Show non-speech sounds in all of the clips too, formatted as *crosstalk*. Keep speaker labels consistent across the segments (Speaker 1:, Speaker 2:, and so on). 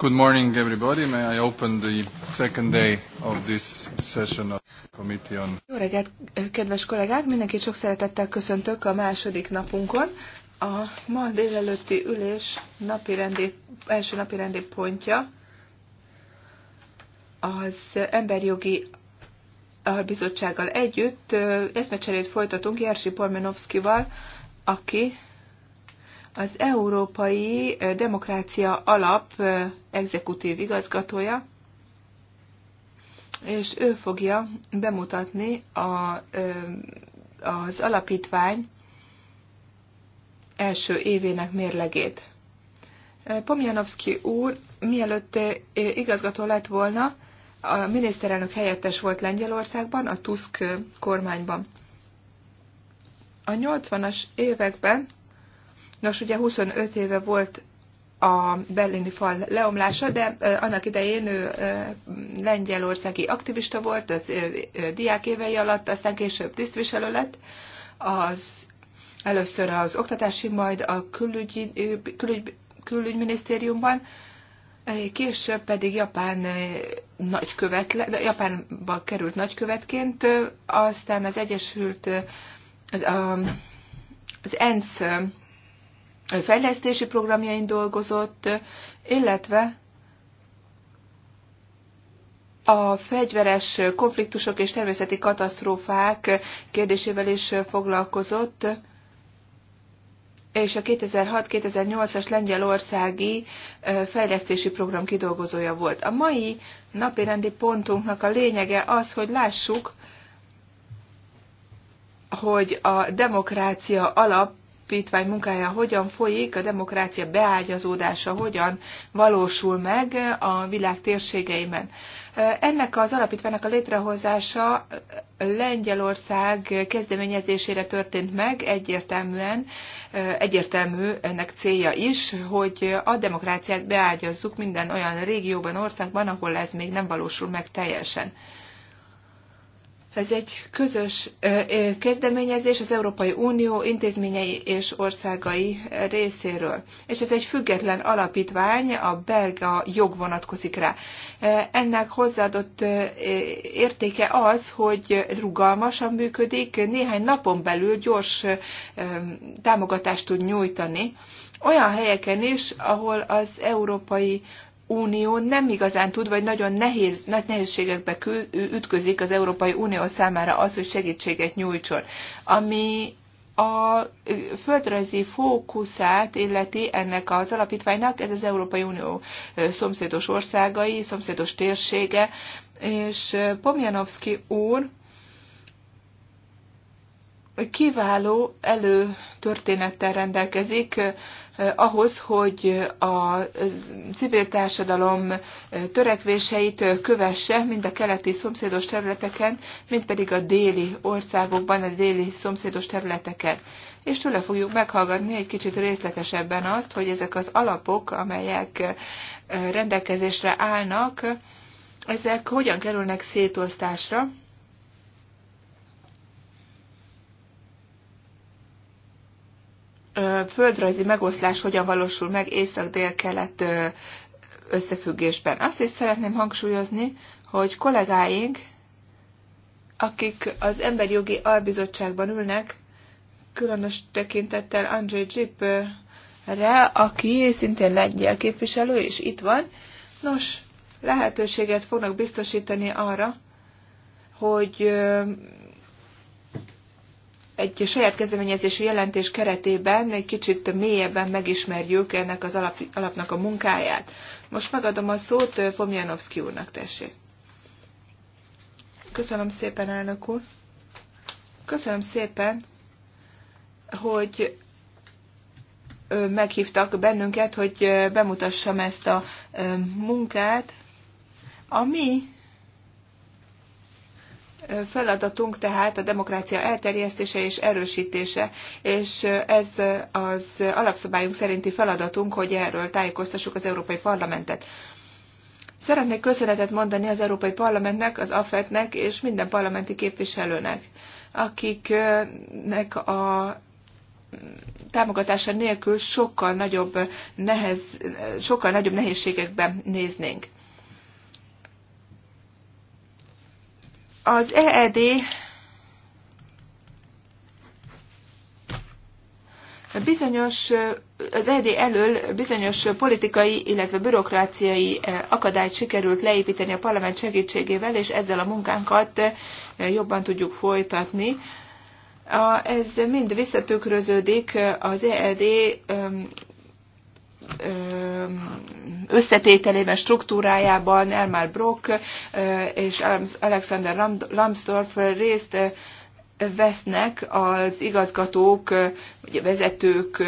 Speaker 1: Good morning, everybody. May I open the second day of this session of Committee on...
Speaker 2: Jó reggelt, kedves kollégák! Mindenkit sok szeretettel köszöntök a második napunkon. A ma délelőtti ülés napi rendi, első napi rendi pontja az emberjogi bizottsággal együtt eszmecserét folytatunk Jerzy Polmenovszkival, aki az Európai Demokrácia Alap exekutív igazgatója, és ő fogja bemutatni a, az alapítvány első évének mérlegét. Pomjanovszki úr, mielőtt igazgató lett volna, a miniszterelnök helyettes volt Lengyelországban, a Tusk kormányban. A 80-as években Nos, ugye 25 éve volt a berlini fal leomlása, de annak idején ő lengyelországi aktivista volt, az diák évei alatt, aztán később tisztviselő lett, az először az oktatási, majd a külügyi, külügy, külügyminisztériumban, később pedig Japán nagykövet, Japánba került nagykövetként, aztán az Egyesült, az, a, az ENSZ fejlesztési programjain dolgozott, illetve a fegyveres konfliktusok és természeti katasztrófák kérdésével is foglalkozott, és a 2006-2008-as lengyelországi fejlesztési program kidolgozója volt. A mai napirendi pontunknak a lényege az, hogy lássuk, hogy a demokrácia alap alapítvány munkája hogyan folyik, a demokrácia beágyazódása hogyan valósul meg a világ térségeiben. Ennek az alapítványnak a létrehozása Lengyelország kezdeményezésére történt meg, egyértelműen, egyértelmű ennek célja is, hogy a demokráciát beágyazzuk minden olyan régióban, országban, ahol ez még nem valósul meg teljesen. Ez egy közös kezdeményezés az Európai Unió intézményei és országai részéről, és ez egy független alapítvány, a belga jog vonatkozik rá. Ennek hozzáadott értéke az, hogy rugalmasan működik, néhány napon belül gyors támogatást tud nyújtani, olyan helyeken is, ahol az Európai Unió nem igazán tud, vagy nagyon nehéz, nagy nehézségekbe kül, ütközik az Európai Unió számára az, hogy segítséget nyújtson. Ami a földrajzi fókuszát illeti ennek az alapítványnak, ez az Európai Unió szomszédos országai, szomszédos térsége, és Pomjanovski úr kiváló előtörténettel rendelkezik, Eh, ahhoz, hogy a civil társadalom eh, törekvéseit eh, kövesse, mind a keleti szomszédos területeken, mind pedig a déli országokban, a déli szomszédos területeken. És tőle fogjuk meghallgatni egy kicsit részletesebben azt, hogy ezek az alapok, amelyek rendelkezésre állnak, ezek hogyan kerülnek szétosztásra, földrajzi megoszlás hogyan valósul meg észak-dél-kelet összefüggésben. Azt is szeretném hangsúlyozni, hogy kollégáink, akik az Emberi Jogi Albizottságban ülnek, különös tekintettel Andrzej Zsipre, aki szintén lengyel képviselő, és itt van, nos, lehetőséget fognak biztosítani arra, hogy egy saját kezdeményezésű jelentés keretében egy kicsit mélyebben megismerjük ennek az alap, alapnak a munkáját. Most megadom a szót Pomjanovszki úrnak, tessék. Köszönöm szépen, elnök úr. Köszönöm szépen, hogy meghívtak bennünket, hogy bemutassam ezt a munkát. ami Feladatunk tehát a demokrácia elterjesztése és erősítése, és ez az alapszabályunk szerinti feladatunk, hogy erről tájékoztassuk az Európai Parlamentet. Szeretnék köszönetet mondani az Európai Parlamentnek, az AFET-nek és minden parlamenti képviselőnek, akiknek a támogatása nélkül sokkal nagyobb, nehez, sokkal nagyobb nehézségekbe néznénk. Az EED bizonyos, az EED elől bizonyos politikai, illetve bürokráciai eh, akadályt sikerült leépíteni a parlament segítségével, és ezzel a munkánkat eh, jobban tudjuk folytatni. Ez mind visszatükröződik eh, az EED összetételében, struktúrájában Elmar Brock és Alexander Lambsdorff részt vesznek az igazgatók, vagy vezetők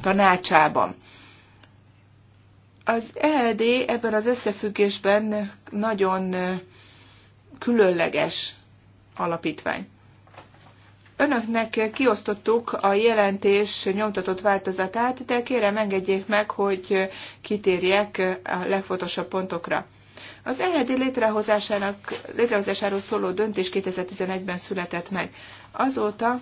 Speaker 2: tanácsában. Az ELD ebben az összefüggésben nagyon különleges alapítvány. Önöknek kiosztottuk a jelentés nyomtatott változatát, de kérem engedjék meg, hogy kitérjek a legfontosabb pontokra. Az EHD létrehozásának, létrehozásáról szóló döntés 2011-ben született meg. Azóta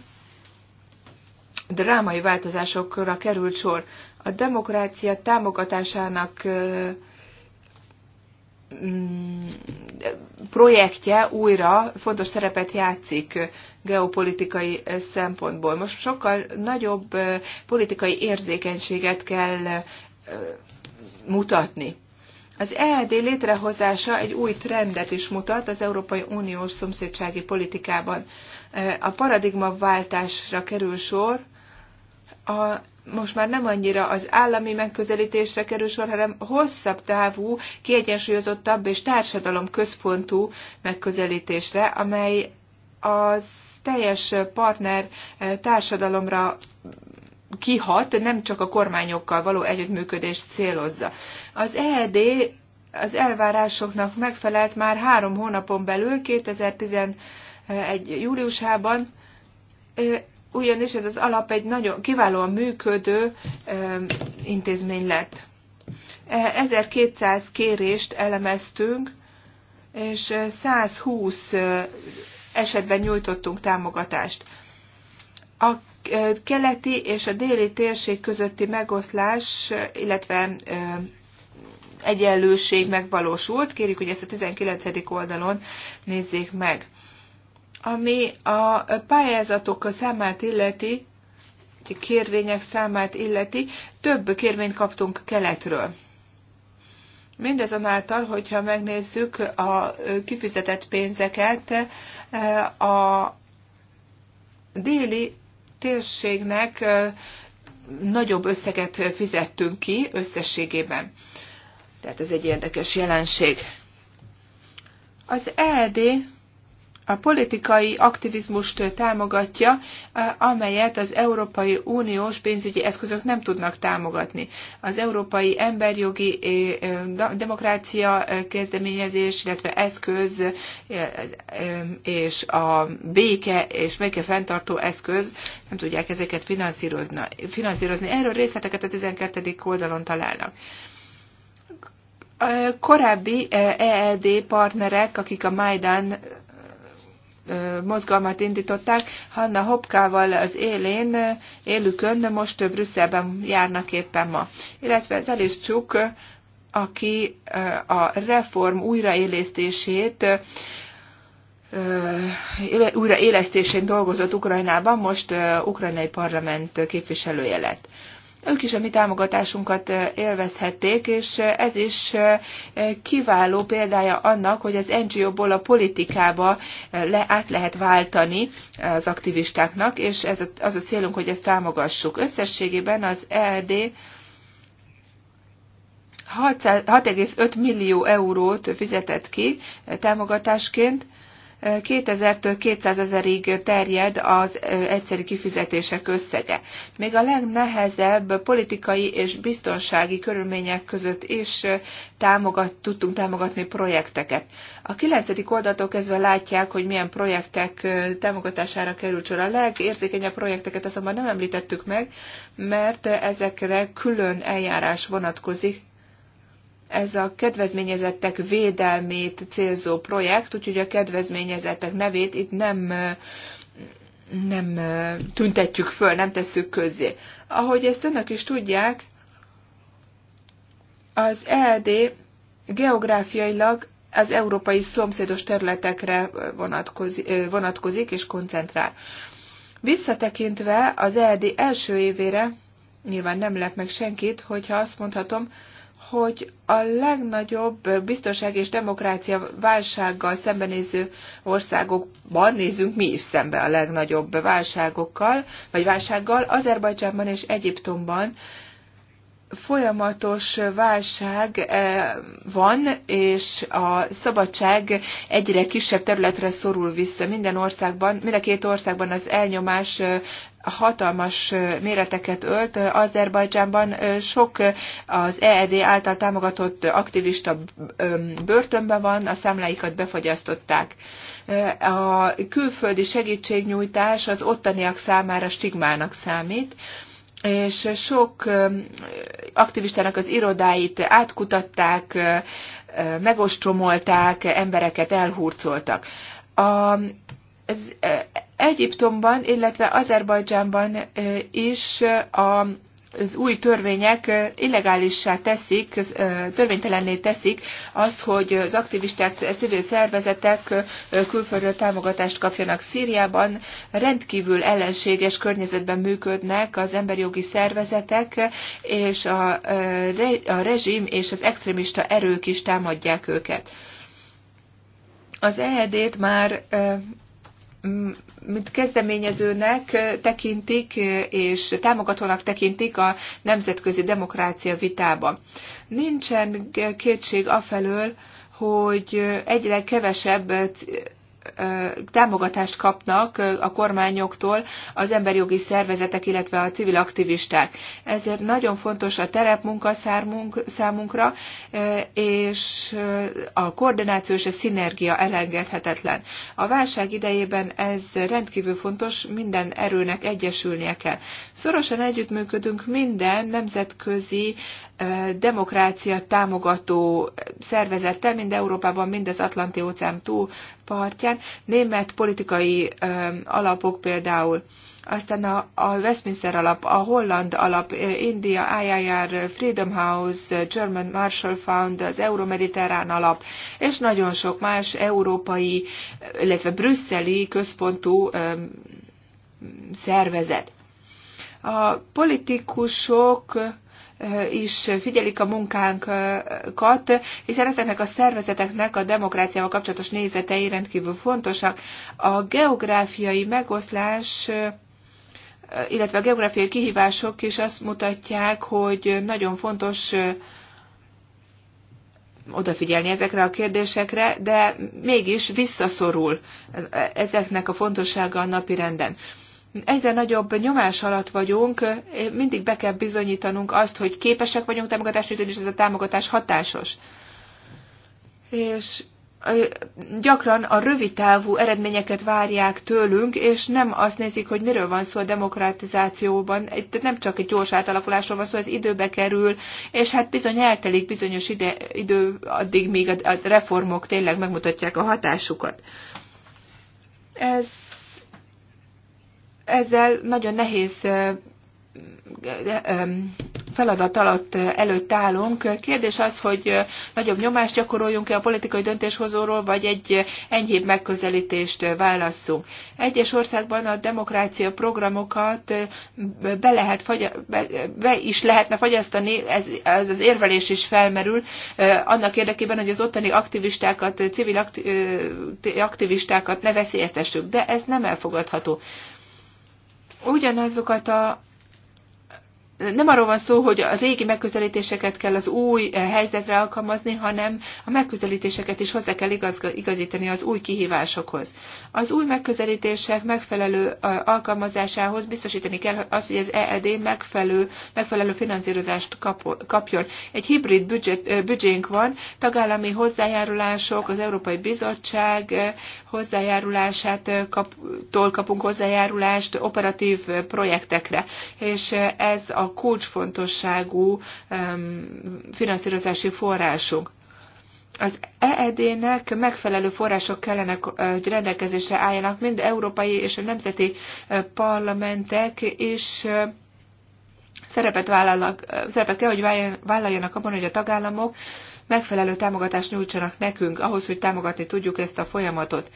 Speaker 2: drámai változásokra került sor. A demokrácia támogatásának Mm, projektje újra fontos szerepet játszik geopolitikai szempontból. Most sokkal nagyobb politikai érzékenységet kell mutatni. Az ELD létrehozása egy új trendet is mutat az Európai Uniós szomszédsági politikában. A paradigmaváltásra kerül sor, a most már nem annyira az állami megközelítésre kerül sor, hanem hosszabb távú, kiegyensúlyozottabb és társadalom központú megközelítésre, amely az teljes partner eh, társadalomra kihat, nem csak a kormányokkal való együttműködést célozza. Az EED az elvárásoknak megfelelt már három hónapon belül, 2011. júliusában, eh, ugyanis ez az alap egy nagyon kiválóan működő intézmény lett. 1200 e, kérést elemeztünk, és 120 esetben nyújtottunk támogatást. A keleti és a déli térség közötti megoszlás, illetve egyenlőség megvalósult. Kérjük, hogy ezt a 19. oldalon nézzék meg. Ami a pályázatok számát illeti, kérvények számát illeti, több kérvényt kaptunk keletről. Mindezonáltal, hogyha megnézzük a kifizetett pénzeket, a déli térségnek nagyobb összeget fizettünk ki összességében. Tehát ez egy érdekes jelenség. Az ED a politikai aktivizmust támogatja, eh, amelyet az Európai Uniós pénzügyi eszközök nem tudnak támogatni. Az Európai Emberjogi eh, eh, Demokrácia kezdeményezés, illetve eszköz és a béke és béke fenntartó eszköz nem tudják ezeket finanszírozni. Erről részleteket a 12. oldalon találnak korábbi EED e partnerek, akik a Majdan mozgalmat indították, Hanna Hopkával az élén, élükön, most Brüsszelben járnak éppen ma. Illetve Zalis Csuk, aki a reform újraélesztését újraélesztésén dolgozott Ukrajnában, most ukrajnai parlament képviselője lett ők is a mi támogatásunkat élvezhették, és ez is kiváló példája annak, hogy az NGO-ból a politikába le, át lehet váltani az aktivistáknak, és ez a, az a célunk, hogy ezt támogassuk. Összességében az ED 6,5 millió eurót fizetett ki támogatásként, 2000-től 200 ezerig terjed az egyszerű kifizetések összege. Még a legnehezebb politikai és biztonsági körülmények között is támogat, tudtunk támogatni projekteket. A 9. oldaltól kezdve látják, hogy milyen projektek támogatására került sor. A legérzékenyebb projekteket azonban nem említettük meg, mert ezekre külön eljárás vonatkozik, ez a kedvezményezettek védelmét célzó projekt, úgyhogy a kedvezményezettek nevét itt nem, nem tüntetjük föl, nem tesszük közzé. Ahogy ezt önök is tudják, az ELD geográfiailag az európai szomszédos területekre vonatkozik, vonatkozik és koncentrál. Visszatekintve az ELD első évére, nyilván nem lep meg senkit, hogyha azt mondhatom, hogy a legnagyobb biztonság és demokrácia válsággal szembenéző országokban nézünk mi is szembe a legnagyobb válságokkal, vagy válsággal, Azerbajdzsánban és Egyiptomban folyamatos válság eh, van, és a szabadság egyre kisebb területre szorul vissza. Minden országban, mind a két országban az elnyomás eh, hatalmas méreteket ölt. Azerbajdzsánban sok az EED által támogatott aktivista börtönben van, a számláikat befagyasztották. A külföldi segítségnyújtás az ottaniak számára stigmának számít, és sok aktivistának az irodáit átkutatták, megostromolták, embereket elhurcoltak. A az e, Egyiptomban, illetve Azerbajdzsánban e, is e, a az új törvények illegálissá teszik, törvénytelenné teszik azt, hogy az aktivisták, civil szervezetek külföldről támogatást kapjanak Szíriában. Rendkívül ellenséges környezetben működnek az emberi jogi szervezetek, és a, a rezsim és az extrémista erők is támadják őket. Az EED-t már mint kezdeményezőnek tekintik és támogatónak tekintik a nemzetközi demokrácia vitában. Nincsen kétség afelől, hogy egyre kevesebb támogatást kapnak a kormányoktól az emberi jogi szervezetek, illetve a civil aktivisták. Ezért nagyon fontos a terepmunka számunkra, és a koordináció és a szinergia elengedhetetlen. A válság idejében ez rendkívül fontos, minden erőnek egyesülnie kell. Szorosan együttműködünk minden nemzetközi demokrácia támogató szervezettel, mind Európában, mind az Atlanti óceán partján, német politikai alapok például. Aztán a, a Westminster alap, a Holland alap, India, IIR, Freedom House, German Marshall Fund, az Euromediterrán alap, és nagyon sok más európai, illetve brüsszeli központú szervezet. A politikusok is figyelik a munkánkat, hiszen ezeknek a szervezeteknek a demokráciával kapcsolatos nézetei rendkívül fontosak. A geográfiai megoszlás illetve a geográfiai kihívások is azt mutatják, hogy nagyon fontos odafigyelni ezekre a kérdésekre, de mégis visszaszorul ezeknek a fontossága a napi renden egyre nagyobb nyomás alatt vagyunk, eh, mindig be kell bizonyítanunk azt, hogy képesek vagyunk támogatást nyújtani, és ez a támogatás hatásos. És eh, gyakran a rövid távú eredményeket várják tőlünk, és nem azt nézik, hogy miről van szó a demokratizációban. Itt nem csak egy gyors átalakulásról van szó, ez időbe kerül, és hát bizony eltelik bizonyos ide, idő addig, míg a reformok tényleg megmutatják a hatásukat. Ez ezzel nagyon nehéz feladat alatt előtt állunk. Kérdés az, hogy nagyobb nyomást gyakoroljunk-e a politikai döntéshozóról, vagy egy enyhébb megközelítést válasszunk. Egyes országban a demokrácia programokat be, lehet, be, is lehetne fagyasztani, ez, ez az érvelés is felmerül, annak érdekében, hogy az ottani aktivistákat, civil aktivistákat ne veszélyeztessük, de ez nem elfogadható ugyanazokat a nem arról van szó, hogy a régi megközelítéseket kell az új helyzetre alkalmazni, hanem a megközelítéseket is hozzá kell igazítani az új kihívásokhoz. Az új megközelítések megfelelő alkalmazásához biztosítani kell az, hogy az EED megfelelő, megfelelő finanszírozást kapjon. Egy hibrid büdzsénk van, tagállami hozzájárulások, az Európai Bizottság hozzájárulását kap, kapunk hozzájárulást operatív projektekre, és ez a a kulcsfontosságú finanszírozási forrásunk. Az EED-nek megfelelő források kellene, eh, hogy rendelkezésre álljanak, mind európai és a nemzeti eh, parlamentek is eh, szerepet, vállalnak, szerepet kell, hogy vállaljanak abban, hogy a tagállamok megfelelő támogatást nyújtsanak nekünk ahhoz, hogy támogatni tudjuk ezt a folyamatot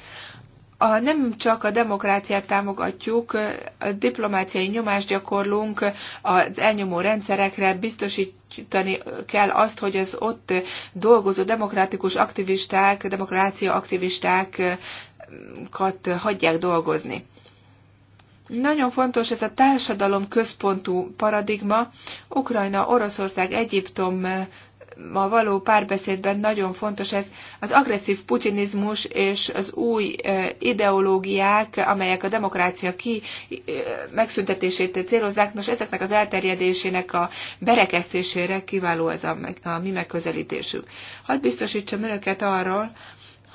Speaker 2: a, nem csak a demokráciát támogatjuk, a diplomáciai nyomást gyakorlunk az elnyomó rendszerekre, biztosítani kell azt, hogy az ott dolgozó demokratikus aktivisták, demokrácia aktivistákat hagyják dolgozni. Nagyon fontos ez a társadalom központú paradigma. Ukrajna, Oroszország, Egyiptom ma való párbeszédben nagyon fontos ez az agresszív putinizmus és az új ideológiák, amelyek a demokrácia ki megszüntetését célozzák, nos ezeknek az elterjedésének a berekesztésére kiváló ez a, a mi megközelítésünk. Hadd biztosítsam önöket arról,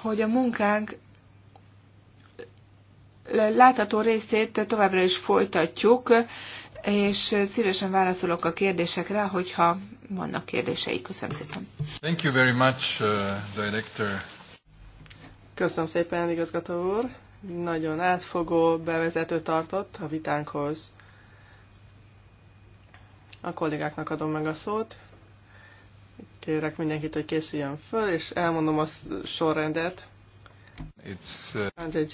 Speaker 2: hogy a munkánk látható részét továbbra is folytatjuk, és szívesen válaszolok a kérdésekre, hogyha vannak kérdéseik. Köszönöm szépen.
Speaker 1: Thank you very much, uh, director.
Speaker 2: Köszönöm
Speaker 3: szépen, igazgató úr. Nagyon átfogó bevezető tartott a vitánkhoz. A kollégáknak adom meg a szót. Kérek mindenkit, hogy készüljön föl, és elmondom a sorrendet. It's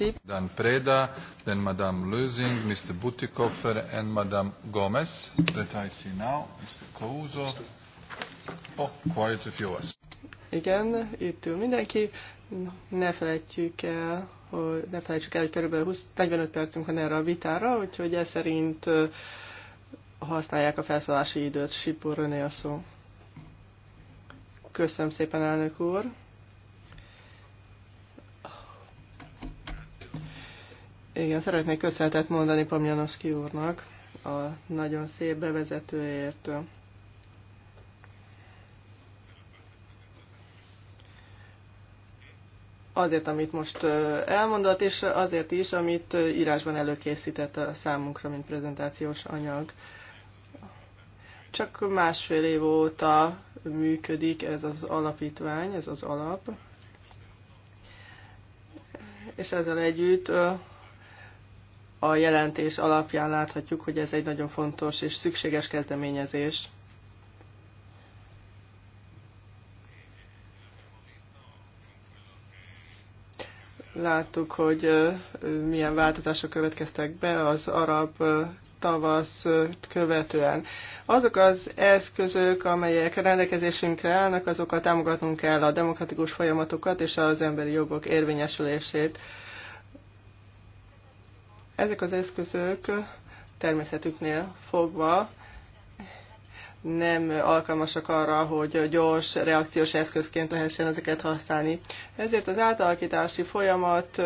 Speaker 4: uh, Dan Preda, then Madame Lusing, Mr. Butikoffer, and Madame Gomez that I see now, Mr. Couso. Oh, quiet if
Speaker 3: Igen, itt ül mindenki. Ne felejtjük el, hogy, ne felejtsük el, hogy körülbelül 20, 45 percünk van erre a vitára, úgyhogy ez szerint használják a felszólási időt. Sipó René a szó. Köszönöm szépen, elnök úr. Igen, szeretnék köszönetet mondani Pamjanoszki úrnak a nagyon szép bevezetőért. azért, amit most elmondott, és azért is, amit írásban előkészített a számunkra, mint prezentációs anyag. Csak másfél év óta működik ez az alapítvány, ez az alap, és ezzel együtt a jelentés alapján láthatjuk, hogy ez egy nagyon fontos és szükséges kezdeményezés Láttuk, hogy milyen változások következtek be az arab tavasz követően. Azok az eszközök, amelyek rendelkezésünkre állnak, azokat támogatnunk kell a demokratikus folyamatokat és az emberi jogok érvényesülését. Ezek az eszközök természetüknél fogva nem alkalmasak arra, hogy gyors reakciós eszközként lehessen ezeket használni. Ezért az átalakítási folyamat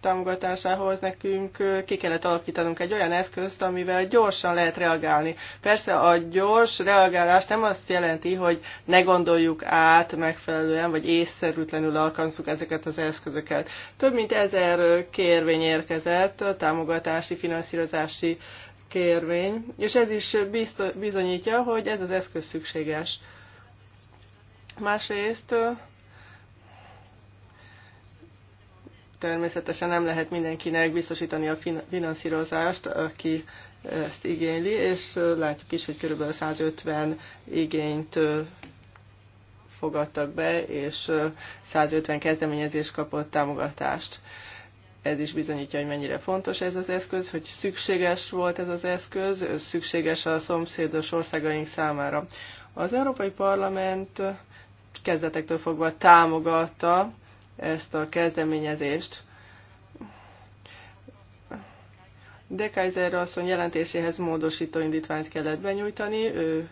Speaker 3: támogatásához nekünk ki kellett alakítanunk egy olyan eszközt, amivel gyorsan lehet reagálni. Persze a gyors reagálás nem azt jelenti, hogy ne gondoljuk át megfelelően, vagy észszerűtlenül alkalmazzuk ezeket az eszközöket. Több mint ezer kérvény érkezett támogatási, finanszírozási kérvény, és ez is bizonyítja, hogy ez az eszköz szükséges. Másrészt természetesen nem lehet mindenkinek biztosítani a finanszírozást, aki ezt igényli, és látjuk is, hogy kb. 150 igényt fogadtak be, és 150 kezdeményezés kapott támogatást ez is bizonyítja, hogy mennyire fontos ez az eszköz, hogy szükséges volt ez az eszköz, szükséges a szomszédos országaink számára. Az Európai Parlament kezdetektől fogva támogatta ezt a kezdeményezést. De Kaiser asszony jelentéséhez módosító indítványt kellett benyújtani, ő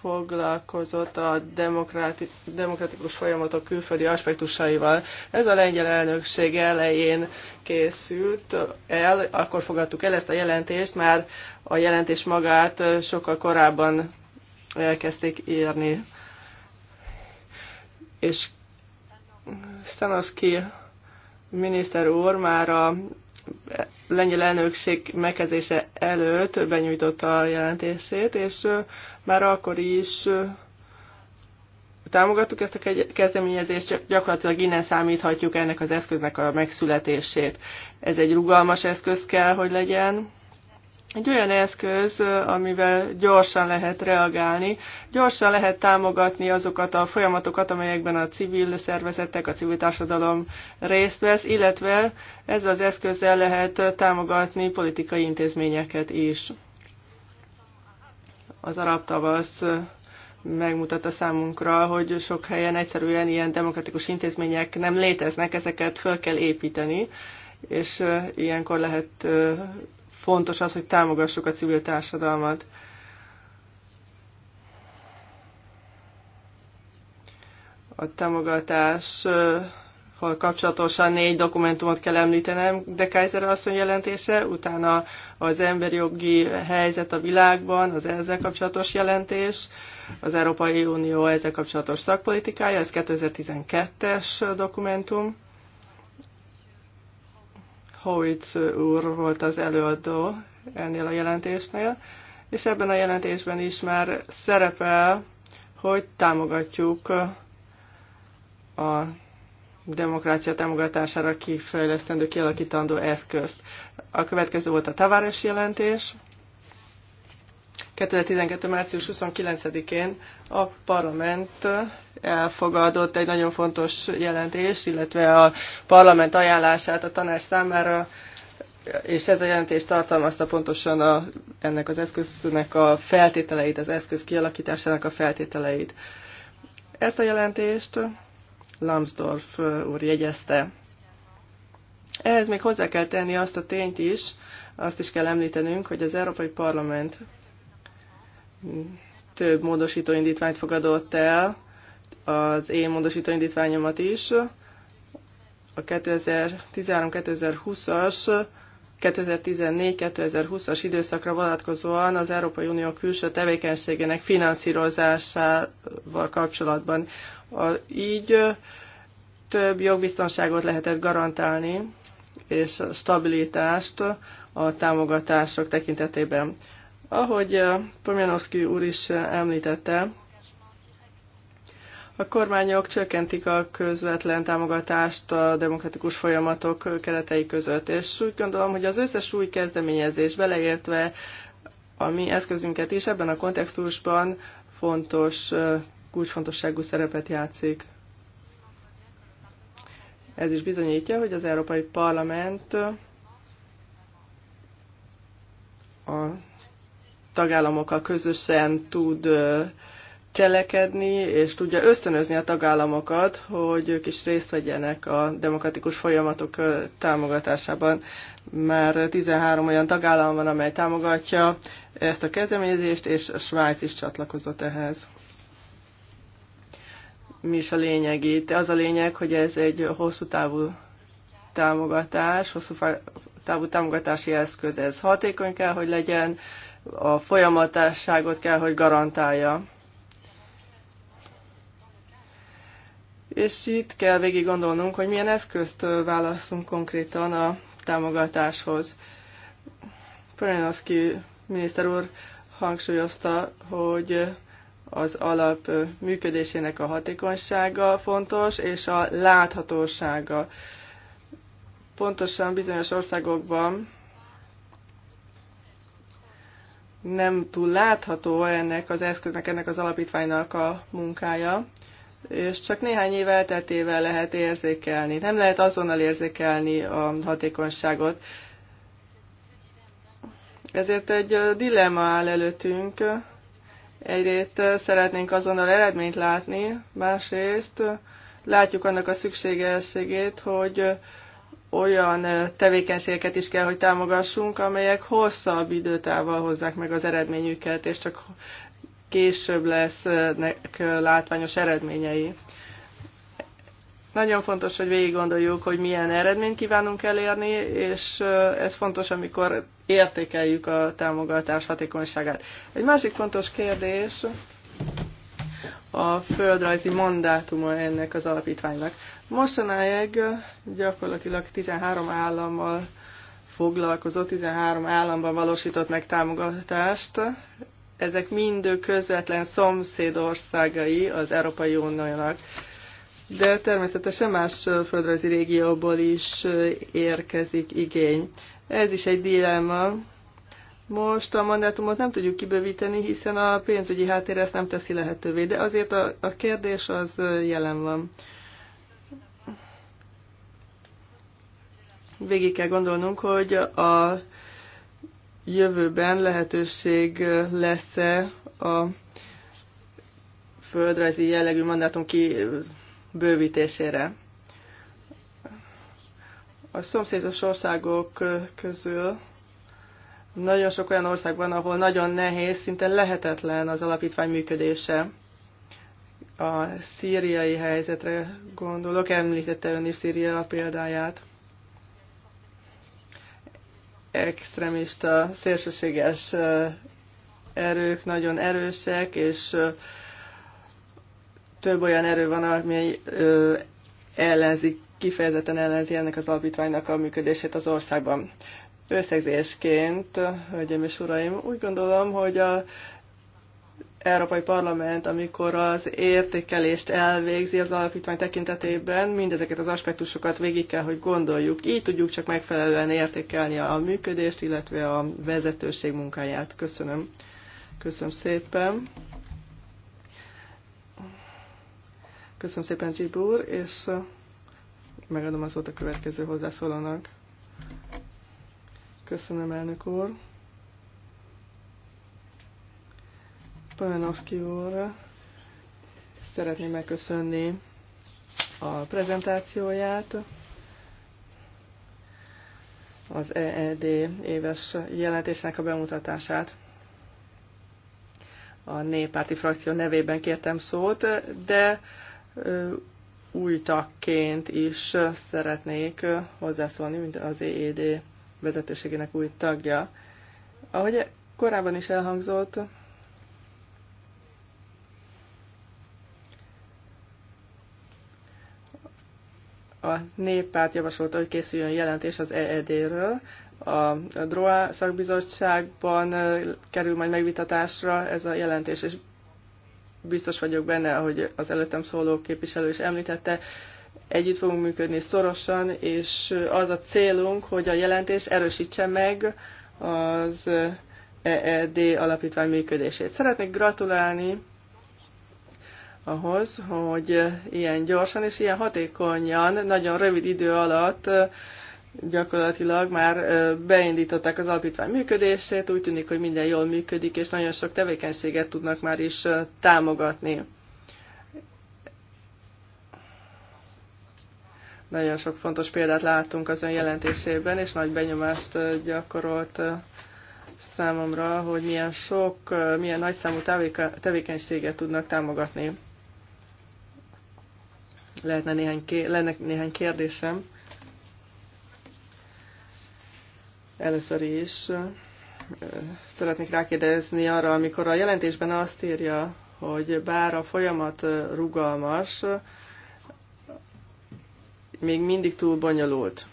Speaker 3: foglalkozott a demokrati, demokratikus folyamatok külföldi aspektusaival. Ez a lengyel elnökség elején készült el, akkor fogadtuk el ezt a jelentést, már a jelentés magát sokkal korábban elkezdték írni. És Stanowski miniszter úr már a lengyel elnökség megkezdése előtt benyújtotta a jelentését, és már akkor is támogattuk ezt a kezdeményezést, gyakorlatilag innen számíthatjuk ennek az eszköznek a megszületését. Ez egy rugalmas eszköz kell, hogy legyen. Egy olyan eszköz, amivel gyorsan lehet reagálni, gyorsan lehet támogatni azokat a folyamatokat, amelyekben a civil szervezetek, a civil társadalom részt vesz, illetve ezzel az eszközzel lehet támogatni politikai intézményeket is az arab tavasz megmutatta számunkra, hogy sok helyen egyszerűen ilyen demokratikus intézmények nem léteznek, ezeket föl kell építeni, és ilyenkor lehet fontos az, hogy támogassuk a civil társadalmat. A támogatás hol kapcsolatosan négy dokumentumot kell említenem, de Kaiser asszony jelentése, utána az emberi jogi helyzet a világban, az ezzel kapcsolatos jelentés, az Európai Unió ezzel kapcsolatos szakpolitikája, ez 2012-es dokumentum. Howitz úr volt az előadó ennél a jelentésnél, és ebben a jelentésben is már szerepel, hogy támogatjuk a demokrácia támogatására kifejlesztendő, kialakítandó eszközt. A következő volt a Tavares jelentés. 2012. március 29-én a parlament elfogadott egy nagyon fontos jelentést, illetve a parlament ajánlását a tanács számára, és ez a jelentés tartalmazta pontosan a, ennek az eszköznek a feltételeit, az eszköz kialakításának a feltételeit. Ezt a jelentést Lambsdorff úr jegyezte. Ehhez még hozzá kell tenni azt a tényt is, azt is kell említenünk, hogy az Európai Parlament több módosítóindítványt indítványt fogadott el, az én módosítóindítványomat indítványomat is, a 2013-2020-as 2014-2020-as időszakra vonatkozóan az Európai Unió külső tevékenységének finanszírozásával kapcsolatban. Így több jogbiztonságot lehetett garantálni, és stabilitást a támogatások tekintetében. Ahogy Pomjanovszki úr is említette, a kormányok csökkentik a közvetlen támogatást a demokratikus folyamatok keretei között, és úgy gondolom, hogy az összes új kezdeményezés, beleértve a mi eszközünket is ebben a kontextusban fontos, kulcsfontosságú szerepet játszik. Ez is bizonyítja, hogy az Európai Parlament a tagállamokkal közösen tud cselekedni, és tudja ösztönözni a tagállamokat, hogy ők is részt vegyenek a demokratikus folyamatok támogatásában. Már 13 olyan tagállam van, amely támogatja ezt a kezdeményezést, és a Svájc is csatlakozott ehhez. Mi is a lényeg itt? Az a lényeg, hogy ez egy hosszú távú támogatás, hosszú távú támogatási eszköz. Ez hatékony kell, hogy legyen, a folyamatosságot kell, hogy garantálja. és itt kell végig gondolnunk, hogy milyen eszközt válaszunk konkrétan a támogatáshoz. Pörnyanoszki miniszter úr hangsúlyozta, hogy az alap működésének a hatékonysága fontos, és a láthatósága. Pontosan bizonyos országokban nem túl látható ennek az eszköznek, ennek az alapítványnak a munkája és csak néhány év elteltével lehet érzékelni. Nem lehet azonnal érzékelni a hatékonyságot. Ezért egy dilemma áll előttünk. Egyrészt szeretnénk azonnal eredményt látni, másrészt látjuk annak a szükségességét, hogy olyan tevékenységeket is kell, hogy támogassunk, amelyek hosszabb időtával hozzák meg az eredményüket, és csak később lesznek látványos eredményei. Nagyon fontos, hogy végig gondoljuk, hogy milyen eredményt kívánunk elérni, és ez fontos, amikor értékeljük a támogatás hatékonyságát. Egy másik fontos kérdés a földrajzi mandátuma ennek az alapítványnak. Mostanáig gyakorlatilag 13 állammal foglalkozó, 13 államban valósított meg támogatást ezek mind közvetlen szomszédországai az Európai Uniónak. De természetesen más földrajzi régióból is érkezik igény. Ez is egy dilemma. Most a mandátumot nem tudjuk kibővíteni, hiszen a pénzügyi háttér ezt nem teszi lehetővé, de azért a, a kérdés az jelen van. Végig kell gondolnunk, hogy a jövőben lehetőség lesz-e a földrajzi jellegű mandátum kibővítésére. A szomszédos országok közül nagyon sok olyan ország van, ahol nagyon nehéz, szinte lehetetlen az alapítvány működése. A szíriai helyzetre gondolok, említette ön is Szíria példáját extremista, szélsőséges erők nagyon erősek, és több olyan erő van, ami ellenzi, kifejezetten ellenzi ennek az alapítványnak a működését az országban. Összegzésként, hölgyeim és uraim, úgy gondolom, hogy a Európai Parlament, amikor az értékelést elvégzi az alapítvány tekintetében, mindezeket az aspektusokat végig kell, hogy gondoljuk. Így tudjuk csak megfelelően értékelni a működést, illetve a vezetőség munkáját. Köszönöm. Köszönöm szépen. Köszönöm szépen, Csibúr, és megadom az szót a következő hozzászólónak. Köszönöm, elnök úr. Pajanowski úr, szeretném megköszönni a prezentációját, az EED éves jelentésnek a bemutatását. A néppárti frakció nevében kértem szót, de új tagként is szeretnék hozzászólni, mint az EED vezetőségének új tagja. Ahogy korábban is
Speaker 2: elhangzott,
Speaker 3: A néppárt javasolta, hogy készüljön jelentés az EED-ről. A DROA szakbizottságban kerül majd megvitatásra ez a jelentés, és biztos vagyok benne, ahogy az előttem szóló képviselő is említette, együtt fogunk működni szorosan, és az a célunk, hogy a jelentés erősítse meg az EED alapítvány működését. Szeretnék gratulálni ahhoz, hogy ilyen gyorsan és ilyen hatékonyan, nagyon rövid idő alatt gyakorlatilag már beindították az alapítvány működését, úgy tűnik, hogy minden jól működik, és nagyon sok tevékenységet tudnak már is támogatni. Nagyon sok fontos példát láttunk az ön jelentésében, és nagy benyomást gyakorolt számomra, hogy milyen sok, milyen nagyszámú tevékenységet tudnak támogatni. Lehetne néhány, lenne néhány kérdésem. Először is szeretnék rákérdezni arra, amikor a jelentésben azt írja, hogy bár a folyamat rugalmas, még mindig túl bonyolult.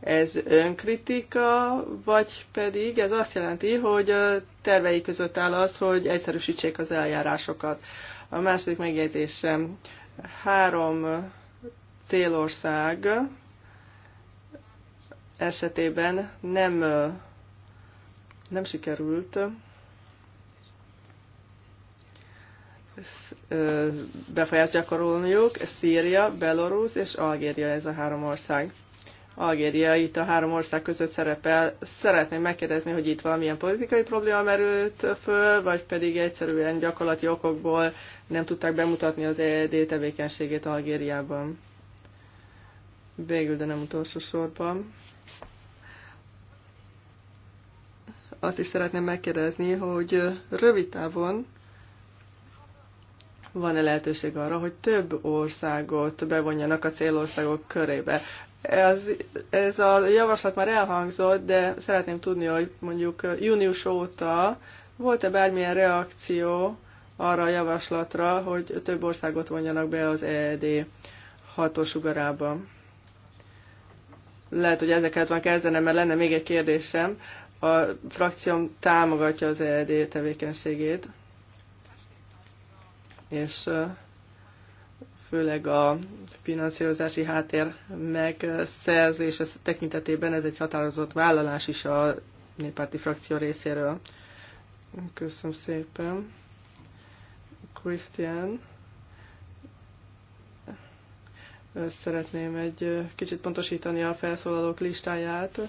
Speaker 3: Ez önkritika, vagy pedig ez azt jelenti, hogy a tervei között áll az, hogy egyszerűsítsék az eljárásokat. A második megjegyzésem, három célország esetében nem, nem sikerült befolyást gyakorolniuk, Szíria, Belarus és Algéria ez a három ország. Algéria itt a három ország között szerepel. Szeretném megkérdezni, hogy itt valamilyen politikai probléma merült föl, vagy pedig egyszerűen gyakorlati okokból nem tudták bemutatni az EED tevékenységét Algériában. Végül, de nem utolsó sorban. Azt is szeretném megkérdezni, hogy rövid távon van-e lehetőség arra, hogy több országot bevonjanak a célországok körébe. Ez, ez a javaslat már elhangzott, de szeretném tudni, hogy mondjuk június óta volt-e bármilyen reakció arra a javaslatra, hogy több országot vonjanak be az EED hatósugarába. Lehet, hogy ezeket van kezdenem, mert lenne még egy kérdésem. A frakcióm támogatja az EED tevékenységét, és főleg a finanszírozási háttér megszerzése tekintetében ez egy határozott vállalás is a néppárti frakció részéről. Köszönöm szépen. Christian. Szeretném egy kicsit pontosítani a felszólalók listáját.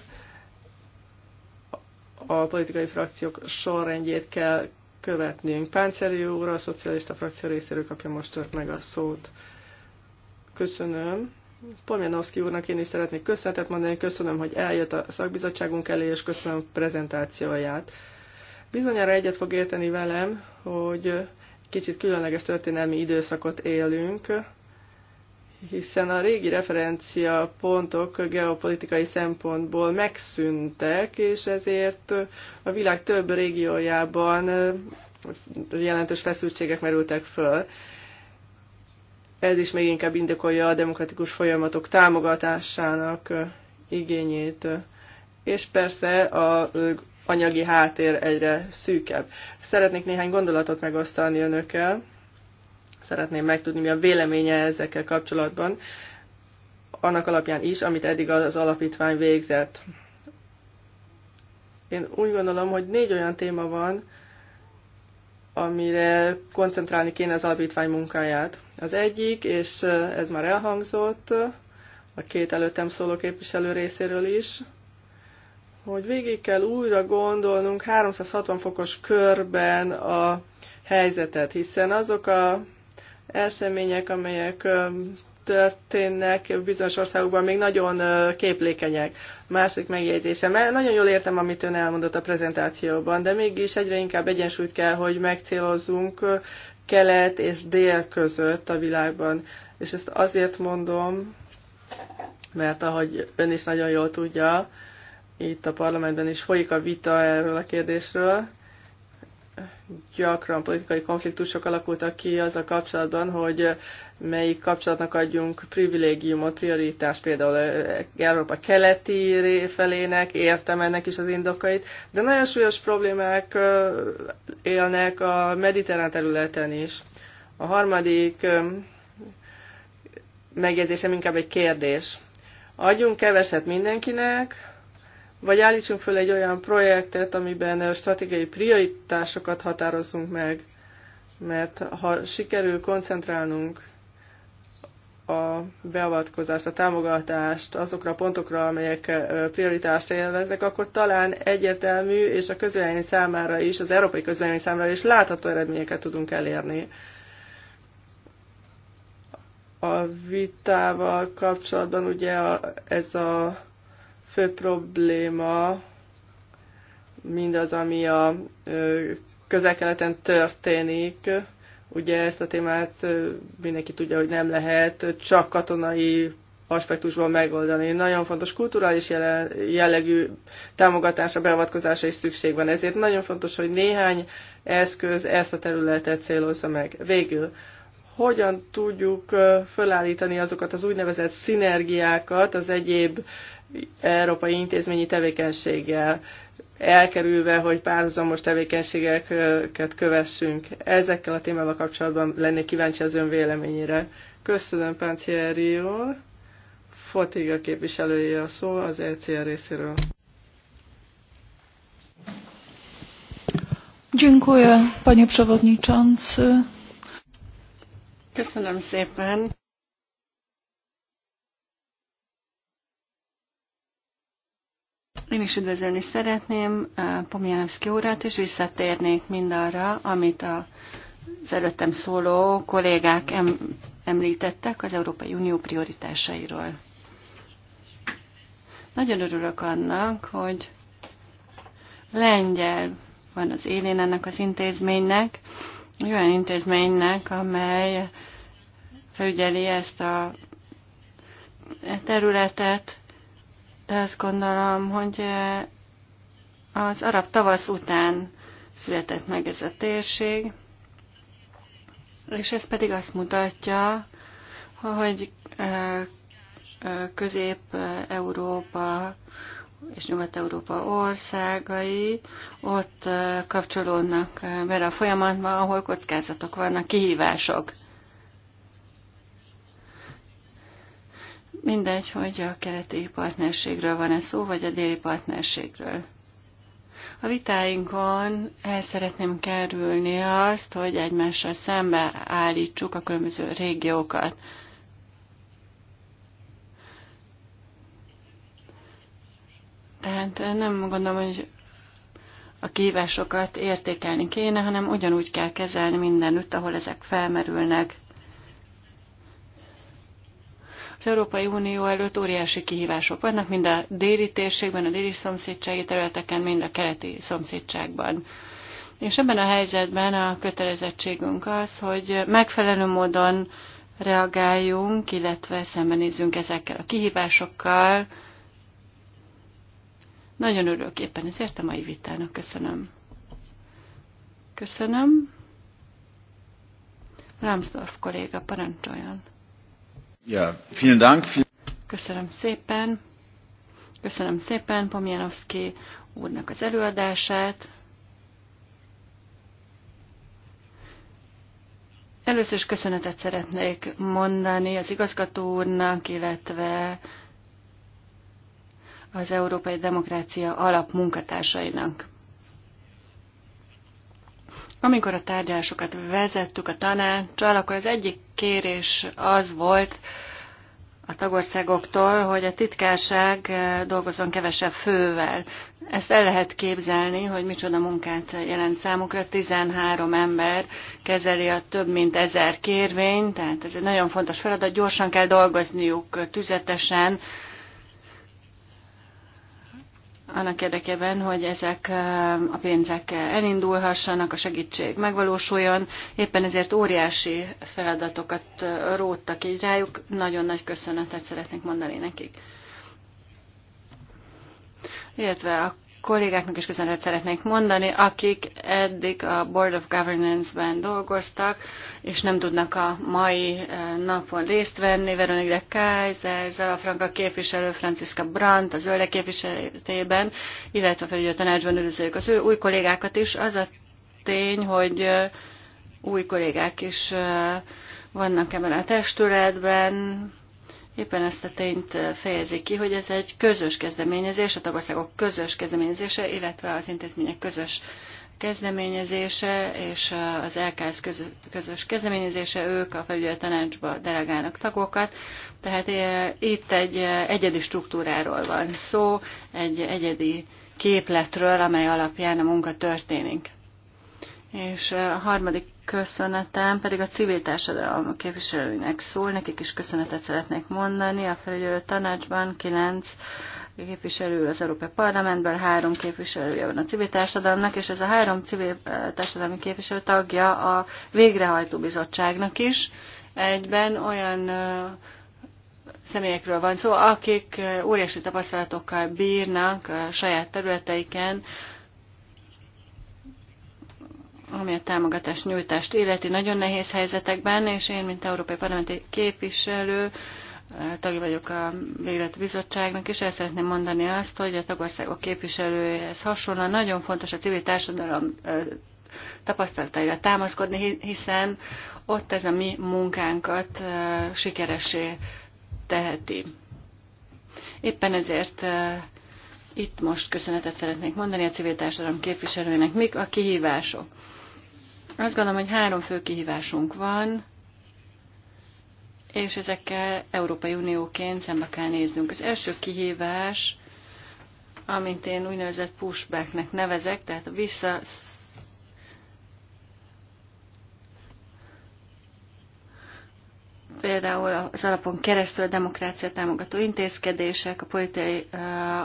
Speaker 3: A politikai frakciók sorrendjét kell követnünk. Pánceri úr, a szocialista frakció részéről kapja most meg a szót. Köszönöm. Pomjanovszki úrnak én is szeretnék köszönetet mondani, köszönöm, hogy eljött a szakbizottságunk elé, és köszönöm prezentációját. Bizonyára egyet fog érteni velem, hogy kicsit különleges történelmi időszakot élünk, hiszen a régi referencia pontok geopolitikai szempontból megszűntek, és ezért a világ több régiójában jelentős feszültségek merültek föl. Ez is még inkább indokolja a demokratikus folyamatok támogatásának igényét. És persze a anyagi háttér egyre szűkebb. Szeretnék néhány gondolatot megosztani önökkel. Szeretném megtudni, mi a véleménye ezekkel kapcsolatban, annak alapján is, amit eddig az alapítvány végzett. Én úgy gondolom, hogy négy olyan téma van, amire koncentrálni kéne az alapítvány munkáját. Az egyik, és ez már elhangzott a két előttem szóló képviselő részéről is, hogy végig kell újra gondolnunk 360 fokos körben a helyzetet, hiszen azok a események, amelyek történnek bizonyos országokban még nagyon képlékenyek. Másik megjegyzésem, mert nagyon jól értem, amit ön elmondott a prezentációban, de mégis egyre inkább egyensúlyt kell, hogy megcélozzunk kelet és dél között a világban. És ezt azért mondom, mert ahogy ön is nagyon jól tudja, itt a parlamentben is folyik a vita erről a kérdésről. Gyakran politikai konfliktusok alakultak ki az a kapcsolatban, hogy melyik kapcsolatnak adjunk privilégiumot, prioritást például Európa keleti felének, értem ennek is az indokait, de nagyon súlyos problémák élnek a mediterrán területen is. A harmadik megjegyzésem inkább egy kérdés. Adjunk keveset mindenkinek, vagy állítsunk föl egy olyan projektet, amiben stratégiai prioritásokat határozunk meg, mert ha sikerül koncentrálnunk a beavatkozást, a támogatást azokra a pontokra, amelyek prioritást élveznek, akkor talán egyértelmű, és a közvélemény számára is, az európai közvélemény számára is látható eredményeket tudunk elérni. A vitával kapcsolatban ugye a, ez a fő probléma mindaz, ami a közel-keleten történik. Ugye ezt a témát mindenki tudja, hogy nem lehet csak katonai aspektusban megoldani. Nagyon fontos kulturális jellegű támogatásra, beavatkozása is szükség van. Ezért nagyon fontos, hogy néhány eszköz ezt a területet célozza meg. Végül, hogyan tudjuk fölállítani azokat az úgynevezett szinergiákat az egyéb európai intézményi tevékenységgel, elkerülve, hogy párhuzamos tevékenységeket kövessünk. Ezekkel a témával kapcsolatban lennék kíváncsi az ön véleményére. Köszönöm, Páncieri úr. Fotiga képviselője a szó az ECR részéről.
Speaker 4: Dziękuję, panie przewodniczący. Köszönöm szépen. Én is üdvözölni szeretném eh, Pomjanevszki órát, és visszatérnék mindarra, amit a az előttem szóló kollégák említettek az Európai Unió prioritásairól. Nagyon örülök annak, hogy lengyel van az élén ennek az intézménynek, olyan intézménynek, amely felügyeli ezt a területet, de azt gondolom, hogy az arab tavasz után született meg ez a térség, és ez pedig azt mutatja, hogy Közép-Európa és Nyugat-Európa országai ott kapcsolódnak vele a folyamatban ahol kockázatok vannak, kihívások. Mindegy, hogy a keleti partnerségről van-e szó, vagy a déli partnerségről. A vitáinkon el szeretném kerülni azt, hogy egymással szembe állítsuk a különböző régiókat. Tehát nem gondolom, hogy a kívásokat értékelni kéne, hanem ugyanúgy kell kezelni mindenütt, ahol ezek felmerülnek. Az Európai Unió előtt óriási kihívások vannak, mind a déli térségben, a déli szomszédsági területeken, mind a keleti szomszédságban. És ebben a helyzetben a kötelezettségünk az, hogy megfelelő módon reagáljunk, illetve szembenézzünk ezekkel a kihívásokkal. Nagyon örülök éppen ezért a mai vitának. Köszönöm. Köszönöm. Lambsdorff kolléga, parancsoljon. Köszönöm szépen. Köszönöm szépen Pomjanovszki úrnak az előadását. Először is köszönetet szeretnék mondani az igazgató úrnak, illetve az Európai Demokrácia Alap munkatársainak. Amikor a tárgyalásokat vezettük a tanácssal, akkor az egyik kérés az volt a tagországoktól, hogy a titkárság eh, dolgozzon kevesebb fővel. Ezt el lehet képzelni, hogy micsoda munkát jelent számukra. 13 ember kezeli a több mint ezer kérvényt, tehát ez egy nagyon fontos feladat. Gyorsan kell dolgozniuk, tüzetesen, annak érdekében, hogy ezek a pénzek elindulhassanak, a segítség megvalósuljon. Éppen ezért óriási feladatokat róttak így rájuk. Nagyon nagy köszönetet szeretnék mondani nekik. Illetve a kollégáknak is köszönetet szeretnék mondani, akik eddig a Board of Governance-ben dolgoztak, és nem tudnak a mai eh, napon részt venni. Veronique de Kaiser, Zala Franka képviselő, Franciska Brandt, az zöldek képviseletében, illetve pedig a tanácsban üdvözlők az ő új kollégákat is. Az a tény, hogy eh, új kollégák is eh, vannak ebben a testületben, Éppen ezt a tényt fejezi ki, hogy ez egy közös kezdeményezés, a tagországok közös kezdeményezése, illetve az intézmények közös kezdeményezése és az LKS közös kezdeményezése, ők a felügyelő tanácsba delegálnak tagokat, tehát itt egy egyedi struktúráról van szó, egy egyedi képletről, amely alapján a munka történik. És a harmadik köszönetem pedig a civil társadalom képviselőinek szól, nekik is köszönetet szeretnék mondani. A felügyelő tanácsban kilenc képviselő az Európai Parlamentből, három képviselője van a civil társadalomnak, és ez a három civil eh, társadalmi képviselő tagja a végrehajtó bizottságnak is. Egyben olyan eh, személyekről van szó, akik eh, óriási tapasztalatokkal bírnak a saját területeiken, ami a támogatás nyújtást illeti nagyon nehéz helyzetekben, és én, mint Európai Parlamenti képviselő, eh, tagja vagyok a Véglet Bizottságnak, és el szeretném mondani azt, hogy a tagországok képviselőjehez hasonlóan nagyon fontos a civil társadalom eh, tapasztalataira támaszkodni, hiszen ott ez a mi munkánkat eh, sikeresé teheti. Éppen ezért itt most köszönetet szeretnék mondani a civil társadalom képviselőinek. Mik a kihívások? Azt gondolom, hogy három fő kihívásunk van, és ezekkel Európai Unióként szembe kell néznünk. Az első kihívás, amint én úgynevezett pushbacknek nevezek, tehát a vissza például az alapon keresztül a demokrácia támogató intézkedések, a politikai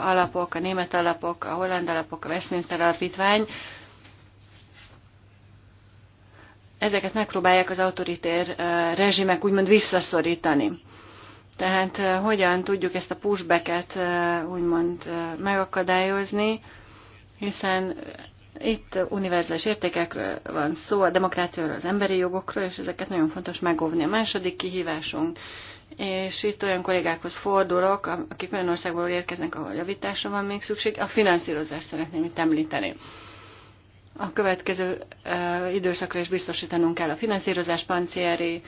Speaker 4: alapok, a német alapok, a holland alapok, a Westminster alapítvány, ezeket megpróbálják az autoritér rezsimek úgymond visszaszorítani. Tehát hogyan tudjuk ezt a pushbacket úgymond megakadályozni, hiszen itt univerzális értékekről van szó, a demokráciáról, az emberi jogokról, és ezeket nagyon fontos megóvni. A második kihívásunk, és itt olyan kollégákhoz fordulok, akik olyan országból érkeznek, ahol javításra van még szükség, a finanszírozást szeretném itt említeni a következő időszakra is biztosítanunk kell a finanszírozás pancieri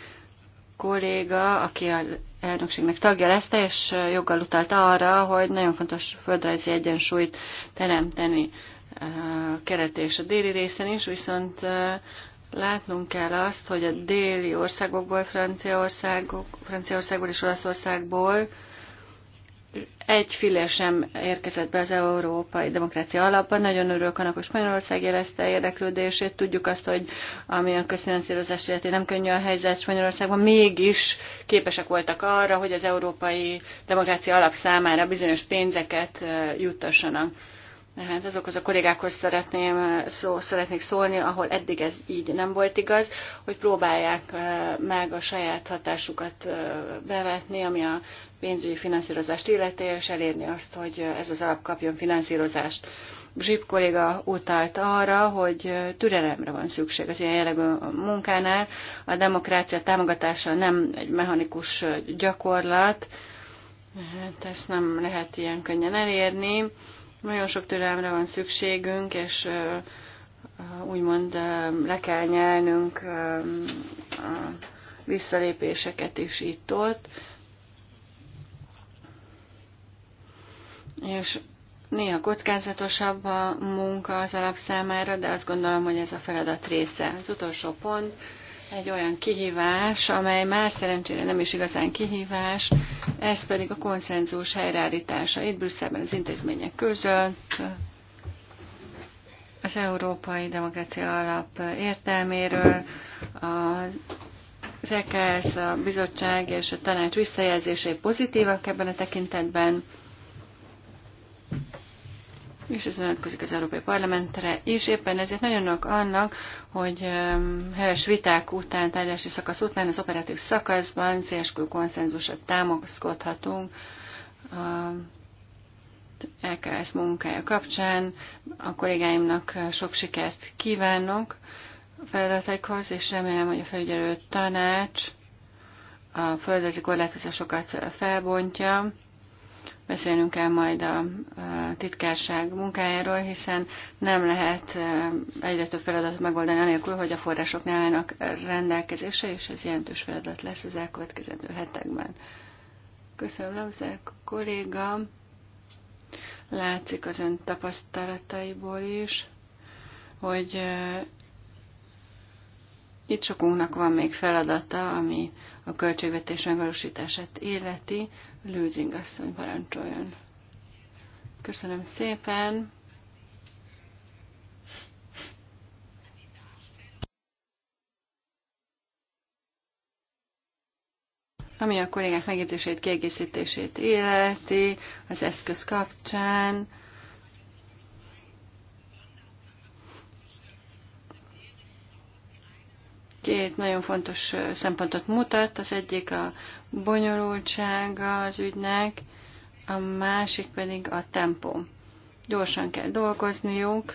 Speaker 4: kolléga, aki az elnökségnek tagja lesz, és joggal utalta arra, hogy nagyon fontos földrajzi egyensúlyt teremteni keret és a déli részen is, viszont látnunk kell azt, hogy a déli országokból, Franciaországok, Franciaországból és Olaszországból egy filér sem érkezett be az Európai Demokrácia alapban. Nagyon örülök annak, hogy Spanyolország jelezte érdeklődését. Tudjuk azt, hogy ami a közfinanszírozás illeti nem könnyű a helyzet Spanyolországban, mégis képesek voltak arra, hogy az Európai Demokrácia alap számára bizonyos pénzeket juttassanak. Hát azokhoz a kollégákhoz szeretném szó, szeretnék szólni, ahol eddig ez így nem volt igaz, hogy próbálják meg a saját hatásukat bevetni, ami a pénzügyi finanszírozást illeti, és elérni azt, hogy ez az alap kapjon finanszírozást. Zsip kolléga utalt arra, hogy türelemre van szükség az ilyen jellegű munkánál. A demokrácia támogatása nem egy mechanikus gyakorlat, hát ezt nem lehet ilyen könnyen elérni nagyon sok türelemre van szükségünk, és úgymond le kell nyelnünk a visszalépéseket is itt-ott. És néha kockázatosabb a munka az alap számára, de azt gondolom, hogy ez a feladat része. Az utolsó pont, egy olyan kihívás, amely már szerencsére nem is igazán kihívás, ez pedig a konszenzus helyreállítása itt Brüsszelben az intézmények között, az Európai Demokrácia Alap értelméről, az a bizottság és a tanács visszajelzései pozitívak ebben a tekintetben és ez vonatkozik az Európai Parlamentre és Éppen ezért nagyon örülök annak, hogy heves viták után, tárgyalási szakasz után, az operatív szakaszban széleskörű konszenzusra támaszkodhatunk LKS munkája kapcsán. A kollégáimnak sok sikert kívánok a feladataikhoz, és remélem, hogy a felügyelő tanács a földrajzi korlátozásokat felbontja, Beszélnünk kell majd a titkárság munkájáról, hiszen nem lehet egyre több feladatot megoldani anélkül, hogy a források ne állnak rendelkezésre, és ez jelentős feladat lesz az elkövetkezendő hetekben. Köszönöm, Lamszer kolléga. Látszik az ön tapasztalataiból is, hogy itt sokunknak van még feladata, ami a költségvetés megvalósítását életi. Lőzing asszony parancsoljon. Köszönöm szépen! Ami a kollégák megítését, kiegészítését életi, az eszköz kapcsán, két nagyon fontos szempontot mutat. Az egyik a bonyolultsága az ügynek, a másik pedig a tempó. Gyorsan kell dolgozniuk.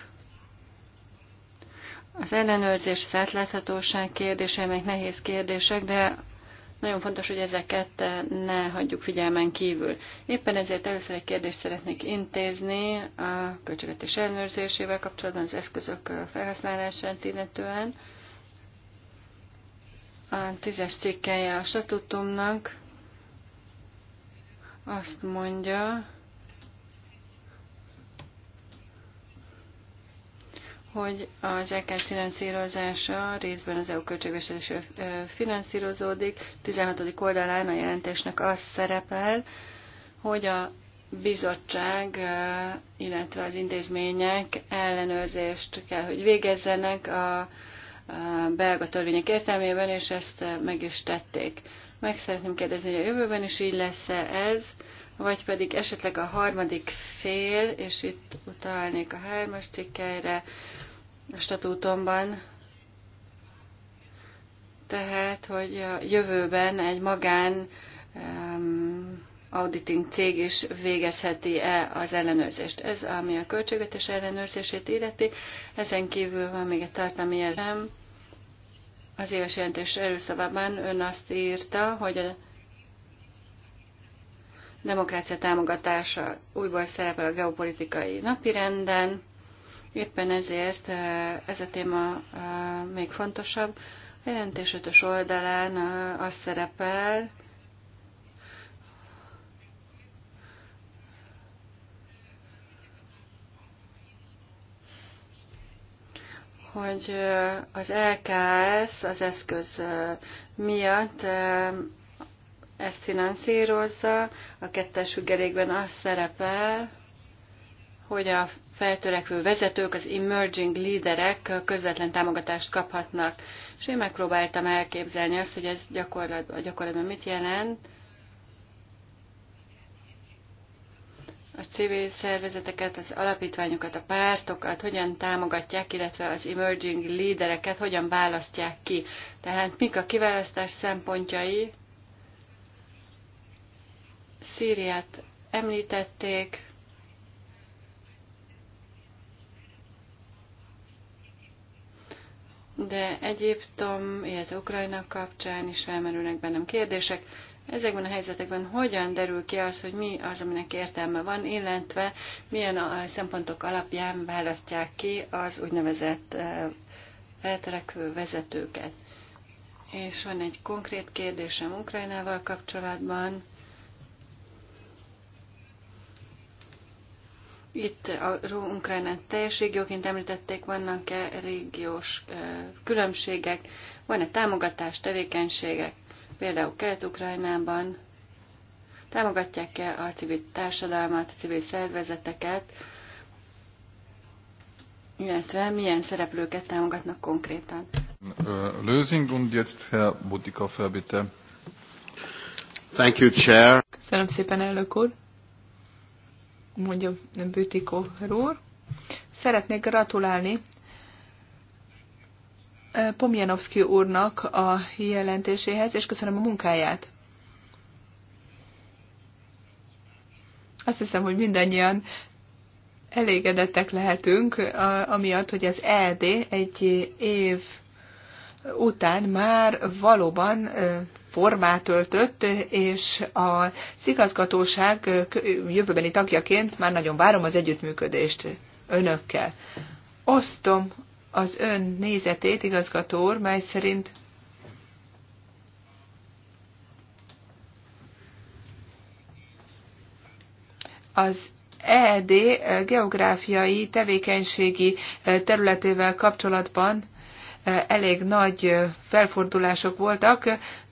Speaker 4: Az ellenőrzés, az átláthatóság kérdése, meg nehéz kérdések, de nagyon fontos, hogy ezeket ne hagyjuk figyelmen kívül. Éppen ezért először egy kérdést szeretnék intézni a költségvetés ellenőrzésével kapcsolatban, az eszközök felhasználását illetően. A tízes cikkelje a statutumnak azt mondja, hogy az EK finanszírozása részben az EU költségvetésről finanszírozódik. 16. oldalán a jelentésnek az szerepel, hogy a bizottság, illetve az intézmények ellenőrzést kell, hogy végezzenek a belga törvények értelmében, és ezt meg is tették. Meg szeretném kérdezni, hogy a jövőben is így lesz-e ez, vagy pedig esetleg a harmadik fél, és itt utalnék a hármas cikkelyre a statútomban, tehát, hogy a jövőben egy magán um, auditing cég is végezheti-e az ellenőrzést. Ez, ami a költségvetés ellenőrzését illeti, ezen kívül van még egy tartalmi jelen. Az éves jelentés előszavában ön azt írta, hogy a demokrácia támogatása újból szerepel a geopolitikai napirenden. Éppen ezért eh, ez a téma eh, még fontosabb. A jelentés ötös oldalán eh, az szerepel, hogy eh, az LKS az eszköz eh, miatt eh, ezt finanszírozza. A kettes függelékben az szerepel, hogy a feltörekvő vezetők, az emerging leaderek közvetlen támogatást kaphatnak. És én megpróbáltam elképzelni azt, hogy ez gyakorlatban, gyakorlatban mit jelent, a civil szervezeteket, az alapítványokat, a pártokat, hogyan támogatják, illetve az emerging leadereket, hogyan választják ki. Tehát mik a kiválasztás szempontjai? Szíriát említették, de Egyiptom, illetve Ukrajna kapcsán is felmerülnek bennem kérdések. Ezekben a helyzetekben hogyan derül ki az, hogy mi az, aminek értelme van, illetve milyen a szempontok alapján választják ki az úgynevezett eh, elterekvő vezetőket. És van egy konkrét kérdésem Ukrajnával kapcsolatban. Itt a Ukrajnát teljes régióként említették, vannak-e régiós eh, különbségek, van-e támogatás, tevékenységek, például Kelet-Ukrajnában támogatják-e a civil társadalmat, a civil szervezeteket, illetve milyen szereplőket támogatnak konkrétan.
Speaker 1: Lösing und jetzt Herr Butikoffer, bitte. Thank you, Chair.
Speaker 2: Köszönöm szépen, elnök úr. Mondja Bütikó úr. Szeretnék gratulálni Pomjanovszki úrnak a jelentéséhez, és köszönöm a munkáját. Azt hiszem, hogy mindannyian elégedettek lehetünk, amiatt, hogy az ED egy év után már valóban formát öltött, és a igazgatóság jövőbeni tagjaként már nagyon várom az együttműködést önökkel. Osztom az ön nézetét, igazgató úr, mely szerint az EED geográfiai tevékenységi e, területével kapcsolatban e, elég nagy e, felfordulások voltak.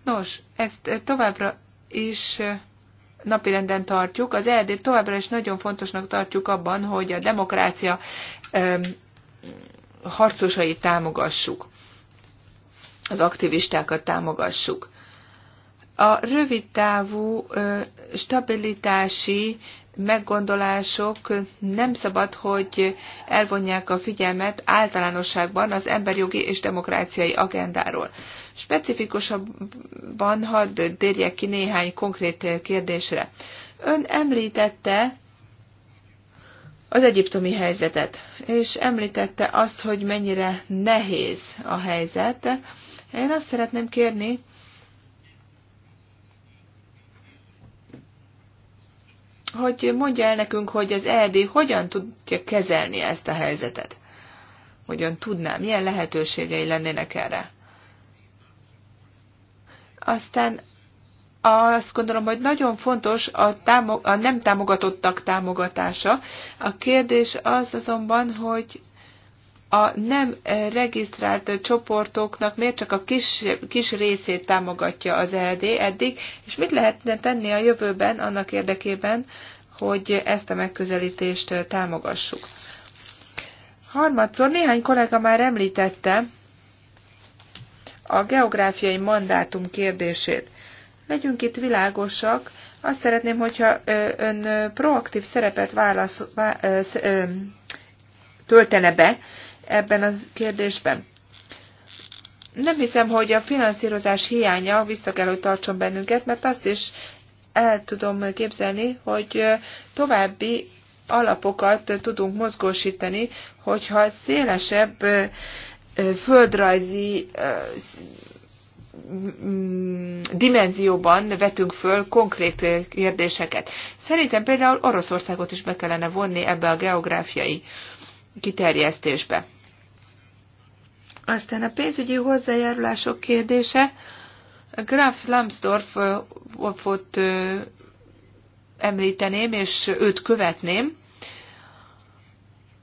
Speaker 2: Nos, ezt továbbra is napirenden tartjuk. Az EED továbbra is nagyon fontosnak tartjuk abban, hogy a demokrácia harcosait támogassuk, az aktivistákat támogassuk. A rövidtávú stabilitási meggondolások nem szabad, hogy elvonják a figyelmet általánosságban az emberjogi és demokráciai agendáról. Specifikusabban hadd térjek ki néhány konkrét kérdésre. Ön említette az egyiptomi helyzetet, és említette azt, hogy mennyire nehéz a helyzet. Én azt szeretném kérni, hogy mondja el nekünk, hogy az ED hogyan tudja kezelni ezt a helyzetet. Hogyan tudná, milyen lehetőségei lennének erre. Aztán azt gondolom, hogy nagyon fontos a, támo- a nem támogatottak támogatása. A kérdés az azonban, hogy a nem regisztrált csoportoknak miért csak a kis, kis részét támogatja az LD eddig, és mit lehetne tenni a jövőben annak érdekében, hogy ezt a megközelítést támogassuk. Harmadszor néhány kollega már említette a geográfiai mandátum kérdését. Legyünk itt világosak. Azt szeretném, hogyha ön proaktív szerepet válasz, vá, töltene be ebben a kérdésben. Nem hiszem, hogy a finanszírozás hiánya vissza kell, hogy tartson bennünket, mert azt is el tudom képzelni, hogy további alapokat tudunk mozgósítani, hogyha szélesebb földrajzi dimenzióban vetünk föl konkrét kérdéseket. Szerintem például Oroszországot is be kellene vonni ebbe a geográfiai kiterjesztésbe. Aztán a pénzügyi hozzájárulások kérdése. Graf Lambsdorff említeném, és őt követném.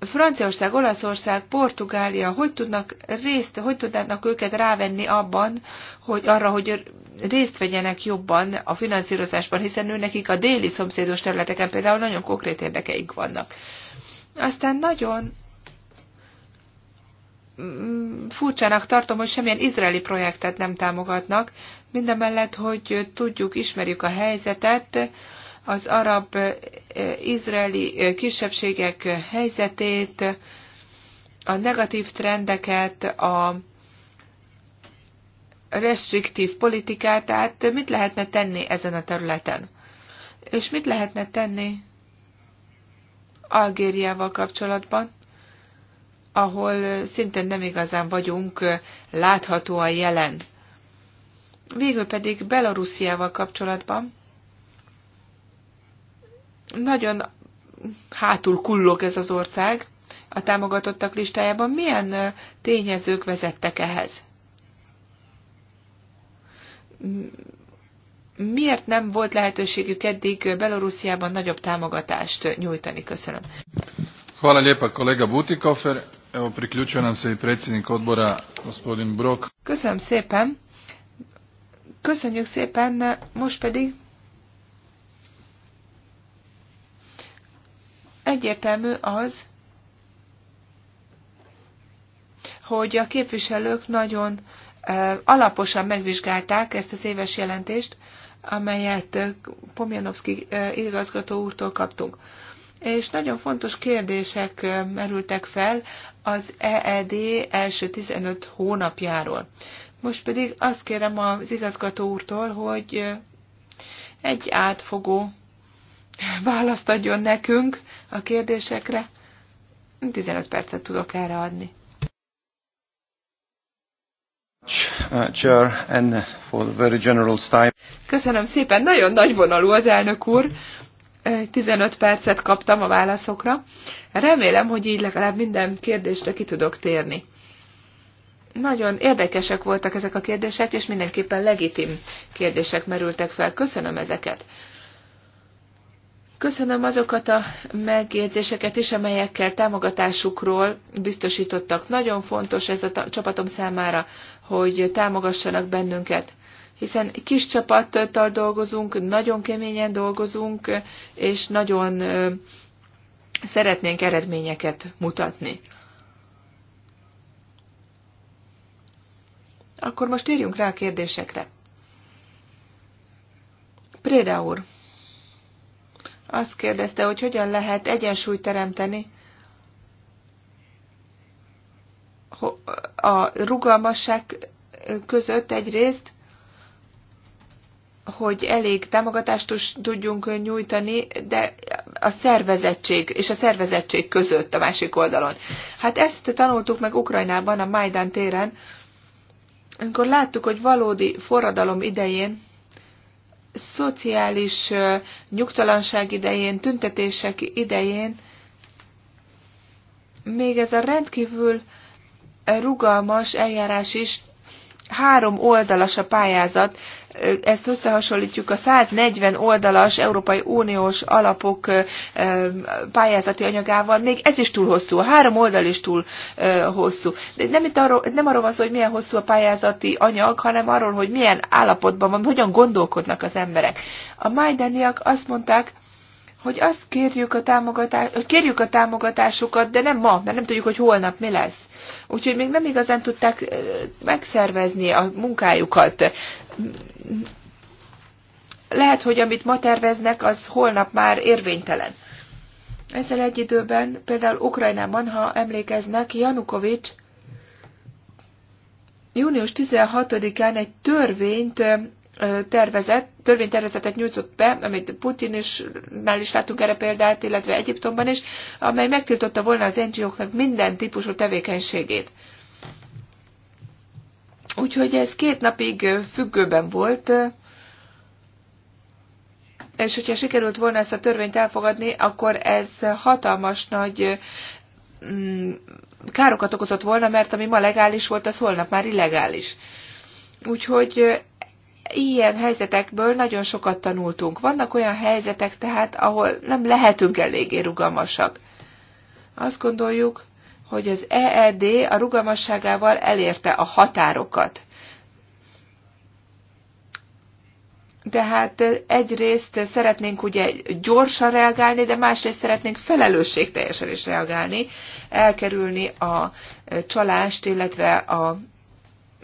Speaker 2: Franciaország, Olaszország, Portugália, hogy tudnak részt, hogy tudnának őket rávenni abban, hogy arra, hogy részt vegyenek jobban a finanszírozásban, hiszen ő nekik a déli szomszédos területeken például nagyon konkrét érdekeik vannak. Aztán nagyon mm, furcsának tartom, hogy semmilyen izraeli projektet nem támogatnak, mindemellett, hogy tudjuk, ismerjük a helyzetet, az arab izraeli kisebbségek helyzetét, a negatív trendeket, a restriktív politikát, tehát mit lehetne tenni ezen a területen? És mit lehetne tenni Algériával kapcsolatban, ahol szintén nem igazán vagyunk láthatóan jelen? Végül pedig Belarusiával kapcsolatban nagyon hátul kullog ez az ország a támogatottak listájában. Milyen tényezők vezettek ehhez? Miért nem volt lehetőségük eddig Belorussziában nagyobb támogatást nyújtani? Köszönöm.
Speaker 1: Hvala lépa kollega Butikofer. Evo priključio nam se i predsjednik odbora gospodin Brok.
Speaker 2: Köszönöm szépen. Köszönjük szépen, most pedig Egyértelmű az, hogy a képviselők nagyon alaposan megvizsgálták ezt az éves jelentést, amelyet Pomjanovszki igazgató úrtól kaptunk. És nagyon fontos kérdések merültek fel az EED első 15 hónapjáról. Most pedig azt kérem az igazgató úrtól, hogy egy átfogó választ adjon nekünk a kérdésekre. 15 percet tudok erre adni. Uh, Köszönöm szépen, nagyon nagy vonalú az elnök úr. 15 percet kaptam a válaszokra. Remélem, hogy így legalább minden kérdésre ki tudok térni. Nagyon érdekesek voltak ezek a kérdések, és mindenképpen legitim kérdések merültek fel. Köszönöm ezeket. Köszönöm azokat a megjegyzéseket is, amelyekkel támogatásukról biztosítottak. Nagyon fontos ez a csapatom számára, hogy támogassanak bennünket hiszen kis csapattal dolgozunk, nagyon keményen dolgozunk, és nagyon szeretnénk eredményeket mutatni. Akkor most térjünk rá a kérdésekre. Préda úr, azt kérdezte, hogy hogyan lehet egyensúlyt teremteni a rugalmasság között egyrészt, hogy elég támogatást tudjunk nyújtani, de a szervezettség és a szervezettség között a másik oldalon. Hát ezt tanultuk meg Ukrajnában, a Majdán téren, amikor láttuk, hogy valódi forradalom idején szociális nyugtalanság idején, tüntetések idején még ez a rendkívül rugalmas eljárás is három oldalas a pályázat, ezt összehasonlítjuk a 140 oldalas Európai Uniós alapok pályázati anyagával, még ez is túl hosszú, a három oldal is túl hosszú. De nem, itt arról, nem arról van szó, hogy milyen hosszú a pályázati anyag, hanem arról, hogy milyen állapotban van, hogyan gondolkodnak az emberek. A majdaniak azt mondták, hogy azt kérjük a, támogatás, kérjük a támogatásukat, de nem ma, mert nem tudjuk, hogy holnap mi lesz. Úgyhogy még nem igazán tudták megszervezni a munkájukat. Lehet, hogy amit ma terveznek, az holnap már érvénytelen. Ezzel egy időben, például Ukrajnában, ha emlékeznek, Janukovics június 16-án egy törvényt tervezet, törvénytervezetet nyújtott be, amit Putin is, már is láttunk erre példát, illetve Egyiptomban is, amely megtiltotta volna az NGO-knak minden típusú tevékenységét. Úgyhogy ez két napig függőben volt, és hogyha sikerült volna ezt a törvényt elfogadni, akkor ez hatalmas nagy mm, károkat okozott volna, mert ami ma legális volt, az holnap már illegális. Úgyhogy ilyen helyzetekből nagyon sokat tanultunk. Vannak olyan helyzetek tehát, ahol nem lehetünk eléggé rugalmasak. Azt gondoljuk, hogy az EED a rugalmasságával elérte a határokat. Tehát eh, egyrészt szeretnénk ugye gyorsan reagálni, de másrészt szeretnénk felelősségteljesen is reagálni, elkerülni a eh, csalást, illetve a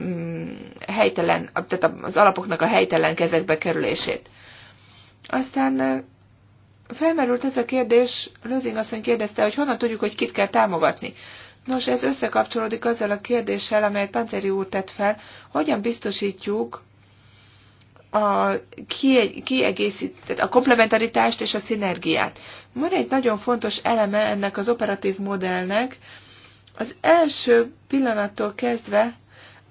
Speaker 2: Mm, helytelen, tehát az alapoknak a helytelen kezekbe kerülését. Aztán felmerült ez a kérdés, Lőzing asszony kérdezte, hogy honnan tudjuk, hogy kit kell támogatni. Nos, ez összekapcsolódik azzal a kérdéssel, amelyet Panceri úr tett fel, hogyan biztosítjuk a kiegészített, a komplementaritást és a szinergiát. Van egy nagyon fontos eleme ennek az operatív modellnek, az első pillanattól kezdve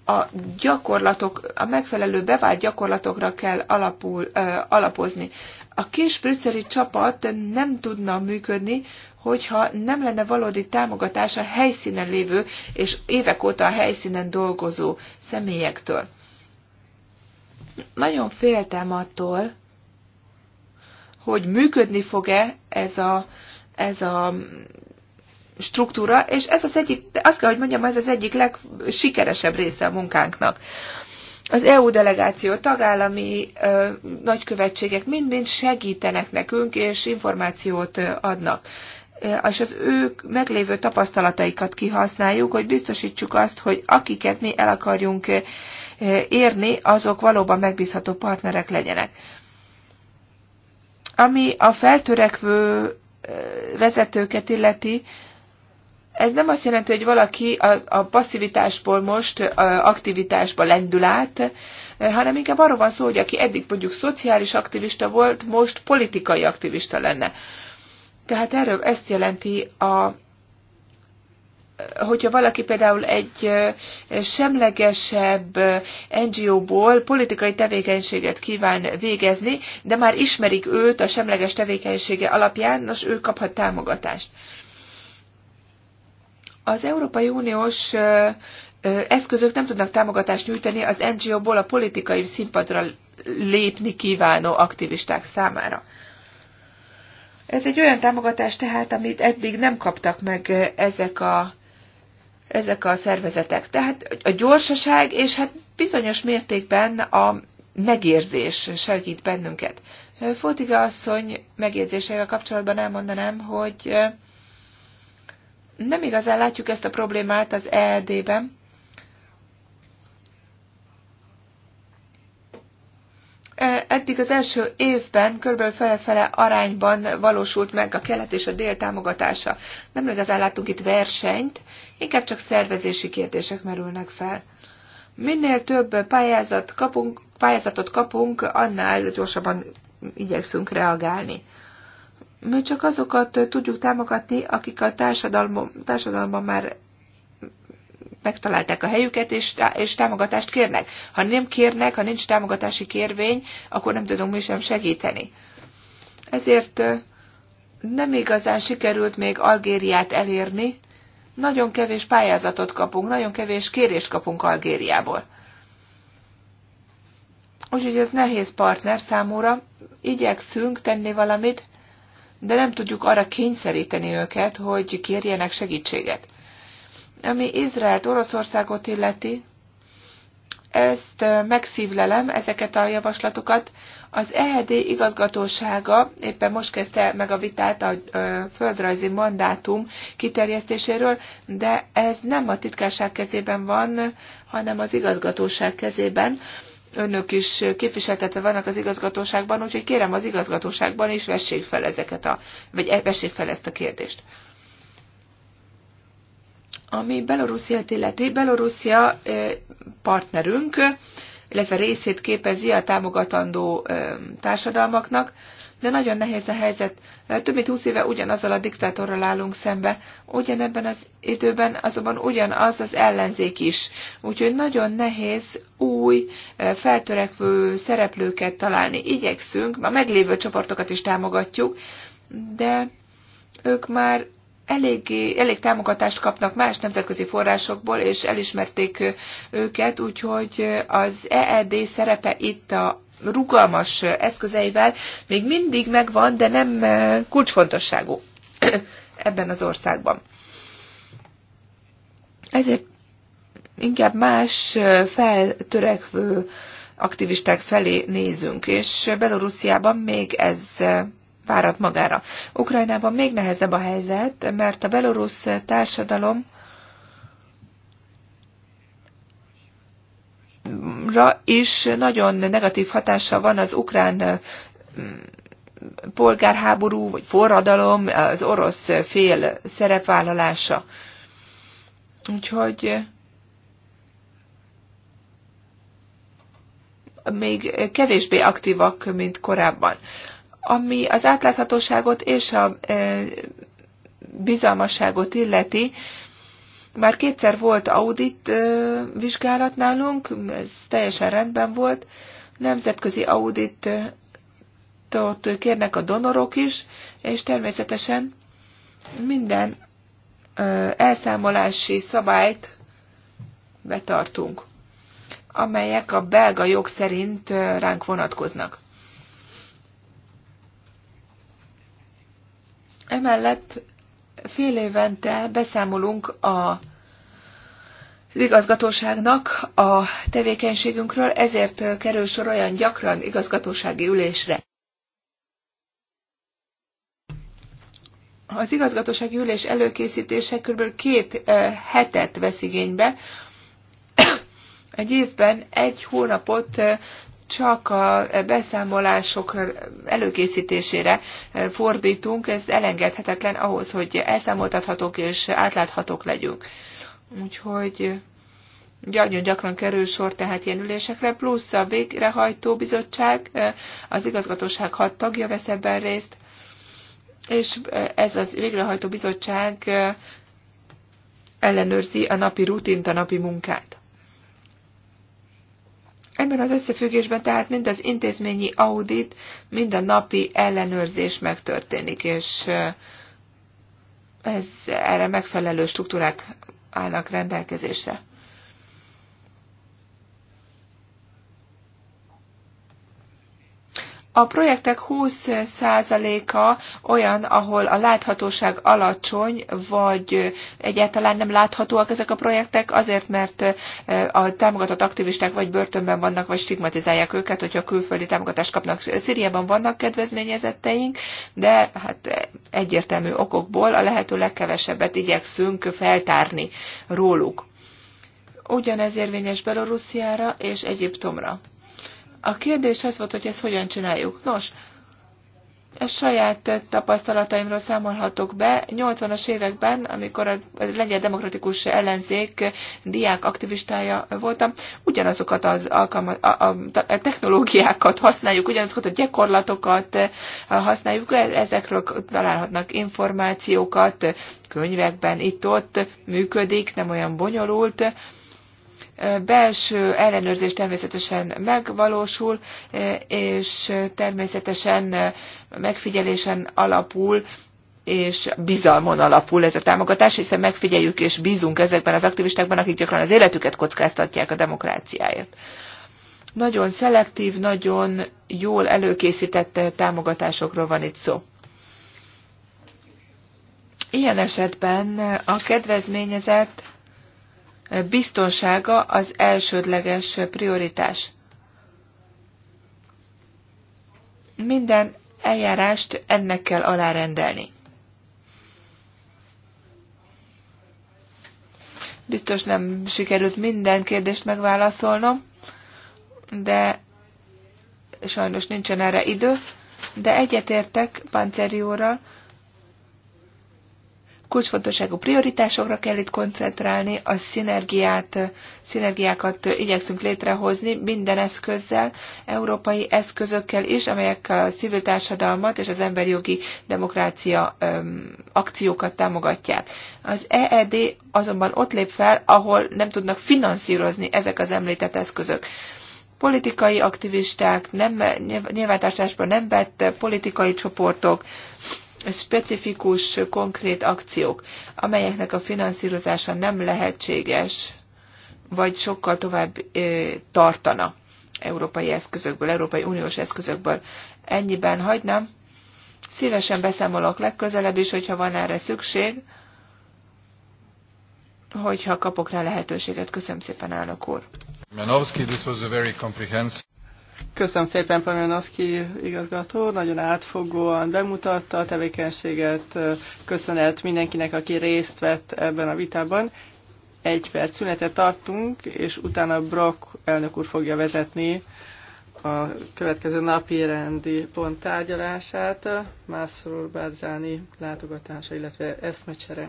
Speaker 2: a gyakorlatok, a megfelelő bevált gyakorlatokra kell alapul, alapozni. A kis brüsszeli csapat nem tudna működni, hogyha nem lenne valódi támogatás a helyszínen lévő és évek óta a helyszínen dolgozó személyektől. Nagyon féltem attól, hogy működni fog-e ez a, ez a struktúra, és ez az egyik, azt kell, hogy mondjam, ez az egyik legsikeresebb része a munkánknak. Az EU delegáció, tagállami ö, nagykövetségek mind-mind segítenek nekünk, és információt ö, adnak és az ők meglévő tapasztalataikat kihasználjuk, hogy biztosítsuk azt, hogy akiket mi el akarjunk érni, azok valóban megbízható partnerek legyenek. Ami a feltörekvő vezetőket illeti, ez nem azt jelenti, hogy valaki a, a passzivitásból most a aktivitásba lendül át, hanem inkább arról van szó, hogy aki eddig mondjuk szociális aktivista volt, most politikai aktivista lenne. Tehát erről ezt jelenti a hogyha valaki például egy semlegesebb NGO-ból politikai tevékenységet kíván végezni, de már ismerik őt a semleges tevékenysége alapján, nos, ő kaphat támogatást. Az Európai Uniós eszközök nem tudnak támogatást nyújtani az NGO-ból a politikai színpadra lépni kívánó aktivisták számára. Ez egy olyan támogatás tehát, amit eddig nem kaptak meg ezek a, ezek a szervezetek. Tehát a gyorsaság és hát bizonyos mértékben a megérzés segít bennünket. Fótiga asszony megérzéseivel kapcsolatban elmondanám, hogy nem igazán látjuk ezt a problémát az ELD-ben. E, eddig az első évben kb. fele-fele arányban valósult meg a kelet és a dél támogatása. Nem igazán láttunk itt versenyt, inkább csak szervezési kérdések merülnek fel. Minél több pályázat kapunk, pályázatot kapunk, annál gyorsabban igyekszünk reagálni mi csak azokat tudjuk támogatni, akik a társadalom, társadalomban már megtalálták a helyüket, és, és támogatást kérnek. Ha nem kérnek, ha nincs támogatási kérvény, akkor nem tudunk mi sem segíteni. Ezért nem igazán sikerült még Algériát elérni. Nagyon kevés pályázatot kapunk, nagyon kevés kérést kapunk Algériából. Úgyhogy ez nehéz partner számúra. Igyekszünk tenni valamit, de nem tudjuk arra kényszeríteni őket, hogy kérjenek segítséget. Ami Izraelt, Oroszországot illeti, ezt megszívlelem, ezeket a javaslatokat. Az EHD igazgatósága éppen most kezdte meg a vitát a földrajzi mandátum kiterjesztéséről, de ez nem a titkárság kezében van, hanem az igazgatóság kezében önök is képviseltetve vannak az igazgatóságban, úgyhogy kérem az igazgatóságban is vessék fel ezeket a, vagy e- vessék fel ezt a kérdést. Ami Belorusszia illeti, Belorusszia partnerünk, illetve részét képezi a támogatandó társadalmaknak, de nagyon nehéz a helyzet. Több mint húsz éve ugyanazzal a diktátorral állunk szembe, ugyanebben az időben azonban ugyanaz az ellenzék is. Úgyhogy nagyon nehéz új, e, feltörekvő szereplőket találni. Igyekszünk, a meglévő csoportokat is támogatjuk, de ők már Elég, elég támogatást kapnak más nemzetközi forrásokból, és elismerték e, őket, úgyhogy az EED szerepe itt a rugalmas eszközeivel még mindig megvan, de nem eh, kulcsfontosságú *clears throat* ebben az országban. Ezért inkább más eh, feltörekvő aktivisták felé nézünk, és Belorussziában még ez eh, várat magára. Ukrajnában még nehezebb a helyzet, mert a belorusz társadalom ra is nagyon negatív hatása van az ukrán polgárháború vagy forradalom, az orosz fél szerepvállalása. Úgyhogy még kevésbé aktívak, mint korábban. Ami az átláthatóságot és a bizalmasságot illeti, már kétszer volt audit vizsgálat nálunk, ez teljesen rendben volt. Nemzetközi auditot kérnek a donorok is, és természetesen minden elszámolási szabályt betartunk, amelyek a belga jog szerint ránk vonatkoznak. Emellett fél évente beszámolunk a az igazgatóságnak a tevékenységünkről, ezért kerül sor olyan gyakran igazgatósági ülésre. Az igazgatósági ülés előkészítése kb. két eh, hetet vesz igénybe. *coughs* Egy évben egy hónapot eh, csak a beszámolások előkészítésére eh, fordítunk, ez elengedhetetlen ahhoz, hogy elszámoltathatók és átláthatók legyünk. Úgyhogy eh, nagyon gyakran kerül sor tehát ilyen ülésekre, plusz a végrehajtó bizottság, eh, az igazgatóság hat tagja vesz ebben részt, és ez az végrehajtó bizottság ellenőrzi a napi rutint, a napi munkát. Ebben az összefüggésben tehát mind az intézményi audit, mind a napi ellenőrzés megtörténik, és eh, ez erre megfelelő struktúrák állnak rendelkezésre. A projektek 20%-a olyan, ahol a láthatóság alacsony, vagy egyáltalán nem láthatóak ezek a projektek, azért, mert eh, a támogatott aktivisták vagy börtönben vannak, vagy stigmatizálják őket, hogyha külföldi támogatást kapnak. Szíriában vannak kedvezményezetteink, de hát eh, egyértelmű okokból a lehető legkevesebbet igyekszünk feltárni róluk. Ugyanez érvényes Belorussziára és Egyiptomra. A kérdés az volt, hogy ezt hogyan csináljuk. Nos, a saját tapasztalataimról számolhatok be. 80-as években, amikor a lengyel demokratikus ellenzék diák aktivistája voltam, ugyanazokat az alkalmat, a, a, a technológiákat használjuk, ugyanazokat a gyakorlatokat használjuk, ezekről találhatnak információkat, könyvekben itt-ott működik, nem olyan bonyolult belső ellenőrzés természetesen megvalósul, e, és természetesen megfigyelésen alapul, és bizalmon alapul ez a támogatás, hiszen megfigyeljük és bízunk ezekben az aktivistákban, akik gyakran az életüket kockáztatják a demokráciáért. Nagyon szelektív, nagyon jól előkészített támogatásokról van itt szó. Ilyen esetben a kedvezményezett biztonsága az elsődleges prioritás. Minden eljárást ennek kell alárendelni. Biztos nem sikerült minden kérdést megválaszolnom, de sajnos nincsen erre idő, de egyetértek Pancerióral, kulcsfontosságú prioritásokra kell itt koncentrálni, a szinergiát, szinergiákat igyekszünk létrehozni minden eszközzel, európai eszközökkel is, amelyekkel a civil társadalmat és az emberi jogi demokrácia öm, akciókat támogatják. Az EED azonban ott lép fel, ahol nem tudnak finanszírozni ezek az említett eszközök politikai aktivisták, nem, nyilvántartásban nem vett politikai csoportok, specifikus, konkrét akciók, amelyeknek a finanszírozása nem lehetséges, vagy sokkal tovább tartana európai eszközökből, európai uniós eszközökből. Ennyiben hagynám. Szívesen beszámolok legközelebb is, hogyha van erre szükség, hogyha kapok rá lehetőséget. Köszönöm szépen, elnök úr.
Speaker 1: this was a very comprehensive...
Speaker 3: Köszönöm szépen Pamianoszki igazgató, nagyon átfogóan bemutatta a tevékenységet, köszönet mindenkinek, aki részt vett ebben a vitában. Egy perc szünetet tartunk, és utána Brock elnök úr fogja vezetni a következő napi rendi pont tárgyalását, Mászor Bárzáni látogatása, illetve eszmecsere.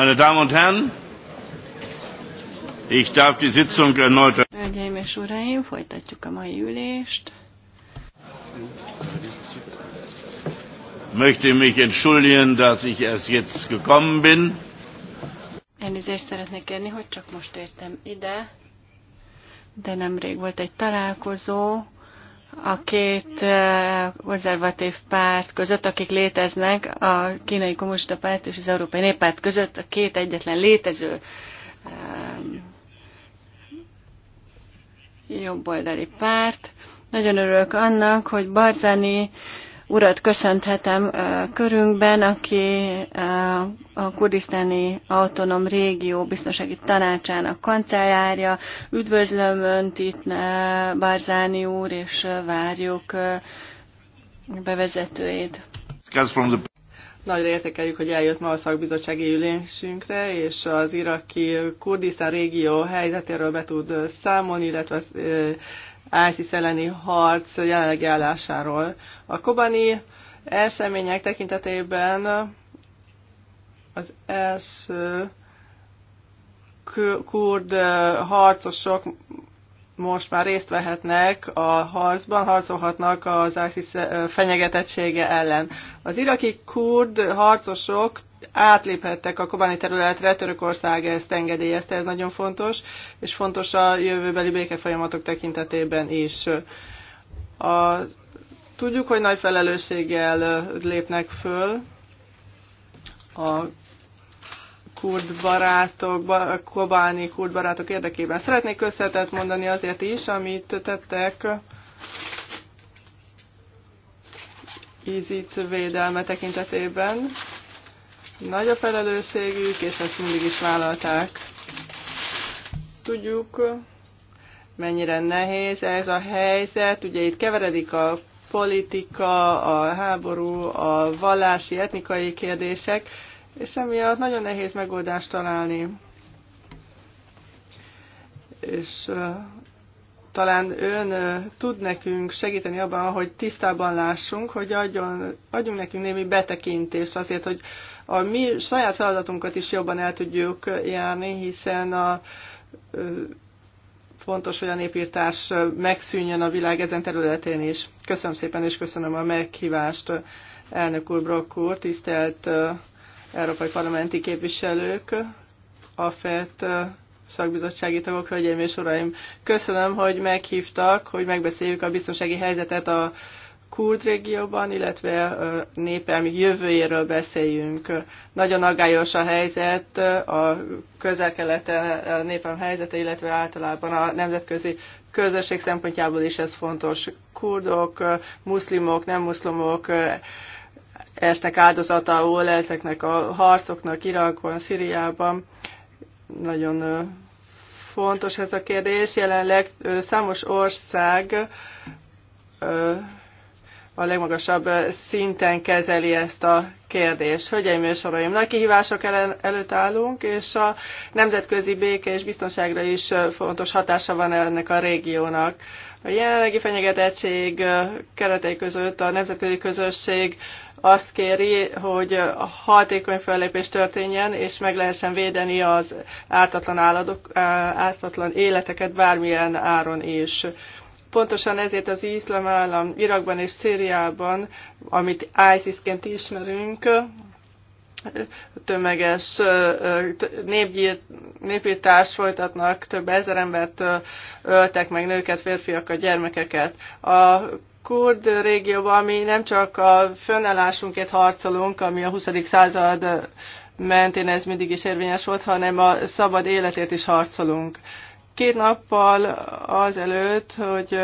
Speaker 1: Meine Damen und Herren, ich darf die Sitzung erneut. eröffnen. Möchte mich entschuldigen, dass ich erst jetzt gekommen bin.
Speaker 4: Elnézést szeretnék kérni, hogy csak most értem ide, de nemrég volt egy találkozó, a két eh, konzervatív párt között, akik léteznek, a kínai kommunista párt és az európai néppárt között, a két egyetlen létező eh, jobboldali párt. Nagyon örülök annak, hogy Barzani urat köszönhetem körünkben, aki a kurdisztáni autonóm régió biztonsági tanácsának kancellárja. Üdvözlöm Önt itt, Barzáni úr, és várjuk bevezetőjét.
Speaker 3: Nagyra értékeljük, hogy eljött ma a szakbizottsági ülésünkre, és az iraki Kurdisztán régió helyzetéről be tud számolni, illetve az, ISIS elleni harc jelenlegi állásáról. A kobani események tekintetében az első kurd harcosok most már részt vehetnek a harcban, harcolhatnak az ISIS fenyegetettsége ellen. Az iraki kurd harcosok átléphettek a kobani területre, Törökország ezt engedélyezte, ez nagyon fontos, és fontos a jövőbeli békefolyamatok tekintetében is. A, tudjuk, hogy nagy felelősséggel lépnek föl a kurd barátok, kobáni kurd barátok érdekében. Szeretnék összetett mondani azért is, amit tettek ízic védelme tekintetében. Nagy a felelősségük, és ezt mindig is vállalták. Tudjuk, mennyire nehéz ez a helyzet. Ugye itt keveredik a politika, a háború, a vallási, etnikai kérdések és emiatt nagyon nehéz megoldást találni. És uh, talán ön uh, tud nekünk segíteni abban, hogy tisztában lássunk, hogy adjon, adjunk nekünk némi betekintést azért, hogy a mi saját feladatunkat is jobban el tudjuk járni, hiszen a uh, fontos, hogy a népírtás megszűnjön a világ ezen területén is. Köszönöm szépen, és köszönöm a meghívást, elnök úr, Brock úr, tisztelt uh, európai parlamenti képviselők, FET szakbizottsági tagok, hölgyeim és uraim. Köszönöm, hogy meghívtak, hogy megbeszéljük a biztonsági helyzetet a kurd régióban, illetve népelmi jövőjéről beszéljünk. Nagyon aggályos a helyzet, a közel-keleten népem helyzete, illetve általában a nemzetközi közösség szempontjából is ez fontos. Kurdok, muszlimok, nem muszlimok, estek áldozataul ezeknek a harcoknak Irakban, Szíriában. Nagyon fontos ez a kérdés. Jelenleg számos ország a legmagasabb szinten kezeli ezt a kérdést. Hölgyeim és uraim, nagy kihívások ellen előtt állunk, és a nemzetközi béke és biztonságra is fontos hatása van ennek a régiónak. A jelenlegi fenyegetettség keretei között a nemzetközi közösség azt kéri, hogy hatékony fellépés történjen, és meg lehessen védeni az ártatlan, állatok, ártatlan életeket bármilyen áron is. Pontosan ezért az iszlám állam Irakban és Szíriában, amit ISIS-ként ismerünk, tömeges népgyírt, népírtást folytatnak, több ezer embert öltek meg, nőket, férfiakat, gyermekeket. A kurd régióban, mi nem csak a fönnállásunkért harcolunk, ami a 20. század mentén ez mindig is érvényes volt, hanem a szabad életért is harcolunk. Két nappal azelőtt, hogy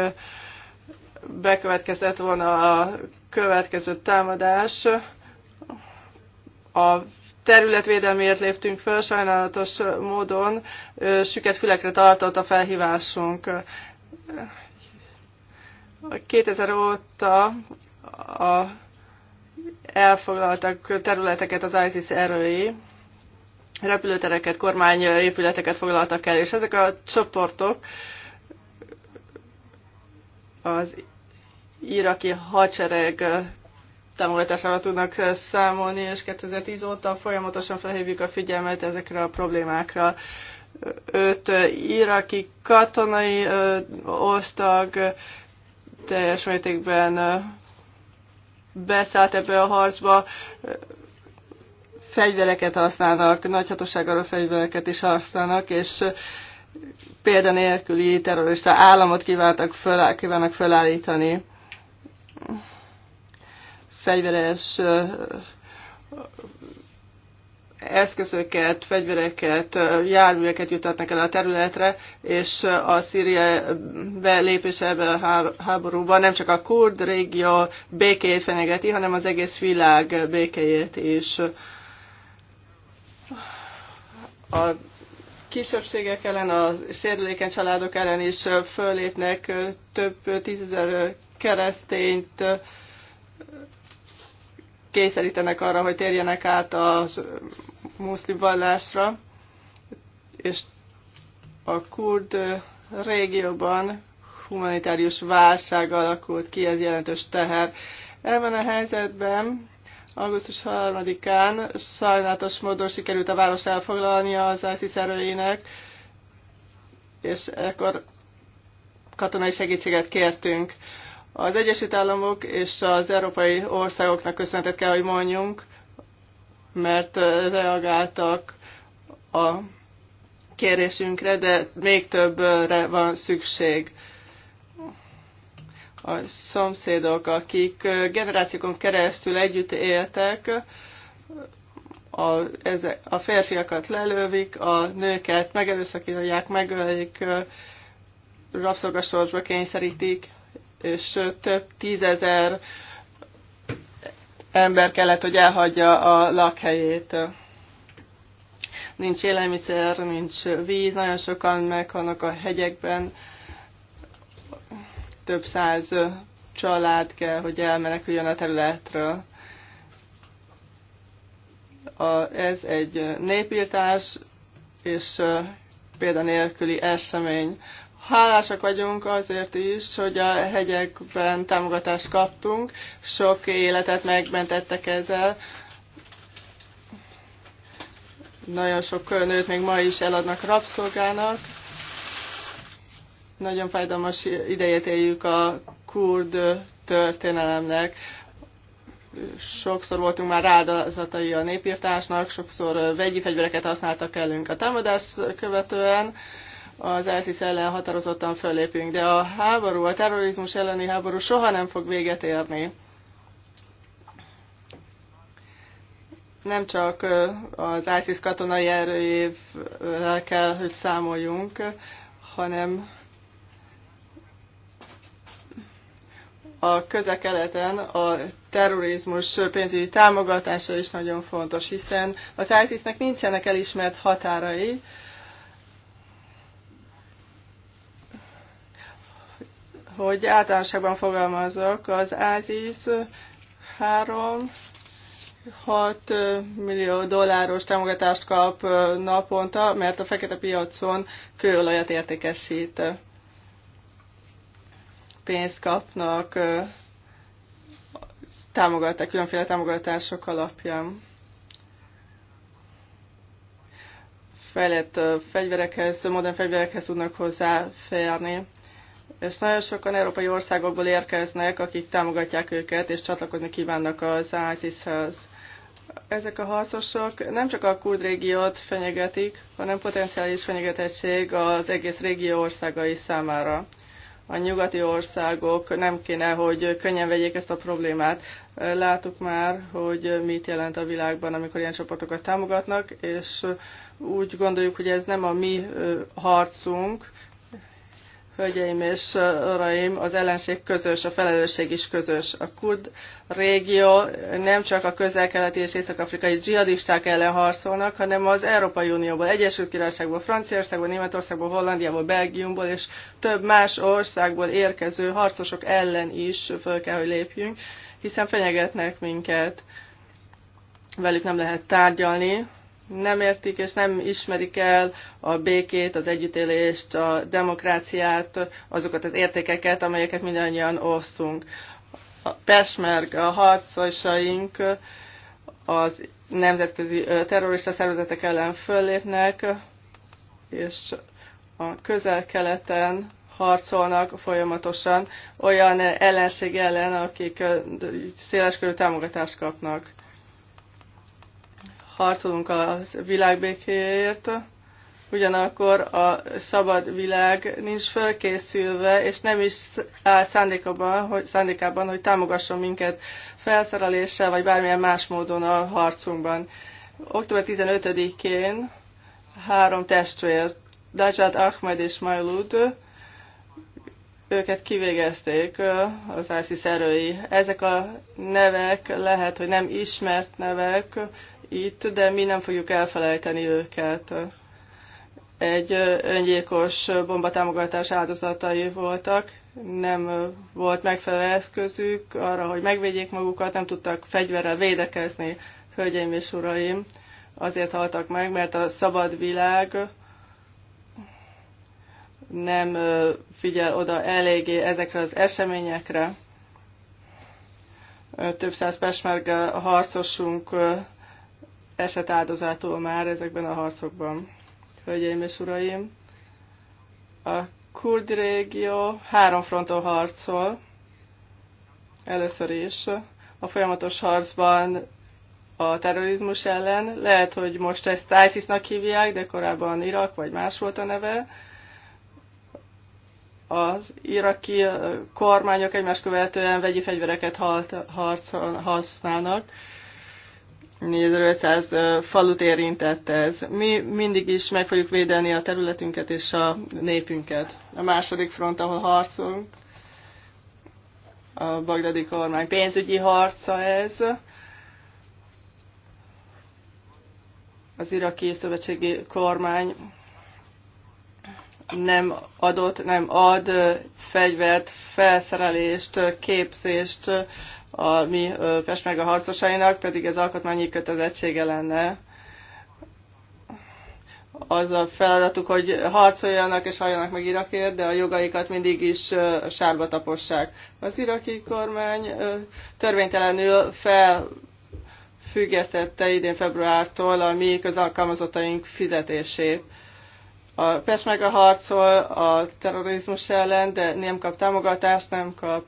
Speaker 3: bekövetkezett volna a következő támadás, a területvédelmiért léptünk föl, sajnálatos módon süket fülekre tartott a felhívásunk. 2000 óta a elfoglaltak területeket az ISIS erői, repülőtereket, kormányépületeket foglaltak el, és ezek a csoportok az iraki hadsereg támogatásával tudnak számolni, és 2010 óta folyamatosan felhívjuk a figyelmet ezekre a problémákra. Öt iraki katonai osztag teljes mértékben beszállt ebbe a harcba, fegyvereket használnak, nagy hatósággal fegyvereket is használnak, és példanélküli terrorista államot kívántak föláll, kívánnak fölállítani fegyveres eszközöket, fegyvereket, járműveket jutatnak el a területre, és a Szíria belépése ebbe a háborúba nem csak a kurd régió békéjét fenyegeti, hanem az egész világ békéjét is. A kisebbségek ellen, a sérülékeny családok ellen is fölépnek több tízezer keresztényt, kényszerítenek arra, hogy térjenek át a muszlim vallásra, és a kurd régióban humanitárius válság alakult ki, ez jelentős teher. Ebben a helyzetben augusztus 3-án sajnálatos módon sikerült a város elfoglalnia az ISIS erőinek, és ekkor katonai segítséget kértünk. Az Egyesült Államok és az európai országoknak köszönetet kell, hogy mondjunk, mert reagáltak a kérésünkre, de még többre van szükség. A szomszédok, akik generációkon keresztül együtt éltek, a, a férfiakat lelövik, a nőket megerőszakítják, megölik, rabszolgasorsba kényszerítik és több tízezer ember kellett, hogy elhagyja a lakhelyét. Nincs élelmiszer, nincs víz, nagyon sokan meghalnak a hegyekben, több száz család kell, hogy elmeneküljön a területről. A, ez egy népírtás, és példanélküli esemény. Hálásak vagyunk azért is, hogy a hegyekben támogatást kaptunk, sok életet megmentettek ezzel. Nagyon sok nőt még ma is eladnak rabszolgának. Nagyon fájdalmas idejét éljük a kurd történelemnek. Sokszor voltunk már áldozatai a népírtásnak, sokszor vegyi fegyvereket használtak elünk. A támadás követően az ISIS ellen határozottan fölépünk, de a háború, a terrorizmus elleni háború soha nem fog véget érni. Nem csak az ISIS katonai erőjével kell, hogy számoljunk, hanem a közekeleten a terrorizmus pénzügyi támogatása is nagyon fontos, hiszen az ISIS-nek nincsenek elismert határai, hogy általánosságban fogalmazok, az ÁZIS 3 6 millió dolláros támogatást kap naponta, mert a fekete piacon kőolajat értékesít. Pénzt kapnak támogatták, különféle támogatások alapján. Fejlett fegyverekhez, modern fegyverekhez tudnak hozzáférni és nagyon sokan európai országokból érkeznek, akik támogatják őket, és csatlakozni kívánnak az ISIS-hez. Ezek a harcosok nem csak a kurd régiót fenyegetik, hanem potenciális fenyegetettség az egész régió országai számára. A nyugati országok nem kéne, hogy könnyen vegyék ezt a problémát. Láttuk már, hogy mit jelent a világban, amikor ilyen csoportokat támogatnak, és úgy gondoljuk, hogy ez nem a mi harcunk, Hölgyeim és uraim, az ellenség közös, a felelősség is közös. A kurd régió nem csak a közel-keleti és észak-afrikai dzsihadisták ellen harcolnak, hanem az Európai Unióból, Egyesült Királyságból, Franciaországból, Németországból, Hollandiából, Belgiumból és több más országból érkező harcosok ellen is föl kell, hogy lépjünk, hiszen fenyegetnek minket. Velük nem lehet tárgyalni, nem értik és nem ismerik el a békét, az együttélést, a demokráciát, azokat az értékeket, amelyeket mindannyian osztunk. A Pesmerg, a harcosaink az nemzetközi terrorista szervezetek ellen föllépnek, és a közel-keleten harcolnak folyamatosan olyan ellenség ellen, akik széleskörű támogatást kapnak harcolunk a világbékéért, ugyanakkor a szabad világ nincs fölkészülve, és nem is áll szándékában, hogy, szándékában, hogy támogasson minket felszereléssel, vagy bármilyen más módon a harcunkban. Október 15-én három testvér, Dajjad Ahmed és Majlud, őket kivégezték az ISIS erői. Ezek a nevek lehet, hogy nem ismert nevek, itt, de mi nem fogjuk elfelejteni őket. Egy öngyilkos bombatámogatás áldozatai voltak, nem volt megfelelő eszközük arra, hogy megvédjék magukat, nem tudtak fegyverrel védekezni, hölgyeim és uraim. Azért haltak meg, mert a szabad világ nem figyel oda eléggé ezekre az eseményekre. Több száz pesmerge harcosunk esett áldozától már ezekben a harcokban. Hölgyeim és uraim, a kurd régió három fronton harcol. Először is a folyamatos harcban a terrorizmus ellen. Lehet, hogy most ezt ISIS-nak hívják, de korábban Irak vagy más volt a neve. Az iraki eh, kormányok egymás követően vegyi fegyvereket használnak 4500 falut érintett ez. Mi mindig is meg fogjuk védeni a területünket és a népünket. A második front, ahol harcolunk, a bagdadi kormány pénzügyi harca ez. Az iraki szövetségi kormány nem adott, nem ad fegyvert, felszerelést, képzést, a mi Pesmerga harcosainak, pedig ez alkotmányi kötelezettsége lenne. Az a feladatuk, hogy harcoljanak és halljanak meg Irakért, de a jogaikat mindig is sárba tapossák. Az iraki kormány törvénytelenül fel függesztette idén februártól a mi közalkalmazottaink fizetését. A a harcol a terrorizmus ellen, de nem kap támogatást, nem kap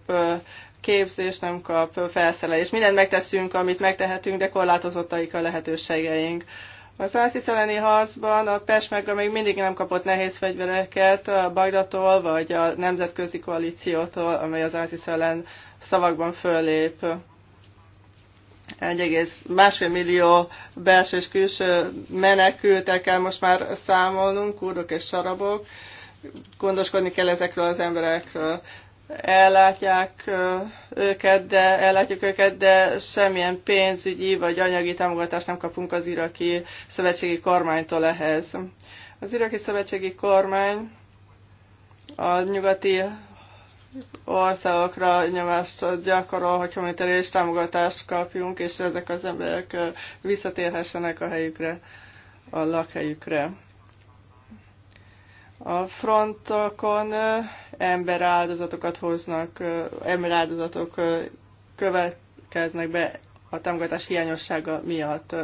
Speaker 3: képzést, nem kap felszerelést. Mindent megteszünk, amit megtehetünk, de korlátozottaik a lehetőségeink. Az ISIS elleni harcban a meg még mindig nem kapott nehéz fegyvereket a Bagdatól, vagy a nemzetközi koalíciótól, amely az ISIS ellen szavakban fölép, Egy egész másfél millió belső és külső menekültek kell most már számolnunk, kurdok és sarabok. Gondoskodni kell ezekről az emberekről ellátják őket, de ellátjuk őket, de semmilyen pénzügyi vagy anyagi támogatást nem kapunk az iraki szövetségi kormánytól ehhez. Az iraki szövetségi kormány a nyugati országokra nyomást gyakorol, hogy humanitárius támogatást kapjunk, és ezek az emberek visszatérhessenek a helyükre, a lakhelyükre. A frontokon emberáldozatokat hoznak, emberáldozatok következnek be a támogatás hiányossága miatt.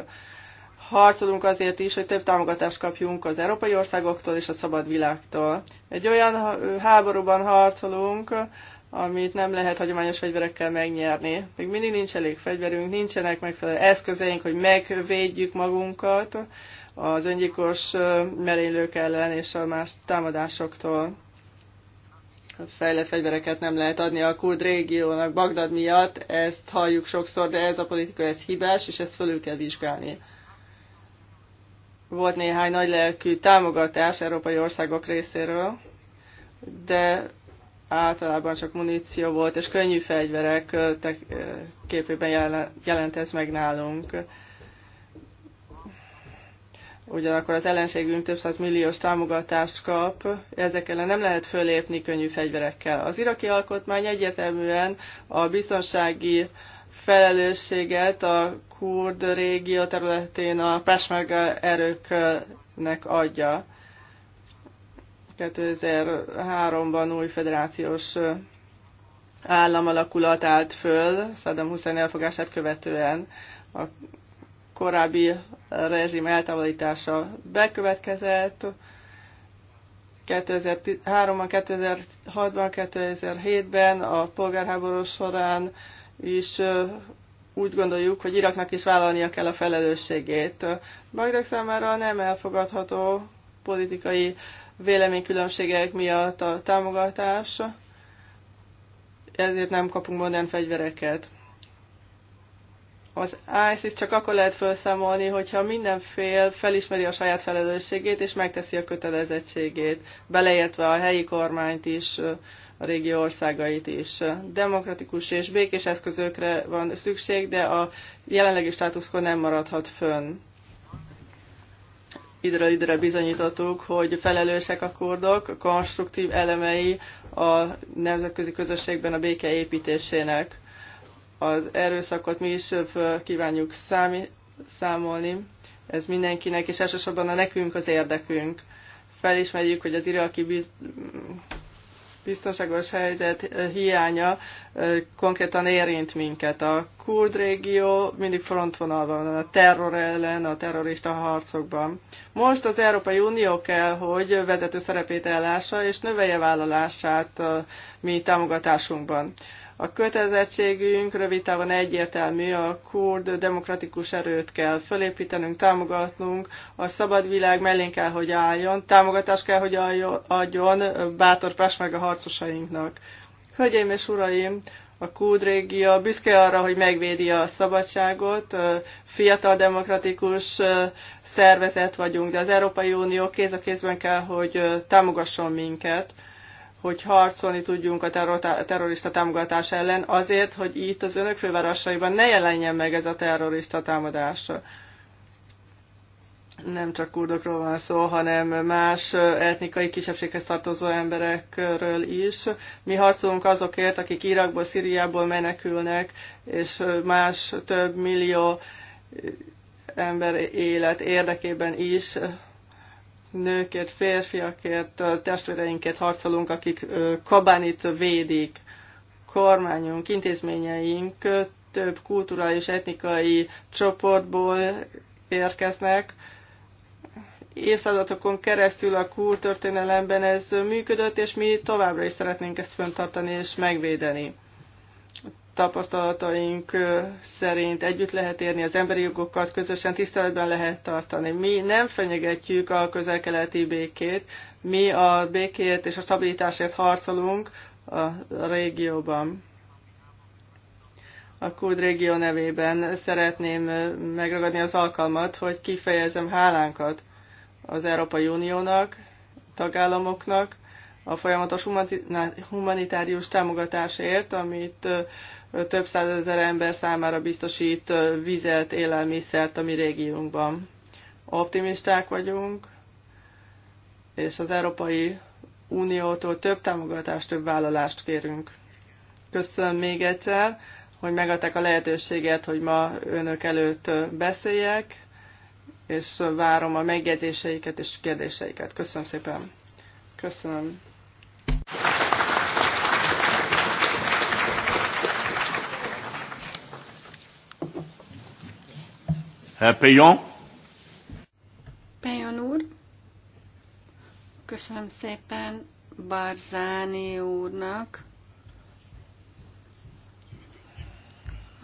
Speaker 3: Harcolunk azért is, hogy több támogatást kapjunk az európai országoktól és a szabad világtól. Egy olyan háborúban harcolunk, amit nem lehet hagyományos fegyverekkel megnyerni. Még mindig nincs elég fegyverünk, nincsenek megfelelő eszközeink, hogy megvédjük magunkat az öngyilkos merénylők ellen és a más támadásoktól. A fejlett fegyvereket nem lehet adni a kurd régiónak Bagdad miatt, ezt halljuk sokszor, de ez a politika, ez hibás, és ezt fölül kell vizsgálni. Volt néhány nagylelkű támogatás európai országok részéről, de általában csak muníció volt, és könnyű fegyverek képében jelent ez meg nálunk ugyanakkor az ellenségünk több száz milliós támogatást kap, ezek ellen nem lehet fölépni könnyű fegyverekkel. Az iraki alkotmány egyértelműen a biztonsági felelősséget a kurd régió területén a Pesmerga erőknek adja. 2003-ban új federációs alakulat állt föl Saddam Hussein elfogását követően. A korábbi rezsim eltávolítása bekövetkezett, 2003-ban, 2006-ban, 2007-ben a polgárháború során is úgy gondoljuk, hogy Iraknak is vállalnia kell a felelősségét. Bagdad számára nem elfogadható politikai véleménykülönbségek miatt a támogatás, ezért nem kapunk modern fegyvereket az is csak akkor lehet felszámolni, hogyha minden fél felismeri a saját felelősségét és megteszi a kötelezettségét, beleértve a helyi kormányt is, a régió országait is. Demokratikus és békés eszközökre van szükség, de a jelenlegi státuszkó nem maradhat fönn. Időről időre bizonyítottuk, hogy felelősek a kurdok, konstruktív elemei a nemzetközi közösségben a béke építésének az erőszakot mi is föl kívánjuk számi, számolni. Ez mindenkinek, és elsősorban a nekünk az érdekünk. Felismerjük, hogy az iraki biz biztonságos helyzet eh, hiánya eh, konkrétan érint minket. A kurd régió mindig frontvonalban van a terror ellen, a terrorista harcokban. Most az Európai Unió kell, hogy vezető szerepét ellássa és növelje vállalását a eh, mi támogatásunkban. A kötelezettségünk rövid távon egyértelmű, a kurd demokratikus erőt kell fölépítenünk, támogatnunk, a szabad világ mellén kell, hogy álljon, támogatást kell, hogy adjon bátor a harcosainknak. Hölgyeim és uraim, a kurd régia büszke arra, hogy megvédi a szabadságot, fiatal demokratikus szervezet vagyunk, de az Európai Unió kéz a kézben kell, hogy támogasson minket hogy harcolni tudjunk a terrorista támogatás ellen, azért, hogy itt az önök fővárosaiban ne jelenjen meg ez a terrorista támadás. Nem csak kurdokról van szó, hanem más etnikai kisebbséghez tartozó emberekről is. Mi harcolunk azokért, akik Irakból, Szíriából menekülnek, és más több millió ember élet érdekében is nőkért, férfiakért, testvéreinket harcolunk, akik Kabánit védik. Kormányunk, intézményeink több kultúra és etnikai csoportból érkeznek. Évszázadokon keresztül a kultúrtörténelemben ez működött, és mi továbbra is szeretnénk ezt föntartani és megvédeni tapasztalataink szerint együtt lehet érni az emberi jogokat, közösen tiszteletben lehet tartani. Mi nem fenyegetjük a közelkeleti békét, mi a békért és a stabilitásért harcolunk a régióban. A Kurd régió nevében szeretném megragadni az alkalmat, hogy kifejezem hálánkat az Európai Uniónak, tagállamoknak, a folyamatos humanitárius támogatásért, amit több százezer ember számára biztosít vizet, élelmiszert a mi régiónkban. Optimisták vagyunk, és az Európai Uniótól több támogatást, több vállalást kérünk. Köszönöm még egyszer, hogy megadták a lehetőséget, hogy ma önök előtt beszéljek, és várom a megjegyzéseiket és kérdéseiket. Köszönöm szépen. Köszönöm.
Speaker 1: Péjon.
Speaker 4: Péjon úr. Köszönöm szépen Barzáni úrnak.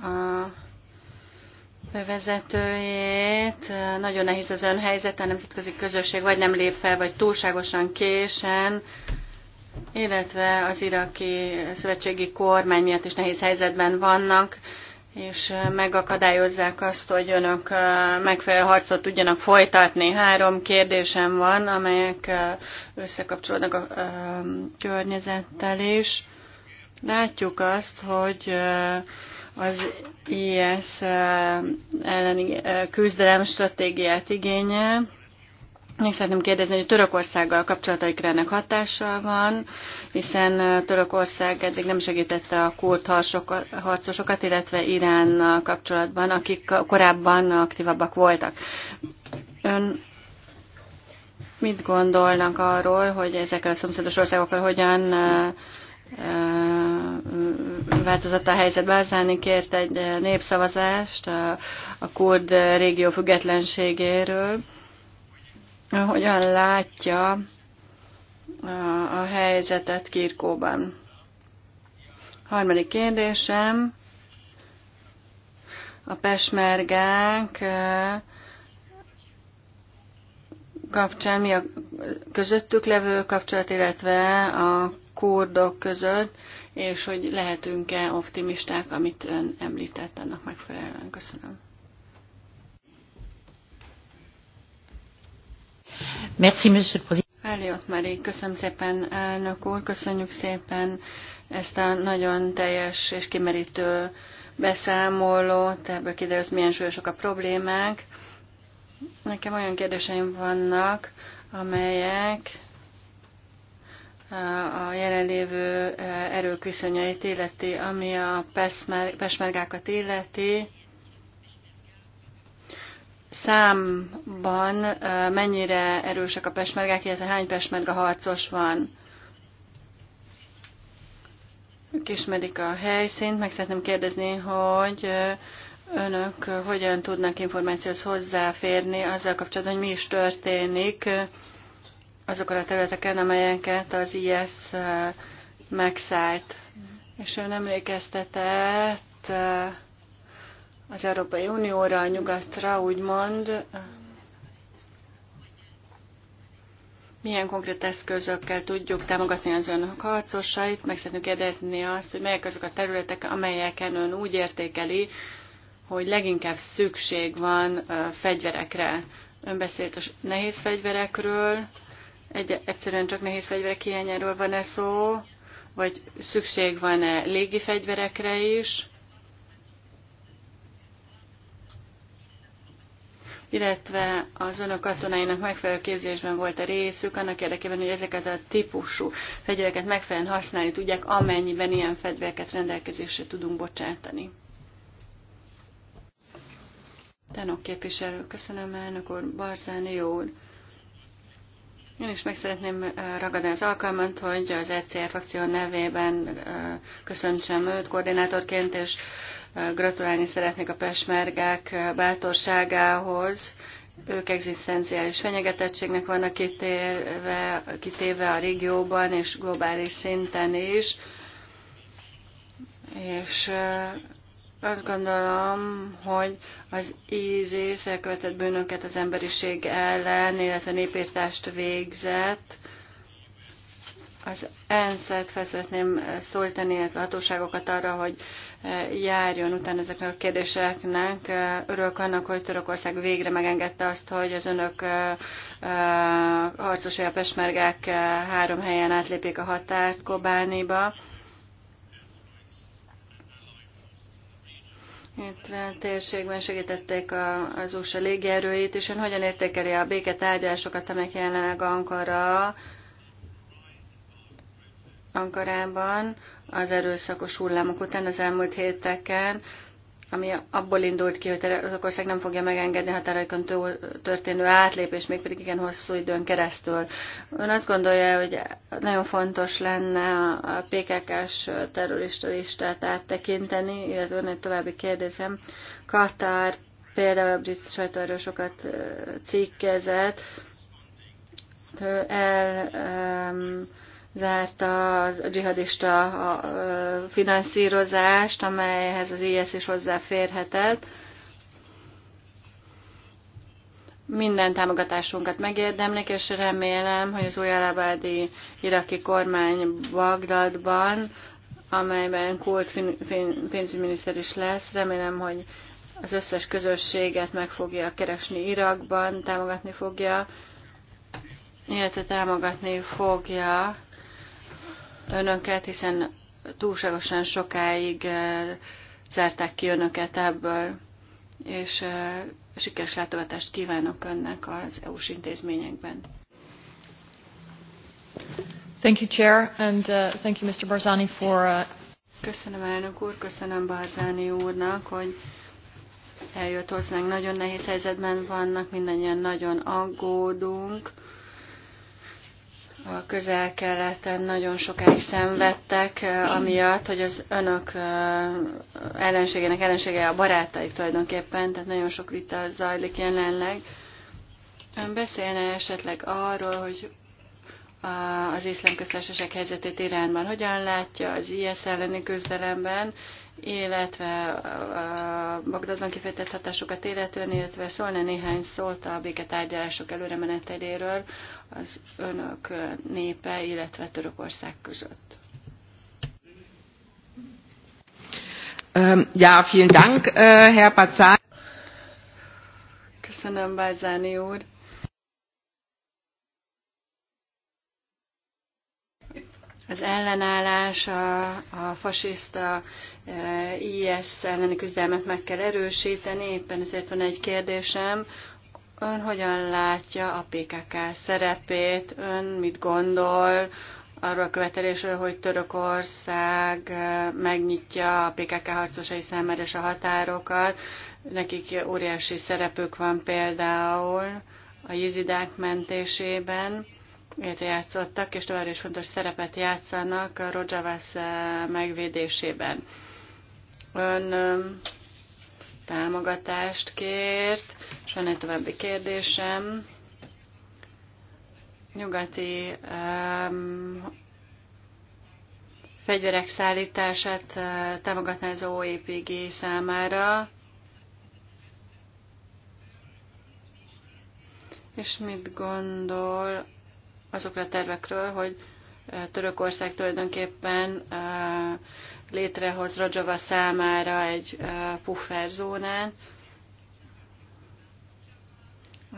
Speaker 4: A bevezetőjét. Nagyon nehéz az ön helyzet, a nemzetközi közösség vagy nem lép fel, vagy túlságosan késen, illetve az iraki szövetségi kormány miatt is nehéz helyzetben vannak és eh, megakadályozzák azt, hogy önök eh, megfelelő harcot tudjanak folytatni. Három kérdésem van, amelyek eh, összekapcsolódnak a környezettel is. Látjuk azt, hogy az IS elleni küzdelem stratégiát igényel, még szeretném kérdezni, hogy Törökországgal kapcsolataikra ennek hatással van, hiszen Törökország eddig nem segítette a kurd harcosokat, illetve Irán kapcsolatban, akik korábban aktívabbak voltak. Ön mit gondolnak arról, hogy ezekkel a szomszédos országokkal hogyan változott a helyzet. Bázáni kért egy népszavazást a kurd régió függetlenségéről hogyan látja a helyzetet Kirkóban. Harmadik kérdésem, a pesmergánk kapcsán mi a közöttük levő kapcsolat, illetve a kurdok között, és hogy lehetünk-e optimisták, amit ön említett annak megfelelően. Köszönöm. Merci, Elliot Mari, köszönöm szépen, elnök úr, köszönjük szépen ezt a nagyon teljes és kimerítő beszámolót, ebből kiderült, milyen súlyosok a problémák. Nekem olyan kérdéseim vannak, amelyek a jelenlévő erők viszonyait illeti, ami a pesmergákat illeti számban mennyire erősek a pesmergák, illetve hány pesmerga harcos van. Ők ismerik a helyszínt, meg szeretném kérdezni, hogy önök hogyan tudnak információhoz hozzáférni azzal kapcsolatban, hogy mi is történik azokon a területeken, amelyeket az IS megszállt. És ön emlékeztetett az Európai Unióra, a nyugatra, úgymond, milyen konkrét eszközökkel tudjuk támogatni az ön harcosait, meg szeretnük kérdezni azt, hogy melyek azok a területek, amelyeken ön úgy értékeli, hogy leginkább szükség van fegyverekre. Ön beszélt a nehéz fegyverekről, egy, egyszerűen csak nehéz fegyverek hiányáról van-e szó, vagy szükség van-e légi fegyverekre is, illetve az önök katonáinak megfelelő képzésben volt a részük, annak érdekében, hogy ezeket a típusú fegyvereket megfelelően használni tudják, amennyiben ilyen fegyvereket rendelkezésre tudunk bocsátani. Tenok képviselő, köszönöm elnök úr, Barzáni úr. Én is meg szeretném ragadni az alkalmat, hogy az ECR frakció nevében köszöntsem őt koordinátorként, és Gratulálni szeretnék a pesmergák bátorságához. Ők egzisztenciális fenyegetettségnek vannak kitéve, kitéve a régióban és globális szinten is. És azt gondolom, hogy az ISIS elkövetett bűnöket az emberiség ellen, illetve népírtást végzett. Az ENSZ-et fel szeretném szólítani, illetve hatóságokat arra, hogy járjon utána ezeknek a kérdéseknek. Örülök annak, hogy Törökország végre megengedte azt, hogy az önök harcosai a pesmergák három helyen átlépjék a határt Kobániba. Itt a térségben segítették a, az USA légierőit, és ön hogyan értékeli a béketárgyalásokat, amelyek jelenleg Ankara, Ankarában, az erőszakos hullámok után az elmúlt héteken, ami abból indult ki, hogy ország nem fogja megengedni határaikon történő átlépés, mégpedig igen hosszú időn keresztül. Ön azt gondolja, hogy nagyon fontos lenne a PKK-s terrorista listát áttekinteni, illetve ön egy további kérdésem. Katár például a brit sajtó erről sokat cikkezett, el um, zárt az dzsihadista finanszírozást, amelyhez az IS is hozzáférhetett. Minden támogatásunkat megérdemlik, és remélem, hogy az új alabádi iraki kormány Bagdadban, amelyben kult pénzügyminiszter is lesz, remélem, hogy az összes közösséget meg fogja keresni Irakban, támogatni fogja, illetve támogatni fogja önöket, hiszen túlságosan sokáig eh, zárták ki önöket ebből, és eh, sikeres látogatást kívánok önnek az EU-s intézményekben. Thank you, Chair, and uh, thank you, Mr. Barzani, for... Uh... Köszönöm, elnök úr, köszönöm Barzani úrnak, hogy eljött hozzánk. Nagyon nehéz helyzetben vannak, mindannyian nagyon aggódunk a közel-keleten nagyon sokáig szenvedtek, amiatt, hogy az önök ellenségének ellensége a barátaik tulajdonképpen, tehát nagyon sok vita zajlik jelenleg. Ön beszélne esetleg arról, hogy az iszlám köztársaság helyzetét Iránban hogyan látja az IS elleni küzdelemben, illetve a Bagdadban kifejtett hatásokat illetően, illetve szólna néhány szót a béketárgyalások előre meneteléről az önök népe, illetve Törökország között.
Speaker 2: Ähm, ja, vielen Dank, äh, Herr Bazán.
Speaker 4: Köszönöm, Bázáni úr. az ellenállás, a, a fasiszta e, IS elleni küzdelmet meg kell erősíteni, éppen ezért van egy kérdésem, Ön hogyan látja a PKK szerepét? Ön mit gondol arról a követelésről, hogy Törökország e, megnyitja a PKK harcosai számára a határokat? Nekik óriási szerepük van például a jizidák mentésében játszottak, és továbbra is fontos szerepet játszanak a Rojavas eh, megvédésében. Ön eh, támogatást kért, és van egy további kérdésem. Nyugati um, fegyverek szállítását uh, támogatná az OEPG számára. És mit gondol azokra a tervekről, hogy eh, Törökország tulajdonképpen eh, létrehoz Rajava számára egy eh, pufferzónát.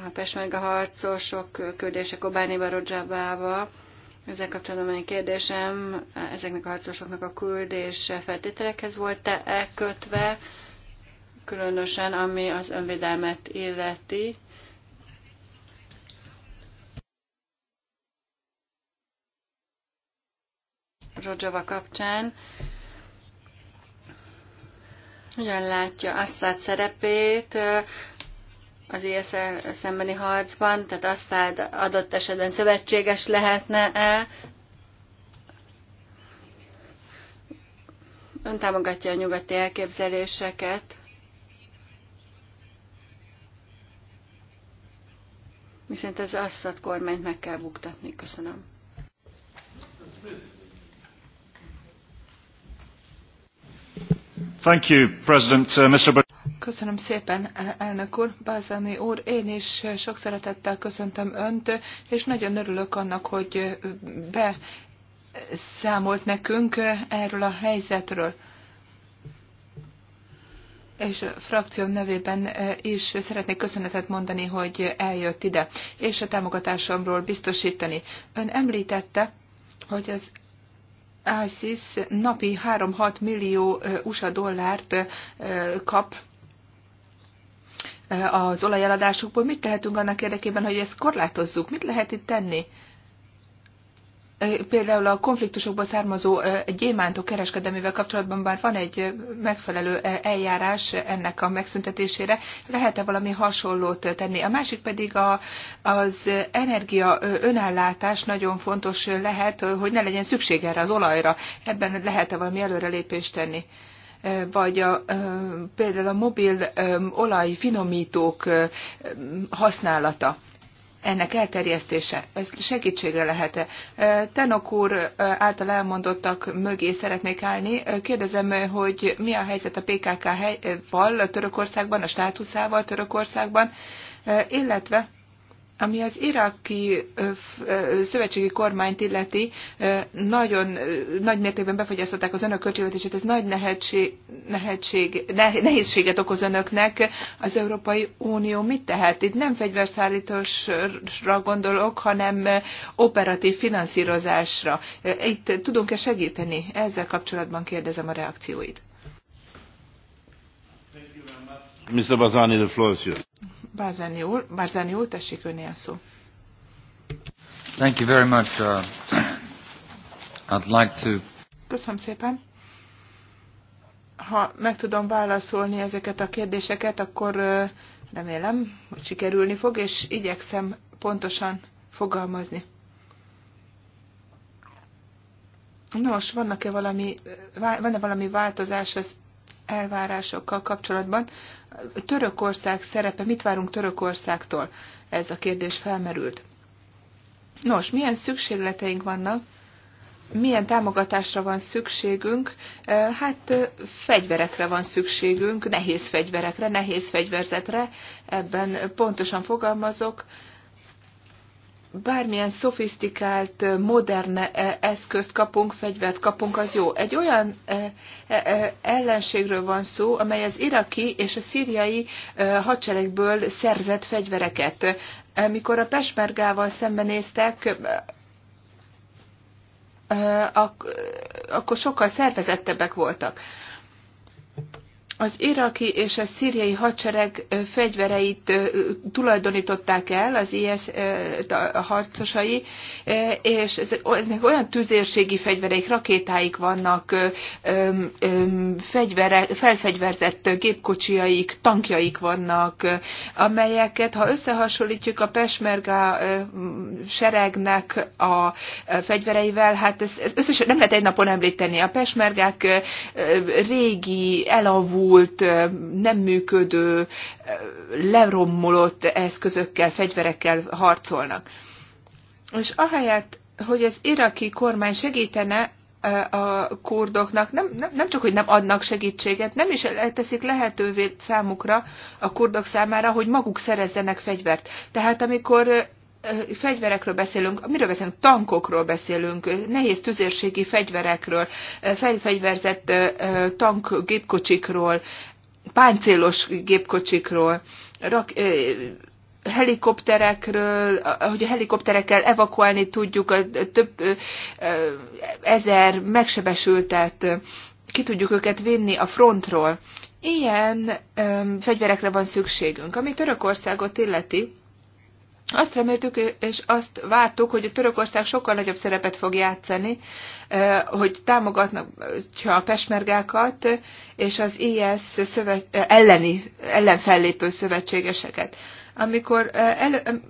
Speaker 4: A Pesmerga harcosok küldése Kobániba, Rajabába. Ezzel kapcsolatban egy kérdésem, ezeknek a harcosoknak a küldés feltételekhez volt-e elkötve, különösen ami az önvédelmet illeti Rojava kapcsán. Hogyan látja Assad szerepét az ISR szembeni harcban, tehát Assad adott esetben szövetséges lehetne-e? Ön támogatja a nyugati elképzeléseket. viszont az Assad kormányt meg kell buktatni. Köszönöm.
Speaker 1: Uh,
Speaker 2: Köszönöm szépen, e, elnök úr, Bázani úr. Én is sok szeretettel köszöntöm önt, és nagyon örülök annak, hogy beszámolt nekünk erről a helyzetről és a frakcióm nevében e, is szeretnék köszönetet mondani, hogy eljött ide, és a támogatásomról biztosítani. Ön említette, hogy az ISIS napi 3-6 millió USA dollárt kap az olajeladásokból. Mit tehetünk annak érdekében, hogy ezt korlátozzuk? Mit lehet itt tenni? például a konfliktusokból származó gyémántok kereskedelmével kapcsolatban már van egy megfelelő eljárás ennek a megszüntetésére, lehet-e valami hasonlót tenni? A másik pedig a, az energia önállátás nagyon fontos lehet, hogy ne legyen szükség erre az olajra. Ebben lehet-e valami előrelépést tenni? vagy a, például a mobil olajfinomítók használata ennek elterjesztése, ez segítségre lehet-e? Tenok úr által elmondottak mögé szeretnék állni. Kérdezem, hogy mi a helyzet a PKK-val Törökországban, a státuszával Törökországban, illetve ami az iraki szövetségi kormányt illeti, nagyon nagy mértékben befogyasztották az önök költségvetését, ez nagy nehetség, nehetség, nehézséget okoz önöknek. Az Európai Unió mit tehet? Itt nem fegyverszállításra gondolok, hanem operatív finanszírozásra. Itt tudunk-e segíteni? Ezzel kapcsolatban kérdezem a reakcióit.
Speaker 1: Mr. Bazani, the floor is yours.
Speaker 2: Bárzáni úr, tessék önni a szó.
Speaker 1: Thank you very much. Uh, I'd like to...
Speaker 2: Köszönöm szépen. Ha meg tudom válaszolni ezeket a kérdéseket, akkor uh, remélem, hogy sikerülni fog, és igyekszem pontosan fogalmazni. Nos, vannak-e valami, van-e valami változás az elvárásokkal kapcsolatban? Törökország szerepe, mit várunk Törökországtól? Ez a kérdés felmerült. Nos, milyen szükségleteink vannak? Milyen támogatásra van szükségünk? Hát fegyverekre van szükségünk, nehéz fegyverekre, nehéz fegyverzetre, ebben pontosan fogalmazok bármilyen szofisztikált, modern eszközt kapunk, fegyvert kapunk, az jó. Egy olyan ellenségről van szó, amely az iraki és a szíriai hadseregből szerzett fegyvereket. Mikor a Pesmergával szembenéztek, akkor sokkal szervezettebbek voltak az iraki és a szíriai hadsereg fegyvereit tulajdonították el az IS harcosai, és ezek olyan tüzérségi fegyvereik, rakétáik vannak, fegyvere, felfegyverzett gépkocsiaik, tankjaik vannak, amelyeket, ha összehasonlítjuk a Pesmerga seregnek a fegyvereivel, hát ez, ez összesen nem lehet egy napon említeni. A Pesmergák régi, elavult, elavult, nem működő, leromolott eszközökkel, fegyverekkel harcolnak. És ahelyett, hogy az iraki kormány segítene a kurdoknak, nem, nem, nem csak, hogy nem adnak segítséget, nem is teszik lehetővé számukra, a kurdok számára, hogy maguk szerezzenek fegyvert. Tehát amikor fegyverekről beszélünk, miről beszélünk? Tankokról beszélünk, nehéz tüzérségi fegyverekről, fel-fegyverzett tank gépkocsikról, páncélos gépkocsikról, rak, helikopterekről, hogy a helikopterekkel evakuálni tudjuk a több ezer megsebesültet, ki tudjuk őket vinni a frontról. Ilyen öm, fegyverekre van szükségünk. Ami Törökországot illeti, azt reméltük, és azt vártuk, hogy a Törökország sokkal nagyobb szerepet fog játszani, hogy támogatnak a pesmergákat és az IS szövet, elleni, ellenfellépő szövetségeseket. Amikor el, el,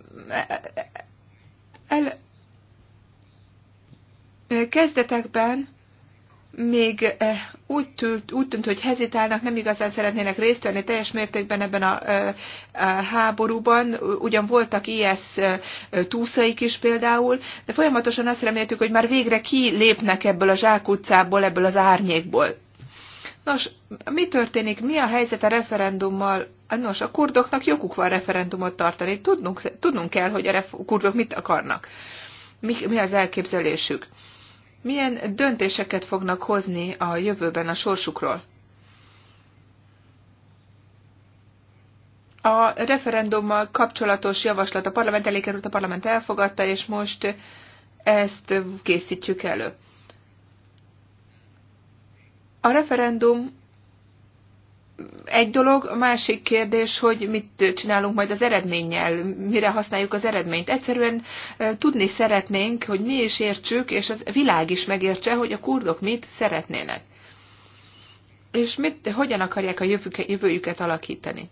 Speaker 2: el, kezdetekben még eh, úgy tűnt, úgy tűnt, hogy hezitálnak, nem igazán szeretnének részt venni teljes mértékben ebben a, eh, a háborúban. Ugyan voltak IS eh, túszaik is például, de folyamatosan azt reméltük, hogy már végre kilépnek ebből a zsákutcából, ebből az árnyékból. Nos, mi történik, mi a helyzet a referendummal? Nos, a kurdoknak joguk van referendumot tartani. Tudnunk, tudnunk kell, hogy a kurdok mit akarnak. Mi, mi az elképzelésük? milyen döntéseket fognak hozni a jövőben a sorsukról? A referendummal kapcsolatos javaslat a parlament elé került, a parlament elfogadta, és most ezt készítjük elő. A referendum egy dolog, a másik kérdés, hogy mit csinálunk majd az eredménnyel, mire használjuk az eredményt. Egyszerűen tudni szeretnénk, hogy mi is értsük, és a világ is megértse, hogy a kurdok mit szeretnének. És mit, hogyan akarják a jövőke, jövőjüket alakítani.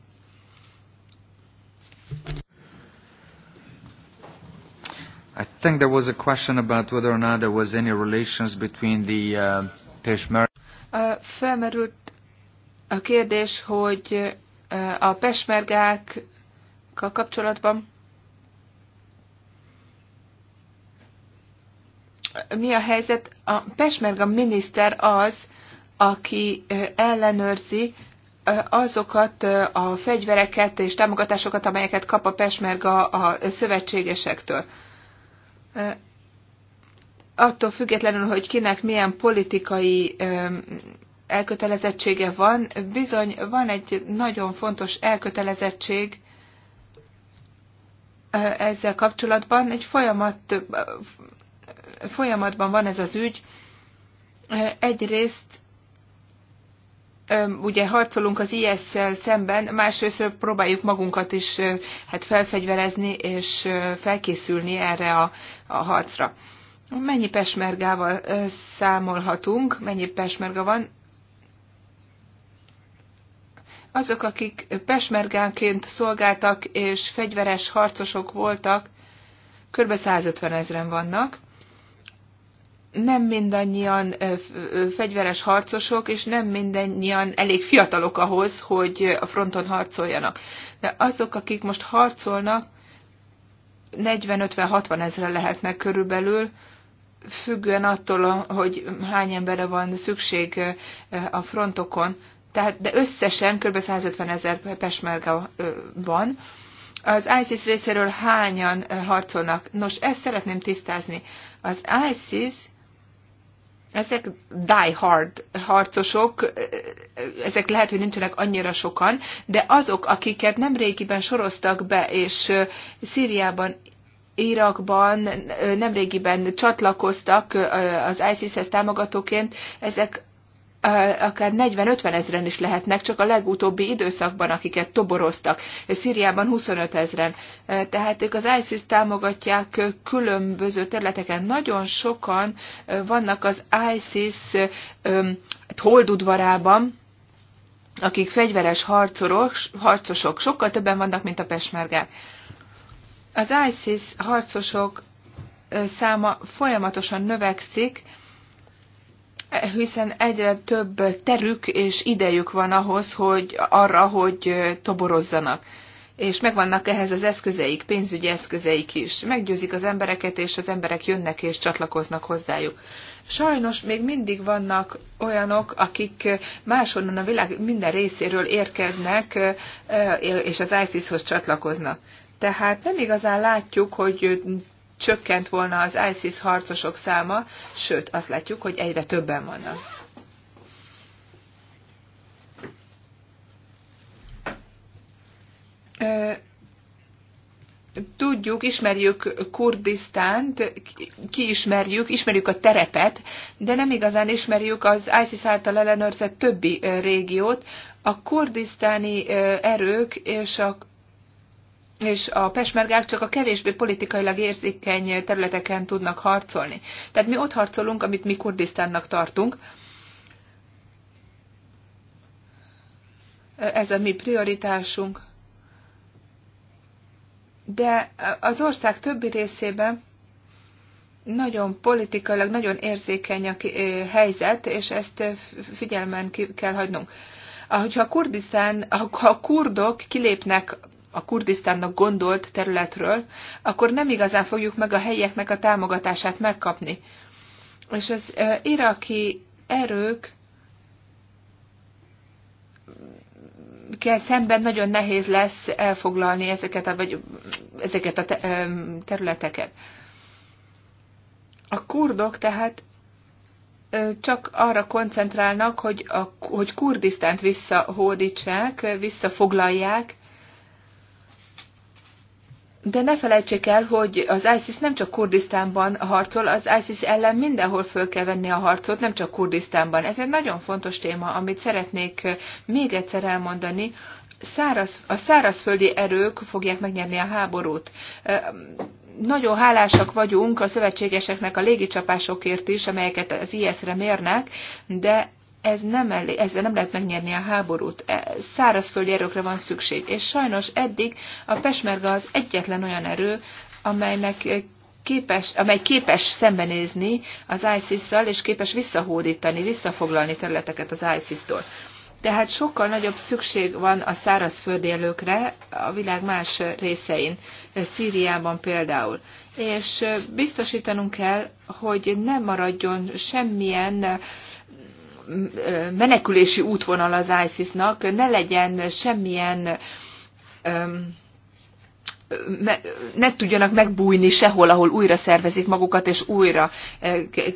Speaker 2: I think there was a question about whether or not there was any relations between the uh, Peshmerga felmerült a kérdés, hogy a pesmergákkal kapcsolatban mi a helyzet? A pesmerga miniszter az, aki ellenőrzi azokat a fegyvereket és támogatásokat, amelyeket kap a pesmerga a szövetségesektől. Attól függetlenül, hogy kinek milyen politikai elkötelezettsége van, bizony van egy nagyon fontos elkötelezettség ezzel kapcsolatban. Egy folyamat, folyamatban van ez az ügy. Egyrészt ugye harcolunk az IS-szel szemben, másrészt próbáljuk magunkat is hát felfegyverezni és felkészülni erre a, a harcra. Mennyi pesmergával számolhatunk, mennyi pesmerga van? Azok, akik pesmergánként szolgáltak és fegyveres harcosok voltak, kb. 150 ezeren vannak. Nem mindannyian fegyveres harcosok, és nem mindannyian elég fiatalok ahhoz, hogy a fronton harcoljanak. De azok, akik most harcolnak, 40-50-60 ezre lehetnek körülbelül, függően attól, hogy hány emberre van szükség a frontokon tehát, de összesen kb. 150 ezer pesmerga van. Az ISIS részéről hányan harcolnak? Nos, ezt szeretném tisztázni. Az ISIS ezek die hard harcosok, ezek lehet, hogy nincsenek annyira sokan, de azok, akiket nem régiben soroztak be, és Szíriában, Irakban nemrégiben csatlakoztak az ISIS-hez támogatóként, ezek akár 40-50 ezeren is lehetnek, csak a legutóbbi időszakban, akiket toboroztak. Szíriában 25 ezeren. Tehát ők az ISIS támogatják különböző területeken. Nagyon sokan vannak az ISIS holdudvarában, akik fegyveres harcorok, harcosok, sokkal többen vannak, mint a pesmergák. Az ISIS harcosok száma folyamatosan növekszik, hiszen egyre több terük és idejük van ahhoz, hogy arra, hogy toborozzanak. És megvannak ehhez az eszközeik, pénzügyi eszközeik is. Meggyőzik az embereket, és az emberek jönnek és csatlakoznak hozzájuk. Sajnos még mindig vannak olyanok, akik máshonnan a világ minden részéről érkeznek, és az ISIS-hoz csatlakoznak. Tehát nem igazán látjuk, hogy csökkent volna az ISIS harcosok száma, sőt, azt látjuk, hogy egyre többen vannak. Tudjuk, ismerjük Kurdisztánt, kiismerjük, ismerjük a terepet, de nem igazán ismerjük az ISIS által ellenőrzett többi régiót. A kurdisztáni erők és a és a pesmergák csak a kevésbé politikailag érzékeny területeken tudnak harcolni. Tehát mi ott harcolunk, amit mi Kurdisztánnak tartunk. Ez a mi prioritásunk. De az ország többi részében nagyon politikailag, nagyon érzékeny a helyzet, és ezt figyelmen kell hagynunk. Ahogyha a kurdisztán, ha a kurdok kilépnek a Kurdisztánnak gondolt területről, akkor nem igazán fogjuk meg a helyieknek a támogatását megkapni. És az iraki erők kell szemben nagyon nehéz lesz elfoglalni ezeket a, vagy, ezeket a te, területeket. A kurdok tehát csak arra koncentrálnak, hogy, a, hogy Kurdisztánt visszahódítsák, visszafoglalják, de ne felejtsék el, hogy az ISIS nem csak Kurdisztánban harcol, az ISIS ellen mindenhol föl kell venni a harcot, nem csak Kurdisztánban. Ez egy nagyon fontos téma, amit szeretnék eh, még egyszer elmondani. Száraz, a szárazföldi erők fogják megnyerni a háborút eh, nagyon hálásak vagyunk a szövetségeseknek a légicsapásokért is, amelyeket az IS-re mérnek, de ez nem elég, ezzel nem lehet megnyerni a háborút. E, szárazföldi erőkre van szükség. És sajnos eddig a Pesmerga az egyetlen olyan erő, amelynek e, képes, amely képes szembenézni az ISIS-szal, és képes visszahódítani, visszafoglalni területeket az ISIS-tól. Tehát sokkal nagyobb szükség van a szárazföldi élőkre a világ más részein, e, Szíriában például. És biztosítanunk kell, hogy nem maradjon semmilyen menekülési útvonal az ISIS-nak, ne legyen semmilyen ne tudjanak megbújni sehol, ahol újra szervezik magukat, és újra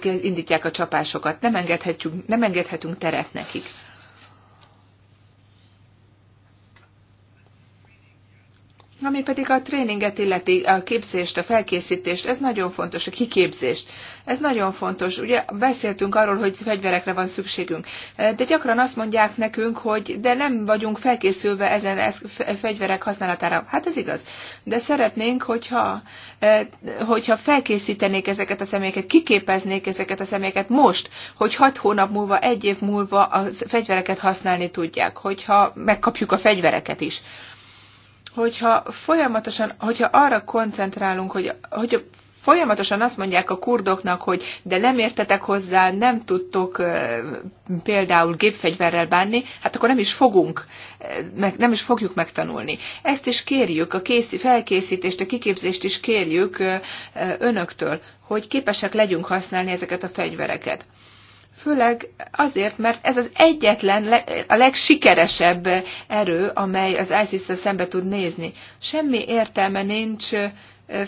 Speaker 2: indítják a csapásokat. Nem, engedhetjük, nem engedhetünk teret nekik. Ami pedig a tréninget illeti, a képzést, a felkészítést, ez nagyon fontos, a kiképzést. Ez nagyon fontos. Ugye beszéltünk arról, hogy fegyverekre van szükségünk, de gyakran azt mondják nekünk, hogy de nem vagyunk felkészülve ezen fegyverek használatára. Hát ez igaz. De szeretnénk, hogyha, e, hogyha felkészítenék ezeket a személyeket, kiképeznék ezeket a személyeket most, hogy hat hónap múlva, egy év múlva a fegyvereket használni tudják, hogyha megkapjuk a fegyvereket is hogyha folyamatosan, hogyha arra koncentrálunk, hogy, hogy folyamatosan azt mondják a kurdoknak, hogy de nem értetek hozzá, nem tudtok például gépfegyverrel bánni, hát akkor nem is fogunk, meg, nem is fogjuk megtanulni. Ezt is kérjük, a készi, felkészítést, a kiképzést is kérjük önöktől, hogy képesek legyünk használni ezeket a fegyvereket. Főleg azért, mert ez az egyetlen, a legsikeresebb erő, amely az isis szembe tud nézni. Semmi értelme nincs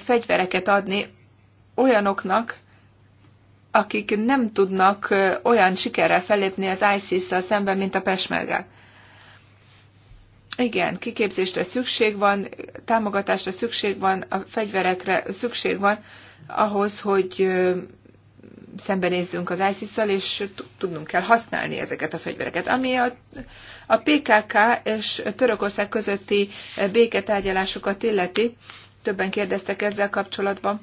Speaker 2: fegyvereket adni olyanoknak, akik nem tudnak olyan sikerrel felépni az isis szemben, mint a Pesmerga. Igen, kiképzésre szükség van, támogatásra szükség van, a fegyverekre szükség van, ahhoz, hogy szembenézzünk az ISIS-szal, és tudnunk kell használni ezeket a fegyvereket. Ami a, a PKK és Törökország közötti béketárgyalásokat illeti, többen kérdeztek ezzel kapcsolatban.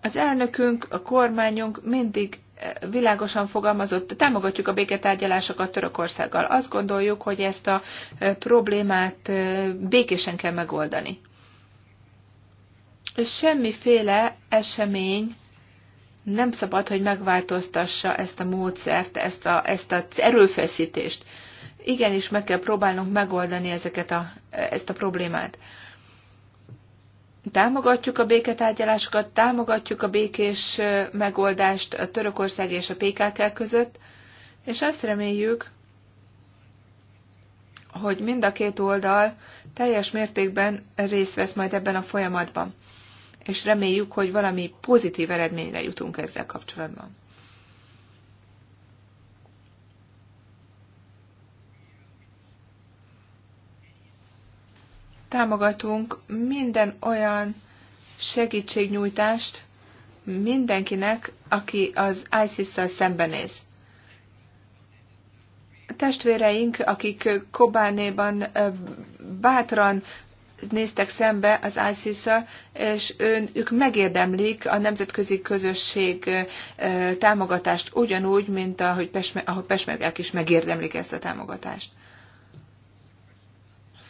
Speaker 2: Az elnökünk, a kormányunk mindig világosan fogalmazott, támogatjuk a béketárgyalásokat Törökországgal. Azt gondoljuk, hogy ezt a problémát békésen kell megoldani. Semmiféle esemény nem szabad, hogy megváltoztassa ezt a módszert, ezt, a, ezt az erőfeszítést. Igenis meg kell próbálnunk megoldani ezeket a, ezt a problémát. Támogatjuk a béketárgyalásokat, támogatjuk a békés megoldást a Törökország és a PKK között, és azt reméljük, hogy mind a két oldal teljes mértékben részt vesz majd ebben a folyamatban és reméljük, hogy valami pozitív eredményre jutunk ezzel kapcsolatban. Támogatunk minden olyan segítségnyújtást mindenkinek, aki az isis szal szembenéz. A testvéreink, akik Kobánéban bátran néztek szembe az isis és ön, ők megérdemlik a nemzetközi közösség támogatást ugyanúgy, mint ahogy pesme, ahogy pesmergák is megérdemlik ezt a támogatást.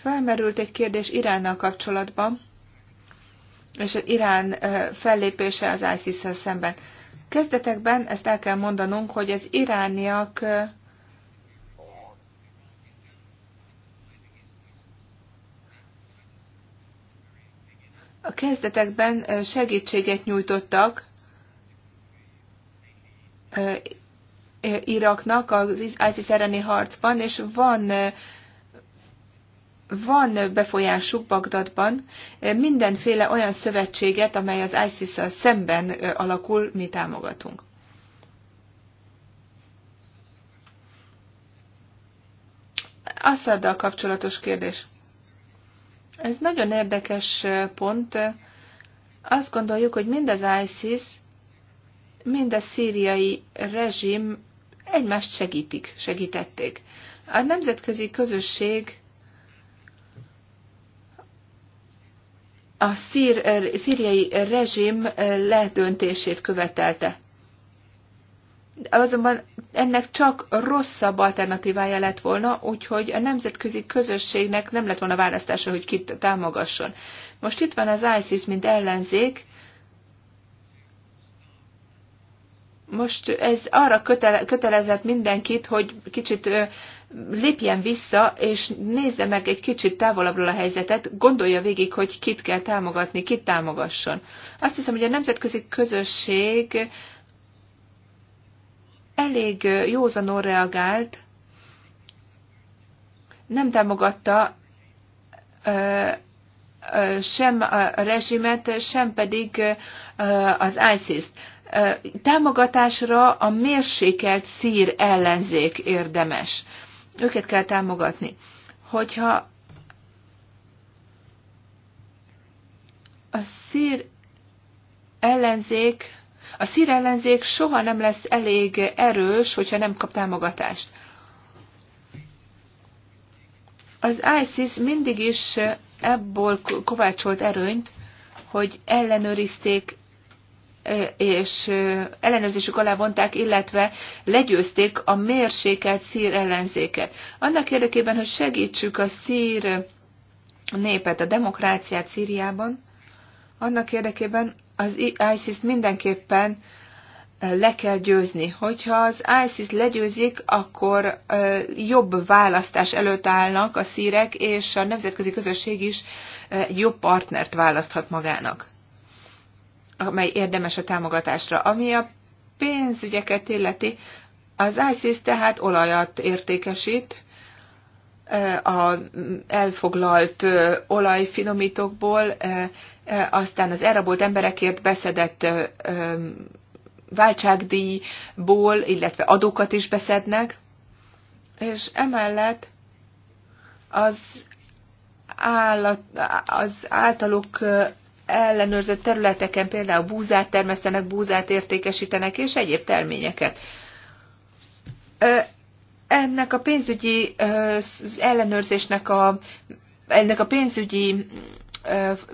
Speaker 2: Felmerült egy kérdés Iránnal kapcsolatban, és az Irán fellépése az ISIS-szel szemben. Kezdetekben ezt el kell mondanunk, hogy az irániak a kezdetekben segítséget nyújtottak Iraknak az ISIS elleni harcban, és van van befolyásuk Bagdadban mindenféle olyan szövetséget, amely az isis szemben alakul, mi támogatunk. Assaddal kapcsolatos kérdés. Ez nagyon érdekes pont. Azt gondoljuk, hogy mind az ISIS, mind a szíriai rezsim egymást segítik, segítették. A nemzetközi közösség a szír, szíriai rezsim ledöntését követelte azonban ennek csak rosszabb alternatívája lett volna, úgyhogy a nemzetközi közösségnek nem lett volna választása, hogy kit támogasson. Most itt van az ISIS, mint ellenzék, most ez arra kötele, kötelezett mindenkit, hogy kicsit ö, lépjen vissza, és nézze meg egy kicsit távolabbról a helyzetet, gondolja végig, hogy kit kell támogatni, kit támogasson. Azt hiszem, hogy a nemzetközi közösség elég józanon reagált, nem támogatta sem a rezsimet, sem pedig az ISIS-t. Támogatásra a mérsékelt szír ellenzék érdemes. Őket kell támogatni. Hogyha a szír ellenzék a szír ellenzék soha nem lesz elég erős, hogyha nem kap támogatást. Az ISIS mindig is ebből kovácsolt erőnyt, hogy ellenőrizték és ellenőrzésük alá vonták, illetve legyőzték a mérsékelt szír ellenzéket. Annak érdekében, hogy segítsük a szír népet, a demokráciát Szíriában, annak érdekében az ISIS-t mindenképpen eh, le kell győzni. Hogyha az ISIS legyőzik, akkor eh, jobb választás előtt állnak a szírek, és a nemzetközi közösség is eh, jobb partnert választhat magának, amely érdemes a támogatásra. Ami a pénzügyeket illeti, az ISIS tehát olajat értékesít, a elfoglalt olajfinomítókból, aztán az elrabolt emberekért beszedett váltságdíjból, illetve adókat is beszednek, és emellett az, állat, az általuk ellenőrzött területeken például búzát termesztenek, búzát értékesítenek, és egyéb terményeket ennek a pénzügyi ellenőrzésnek a, ennek a pénzügyi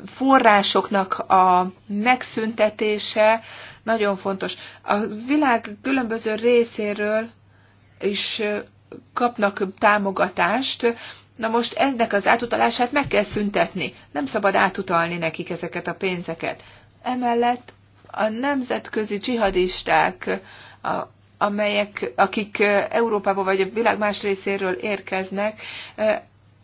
Speaker 2: forrásoknak a megszüntetése nagyon fontos. A világ különböző részéről is kapnak támogatást, na most ennek az átutalását meg kell szüntetni. Nem szabad átutalni nekik ezeket a pénzeket. Emellett a nemzetközi dzsihadisták, a amelyek, akik Európába vagy a világ más részéről érkeznek,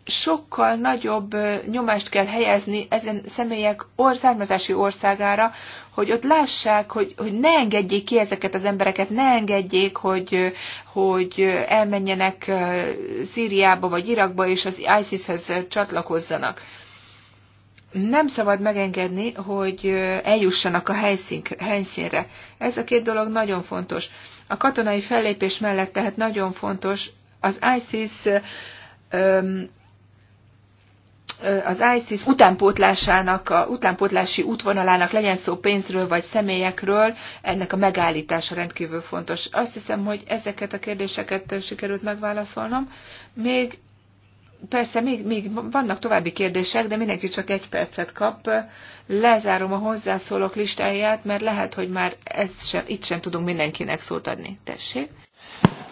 Speaker 2: sokkal nagyobb nyomást kell helyezni ezen személyek or, származási országára, hogy ott lássák, hogy, hogy ne engedjék ki ezeket az embereket, ne engedjék, hogy, hogy elmenjenek Szíriába vagy Irakba, és az ISIS-hez csatlakozzanak. Nem szabad megengedni, hogy eljussanak a helyszínre. Ez a két dolog nagyon fontos. A katonai fellépés mellett tehát nagyon fontos az ISIS az ISIS utánpótlásának, a utánpótlási útvonalának legyen szó pénzről vagy személyekről, ennek a megállítása rendkívül fontos. Azt hiszem, hogy ezeket a kérdéseket sikerült megválaszolnom. Még Persze még, még vannak további kérdések, de mindenki csak egy percet kap. Lezárom a hozzászólók listáját, mert lehet, hogy már ez sem, itt sem tudunk mindenkinek szót adni. Tessék.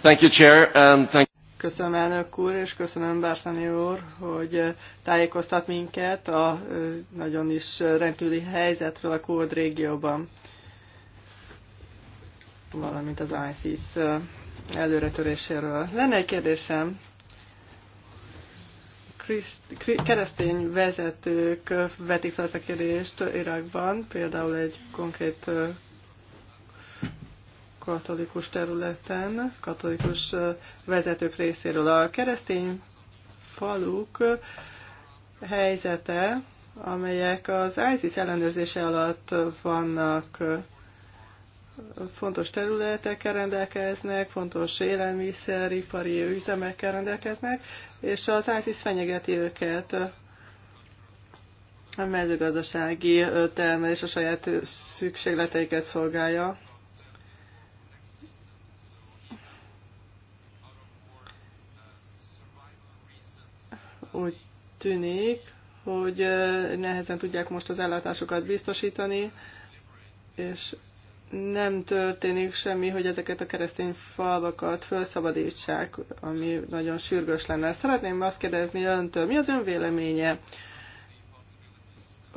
Speaker 1: Thank you, Chair,
Speaker 3: and thank Köszönöm elnök úr, és köszönöm Bárszani úr, hogy eh, tájékoztat minket a eh, nagyon is rendkívüli helyzetről a kurd régióban, valamint az ISIS eh, előretöréséről. Lenne egy kérdésem, keresztény vezetők vetik fel ezt a kérdést Irakban, például egy konkrét katolikus területen, katolikus vezetők részéről. A keresztény faluk helyzete, amelyek az ISIS ellenőrzése alatt vannak, fontos területekkel rendelkeznek, fontos ipari üzemekkel rendelkeznek, és az ISIS fenyegeti őket a mezőgazdasági termelés a saját szükségleteiket szolgálja. Úgy tűnik, hogy nehezen tudják most az ellátásukat biztosítani, és nem történik semmi, hogy ezeket a keresztény falvakat felszabadítsák, ami nagyon sürgős lenne. Szeretném azt kérdezni öntől, mi az ön véleménye?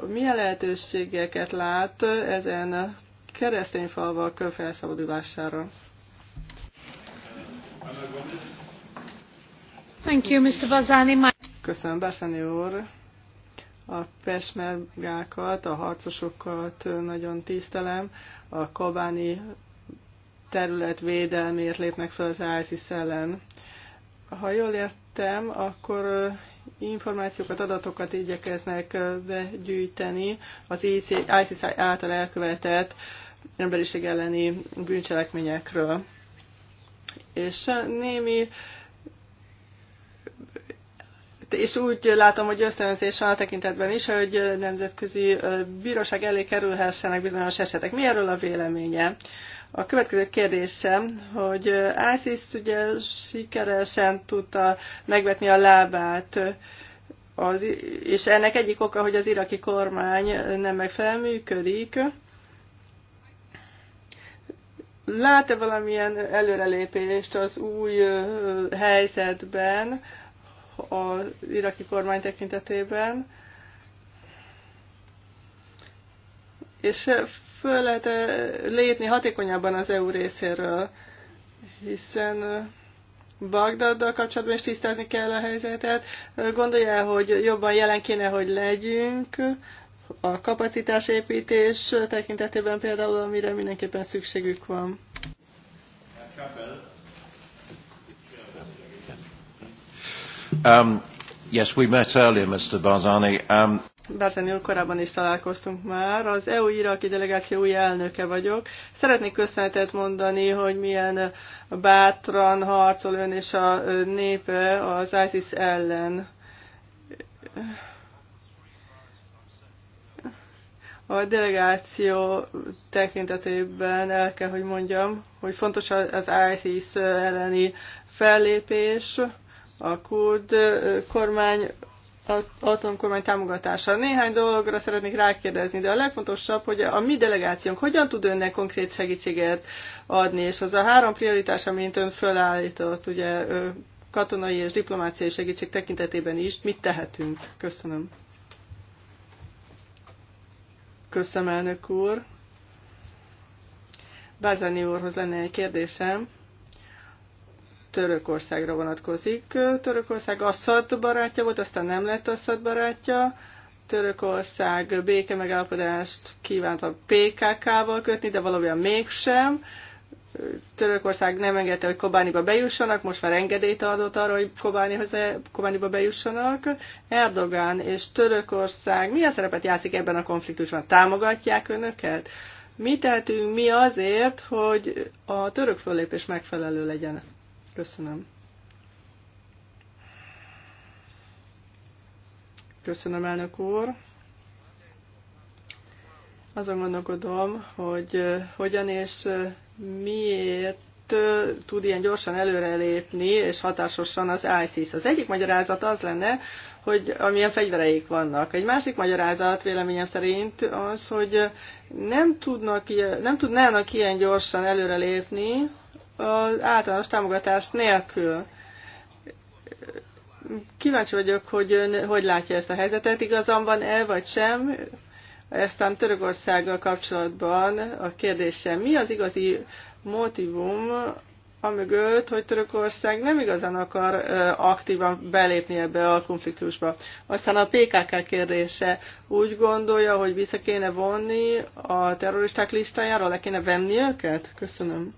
Speaker 3: Milyen lehetőségeket lát ezen keresztény falvak felszabadulására? Thank you, Mr. Köszönöm, Bersani úr a pesmergákat, a harcosokat nagyon tisztelem, a kabáni terület védelmért lépnek fel az ISIS ellen. Ha jól értem, akkor információkat, adatokat igyekeznek begyűjteni az ISIS által elkövetett emberiség elleni bűncselekményekről. És némi uh, és úgy látom, hogy ösztönzés van a tekintetben is, hogy nemzetközi bíróság elé kerülhessenek bizonyos esetek. Mi erről a véleménye? A következő kérdésem, hogy ISIS ugye sikeresen tudta megvetni a lábát, az, és ennek egyik oka, hogy az iraki kormány nem megfelelően működik. Lát-e valamilyen előrelépést az új helyzetben, az iraki kormány tekintetében, és föl lehet eh, lépni hatékonyabban az EU részéről, hiszen eh, Bagdaddal kapcsolatban is tisztázni kell a helyzetet. Eh, gondolja hogy jobban jelen kéne, hogy legyünk a kapacitásépítés tekintetében például, amire mindenképpen szükségük van. Köszönöm.
Speaker 1: Um, yes, we met earlier, Mr. Barzani. Um...
Speaker 3: Barzani úr, korábban is találkoztunk már. Az EU-iraki delegáció új elnöke vagyok. Szeretnék köszönetet mondani, hogy milyen bátran harcol ön és a népe az ISIS ellen. A delegáció tekintetében el kell, hogy mondjam, hogy fontos az ISIS elleni fellépés, a kurd kormány atomkormány támogatása. Néhány dologra szeretnék rákérdezni, de a legfontosabb, hogy a mi delegációnk hogyan tud önnek konkrét segítséget adni, és az a három prioritás, amint ön fölállított, ugye katonai és diplomáciai segítség tekintetében is, mit tehetünk? Köszönöm. Köszönöm, elnök úr. Bárzani úrhoz lenne egy kérdésem. Törökországra vonatkozik. Törökország Assad barátja volt, aztán nem lett Assad barátja. Törökország béke megállapodást kívánt a PKK-val kötni, de valójában mégsem. Törökország nem engedte, hogy Kobániba bejussanak, most már engedélyt adott arra, hogy Kobánihoz, Kobániba bejussanak. Erdogán és Törökország milyen szerepet játszik ebben a konfliktusban? Támogatják önöket? Mi tehetünk mi azért, hogy a török fölépés megfelelő legyen? Köszönöm. Köszönöm, elnök úr. Azon gondolkodom, hogy hogyan és miért tud ilyen gyorsan előrelépni és hatásosan az ISIS. Az egyik magyarázat az lenne, hogy amilyen fegyvereik vannak. Egy másik magyarázat véleményem szerint az, hogy nem, tudnak, nem tudnának ilyen gyorsan előrelépni, az általános támogatás nélkül. Kíváncsi vagyok, hogy ön hogy látja ezt a helyzetet. Igazam van el vagy sem? Eztán Törökországgal kapcsolatban a kérdésem, mi az igazi motivum amögött, hogy Törökország nem igazán akar aktívan belépni ebbe a konfliktusba. Aztán a PKK kérdése úgy gondolja, hogy vissza kéne vonni a terroristák listájára, le kéne venni őket? Köszönöm.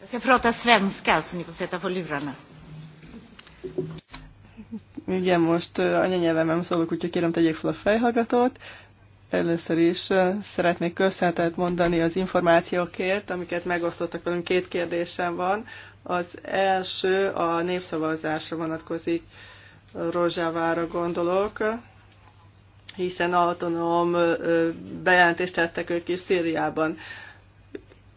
Speaker 4: Jag ska prata svenska så ni får sätta på lurarna.
Speaker 3: Igen, most anyanyelvemem szólok, úgyhogy kérem tegyék fel a fejhallgatót. Először is szeretnék köszönetet mondani az információkért, amiket megosztottak velünk. Két kérdésem van. Az első a népszavazásra vonatkozik. Rózsávára gondolok hiszen autonóm bejelentést tettek ők is Szíriában.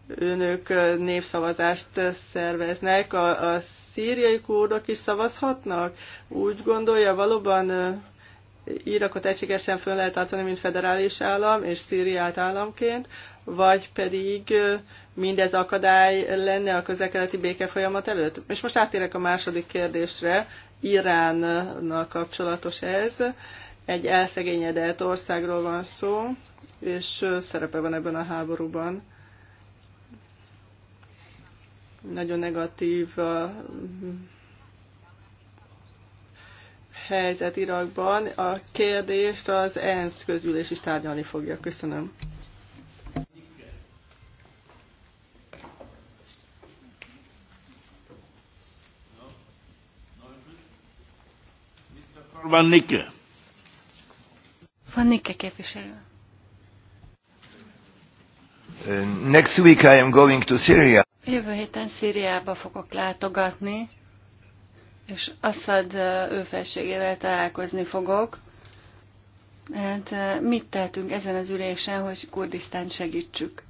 Speaker 3: Önök népszavazást szerveznek, a, a szíriai kurdok is szavazhatnak? Úgy gondolja, valóban Irakot egységesen föl lehet tartani, mint federális állam, és Szíriát államként, vagy pedig mindez akadály lenne a közelkeleti béke folyamat előtt? És most átérek a második kérdésre, Iránnal kapcsolatos ez egy elszegényedett országról van szó, és szerepe van ebben a háborúban. Nagyon negatív a mm, helyzet Irakban. A kérdést az ENSZ közülés is tárgyalni fogja. Köszönöm.
Speaker 1: Van Nicke.
Speaker 4: Van Nikke képviselő.
Speaker 1: Uh, next week I am going to Syria.
Speaker 4: Jövő héten Szíriába fogok látogatni, és Assad uh, felségével találkozni fogok. Hát uh, mit tehetünk ezen az ülésen, hogy Kurdisztán segítsük?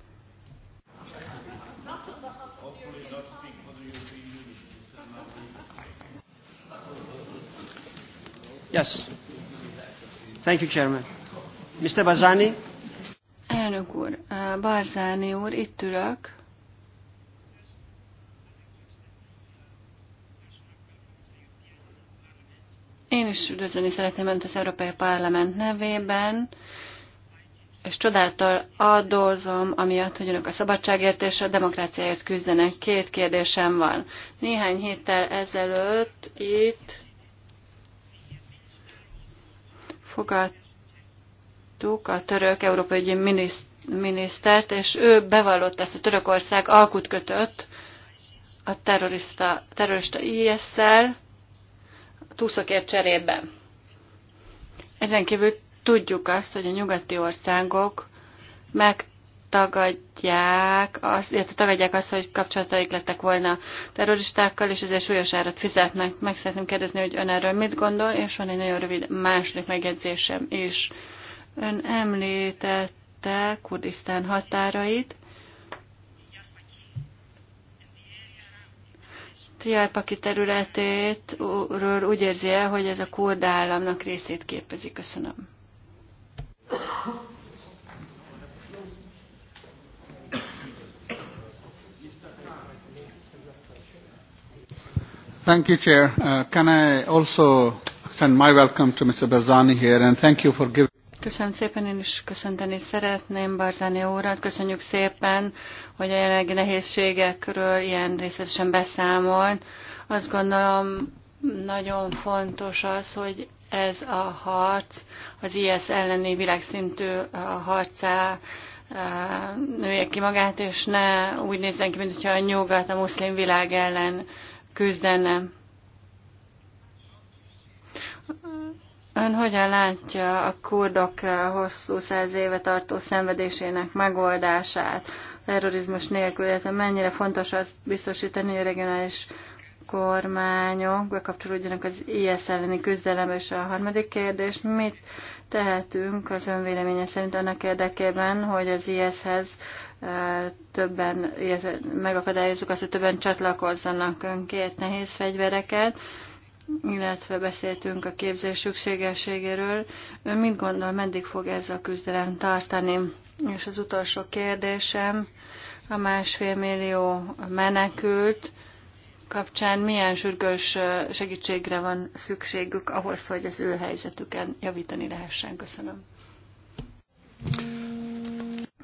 Speaker 3: Yes. Thank you, Chairman. Mr. Barzani.
Speaker 4: Elnök úr, uh, Barzani úr, itt ülök. Én is üdvözölni szeretném Önt az Európai Parlament nevében, és csodáltal adózom, amiatt, hogy Önök a szabadságért és a demokráciáért küzdenek. Két kérdésem van. Néhány héttel ezelőtt itt fogadtuk a török európai ügyi minisztert, és ő bevallott ezt, hogy Törökország alkut kötött a terrorista, terrorista IS-szel túszokért cserébe. Ezen kívül tudjuk azt, hogy a nyugati országok meg tagadják azt, illetve tagadják azt, hogy kapcsolataik lettek volna terroristákkal, és ezért súlyos árat fizetnek. Meg szeretném kérdezni, hogy ön erről mit gondol, és van egy nagyon rövid második megjegyzésem is. Ön említette Kurdisztán határait. Tiárpaki területét ről úgy érzi el, hogy ez a kurd államnak részét képezi. Köszönöm.
Speaker 1: Thank you, Chair. Uh, can I
Speaker 4: also my welcome to Mr. Barzani here, and thank you for giving... Köszönöm szépen, én is köszönteni szeretném Barzani úrat. Köszönjük szépen, hogy a jelenlegi nehézségekről ilyen részletesen beszámol. Azt gondolom, nagyon fontos az, hogy ez a harc, az IS elleni világszintű uh, harcá uh, nője ki magát, és ne úgy nézzen ki, mintha a nyugat a muszlim világ ellen küzdenem. Ön hogyan látja a kurdok hosszú száz éve tartó szenvedésének megoldását, terrorizmus nélkül, illetve mennyire fontos az biztosítani, hogy a regionális kormányok bekapcsolódjanak az IS elleni küzdelembe, és a harmadik kérdés, mit tehetünk az önvéleménye szerint annak érdekében, hogy az IS-hez többen, illetve megakadályozzuk azt, hogy többen csatlakozzanak önkért nehéz fegyvereket, illetve beszéltünk a képzés szükségességéről. Ön mit gondol, meddig fog ez a küzdelem tartani? És az utolsó kérdésem, a másfél millió menekült kapcsán milyen sürgős segítségre van szükségük ahhoz, hogy az ő helyzetüken javítani lehessen? Köszönöm.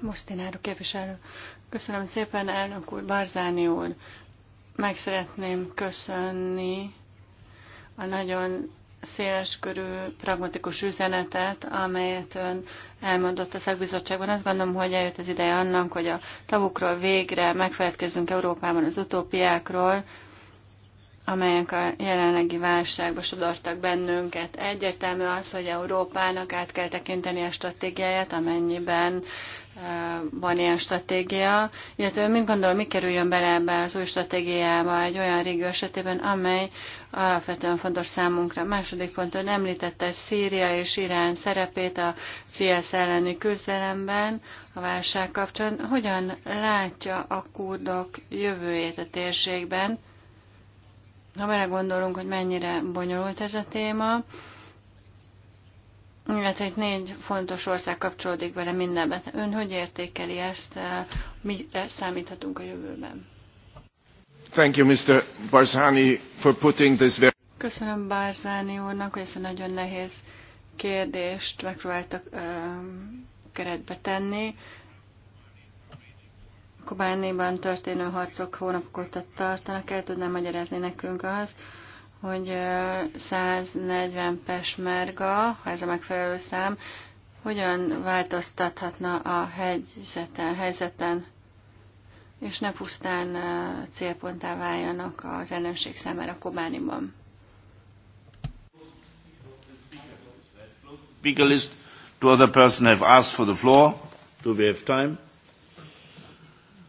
Speaker 4: Mostináru képviselő. Köszönöm szépen, elnök úr, Barzáni úr. Meg szeretném köszönni a nagyon széleskörű, pragmatikus üzenetet, amelyet ön elmondott a szakbizottságban. Azt gondolom, hogy eljött az ideje annak, hogy a tavukról végre megfelelkezzünk Európában az utópiákról, amelyek a jelenlegi válságba sodortak bennünket. Egyértelmű az, hogy Európának át kell tekinteni a stratégiáját, amennyiben van ilyen stratégia, illetve mit gondol, mi kerüljön bele ebbe az új stratégiába egy olyan régió esetében, amely alapvetően fontos számunkra. Második ponton említette Szíria és Irán szerepét a CS elleni küzdelemben a válság kapcsán. Hogyan látja a kurdok jövőjét a térségben? Ha belegondolunk, hogy mennyire bonyolult ez a téma, illetve itt négy fontos ország kapcsolódik vele mindenben. Ön hogy értékeli ezt, eh, mire számíthatunk a jövőben?
Speaker 1: Thank you, Mr. Barzani, for putting this very...
Speaker 4: Köszönöm Barzani úrnak, hogy ezt a nagyon nehéz kérdést megpróbáltak ö, ehm, keretbe tenni. Kobániban történő harcok hónapok óta tartanak, el tudnám magyarázni nekünk azt, hogy 140 pesmerga, ha ez a megfelelő szám, hogyan változtathatna a helyzeten, helyzeten és ne pusztán célponttá váljanak az ellenség számára Kobániban.
Speaker 1: Speaker list. other person have asked for the floor. Do we have time?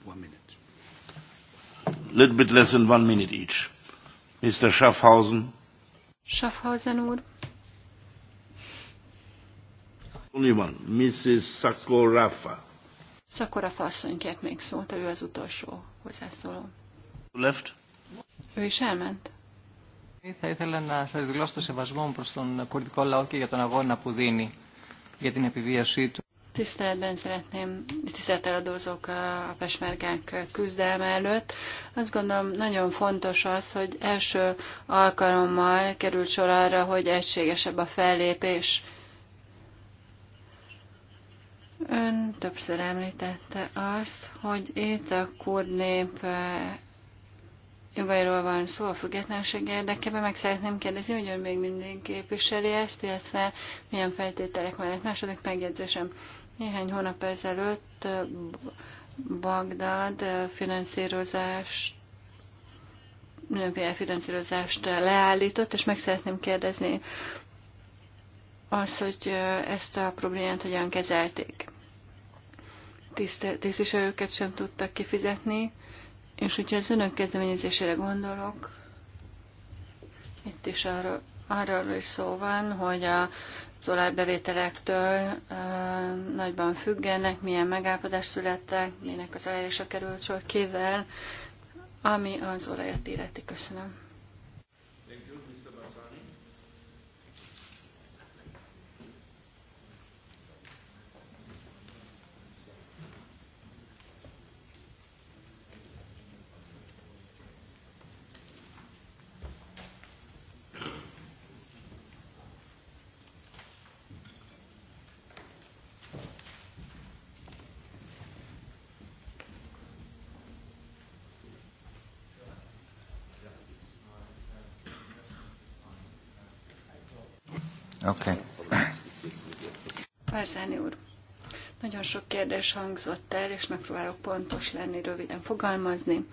Speaker 1: One minute. Little bit less than one minute each. Mr. Schaffhausen.
Speaker 4: Schaffhausen úr.
Speaker 1: Only one. Mrs. Sakorafa.
Speaker 4: Sakorafa asszony kért még szólt, ő az utolsó hozzászóló. Left. Ő is elment.
Speaker 3: Θα ήθελα να σας
Speaker 1: δηλώσω το σεβασμό μου προς τον κουρδικό λαό και για τον αγώνα που δίνει για την επιβίωσή του
Speaker 4: tiszteletben szeretném, tisztelt eladózók a pesmergák küzdelme előtt. Azt gondolom nagyon fontos az, hogy első alkalommal került sor arra, hogy egységesebb a fellépés. Ön többször említette azt, hogy itt a kurd nép eh, jogairól van szó a függetlenség érdekében, meg szeretném kérdezni, hogy ön még mindig képviseli ezt, illetve milyen feltételek mellett. Második megjegyzésem. Néhány hónap ezelőtt Bagdad finanszírozást mindenféle finanszírozást leállított, és meg szeretném kérdezni az, hogy ezt a problémát hogyan kezelték. Tisztviselőket sem tudtak kifizetni, és hogyha az önök kezdeményezésére gondolok, itt is arról, arról is szó van, hogy a az olajbevételektől nagyban függenek, milyen megállapodás születtek, minek az elérése került sor, kével, ami az olajat illeti. Köszönöm. Okay. Barzáni úr, nagyon sok kérdés hangzott el, és megpróbálok pontos lenni, röviden fogalmazni.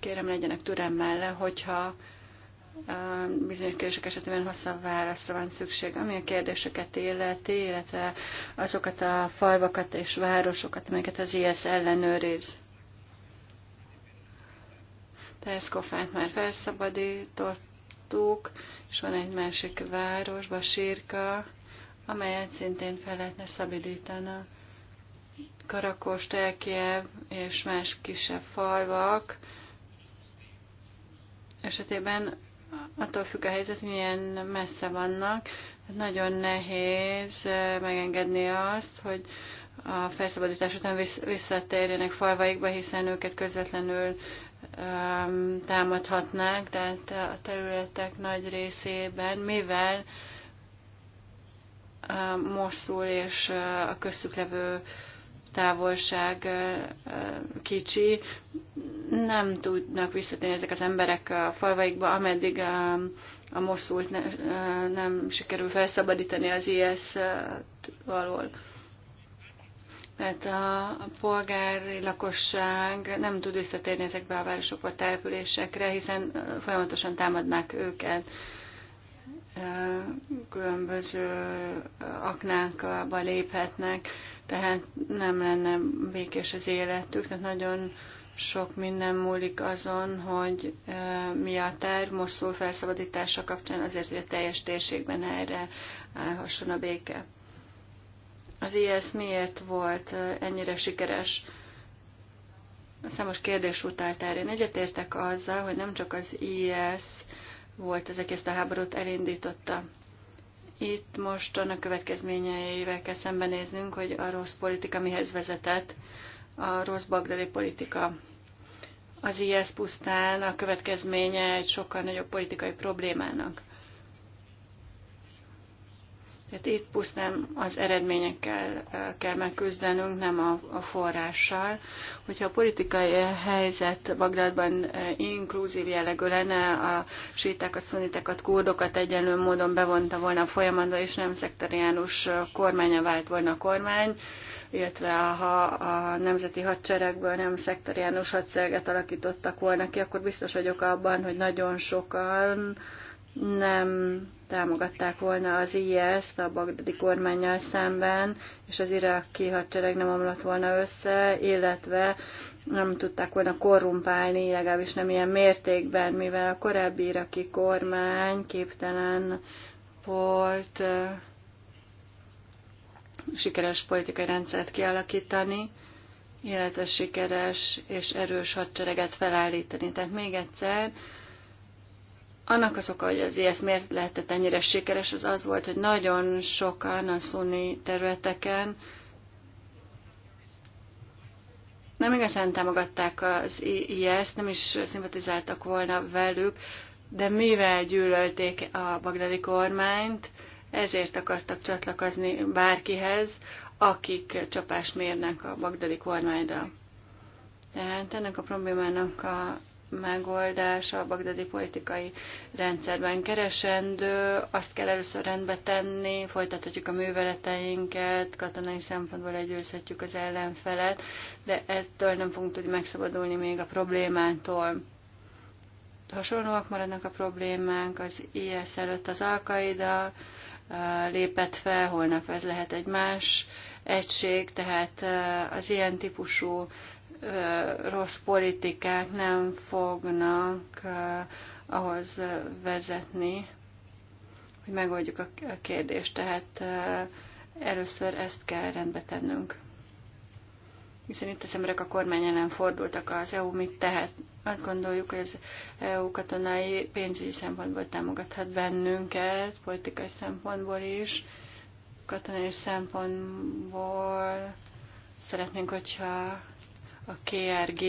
Speaker 4: Kérem, legyenek türemmel, hogyha bizonyos kérdések esetében hosszabb válaszra van szükség, ami a kérdéseket illeti, illetve azokat a falvakat és városokat, amelyeket az ISZ ellenőriz. Tereszkofát már felszabadított, gyártók, és van egy másik város, Basírka, amelyet szintén fel lehetne szabadítani. Karakos, Telkiev és más kisebb falvak esetében attól függ a helyzet, milyen messze vannak. Hát nagyon nehéz eh, megengedni azt, hogy a felszabadítás után visszatérjenek falvaikba, hiszen őket közvetlenül Um, támadhatnák, tehát a területek nagy részében, mivel um, Moszul és uh, a köztük levő távolság uh, uh, kicsi, nem tudnak visszatérni ezek az emberek a falvaikba, ameddig a, um, a Moszult ne, nem sikerül felszabadítani az IS alól. Tehát a polgári lakosság nem tud visszatérni ezekbe a városokba, településekre, hiszen folyamatosan támadnák őket különböző aknákba léphetnek, tehát nem lenne békés az életük, tehát nagyon sok minden múlik azon, hogy mi a terv Moszul felszabadítása kapcsán azért, hogy a teljes térségben erre állhasson a béke az IS miért volt ennyire sikeres. Számos kérdés utált erre. Én egyetértek azzal, hogy nem csak az IS volt ezek ezt a háborút elindította. Itt most annak következményeivel kell szembenéznünk, hogy a rossz politika mihez vezetett, a rossz bagdadi politika. Az IS pusztán a következménye egy sokkal nagyobb politikai problémának. Hát itt pusztán az eredményekkel kell megküzdenünk, nem a, a forrással. Hogyha a politikai helyzet Bagdadban inkluzív jellegű lenne, a sítákat, szunitákat, kurdokat egyenlő módon bevonta volna a folyamatba, és nem szektariánus kormánya vált volna a kormány, illetve ha a nemzeti hadseregből nem szektariánus hadsereget alakítottak volna ki, akkor biztos vagyok abban, hogy nagyon sokan nem támogatták volna az IS-t e a bagdadi kormányjal szemben, és az iraki hadsereg nem omlott volna össze, illetve nem tudták volna korrumpálni, legalábbis nem ilyen mértékben, mivel a korábbi iraki kormány képtelen volt sikeres politikai rendszert kialakítani, illetve sikeres és erős hadsereget felállítani. Tehát még egyszer, annak az oka, hogy az IS miért lehetett ennyire sikeres, az az volt, hogy nagyon sokan a szunni területeken nem igazán támogatták az IS, nem is szimpatizáltak volna velük, de mivel gyűlölték a bagdadi kormányt, ezért akartak csatlakozni bárkihez, akik csapást mérnek a bagdadi kormányra. Tehát ennek a problémának a megoldása a bagdadi politikai rendszerben keresendő. Azt kell először rendbe tenni, folytathatjuk a műveleteinket, katonai szempontból legyőzhetjük az ellenfelet, de ettől nem fogunk tudni megszabadulni még a problémától hasonlóak maradnak a problémánk, az IS előtt az Alkaida lépett fel, holnap ez lehet egy más egység, tehát az ilyen típusú rossz politikák nem fognak ahhoz vezetni, hogy megoldjuk a kérdést. Tehát először ezt kell rendbe tennünk. Hiszen itt az emberek a kormány ellen fordultak, az EU mit tehet. Azt gondoljuk, hogy az EU katonai pénzügyi szempontból támogathat bennünket, politikai szempontból is, katonai szempontból szeretnénk, hogyha a KRG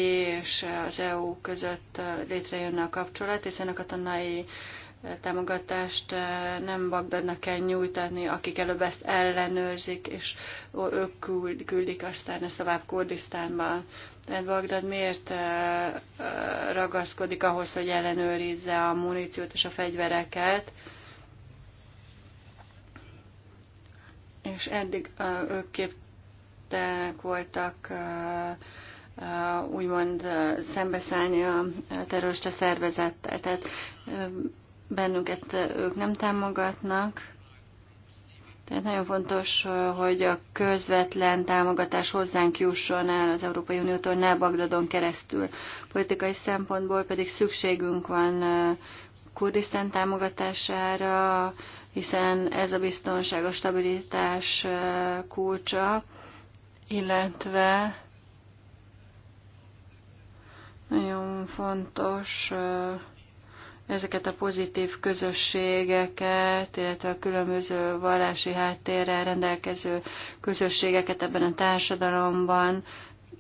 Speaker 4: és az EU között létrejönne a kapcsolat, hiszen a katonai támogatást nem Bagdadnak kell nyújtani, akik előbb ezt ellenőrzik, és ők küldik aztán ezt tovább Kurdisztánba. Tehát Bagdad miért ragaszkodik ahhoz, hogy ellenőrizze a muníciót és a fegyvereket, és eddig ők képtelenek voltak uh, Uh, úgymond uh, szembeszállni a terrorista szervezettel. Tehát uh, bennünket ők nem támogatnak. Tehát nagyon fontos, hogy a közvetlen támogatás hozzánk jusson el az Európai Uniótól, ne Bagdadon keresztül. Politikai szempontból pedig szükségünk van Kurdisztán támogatására, hiszen ez a biztonságos stabilitás kulcsa, illetve nagyon fontos ezeket a pozitív közösségeket, illetve a különböző vallási háttérrel rendelkező közösségeket ebben a társadalomban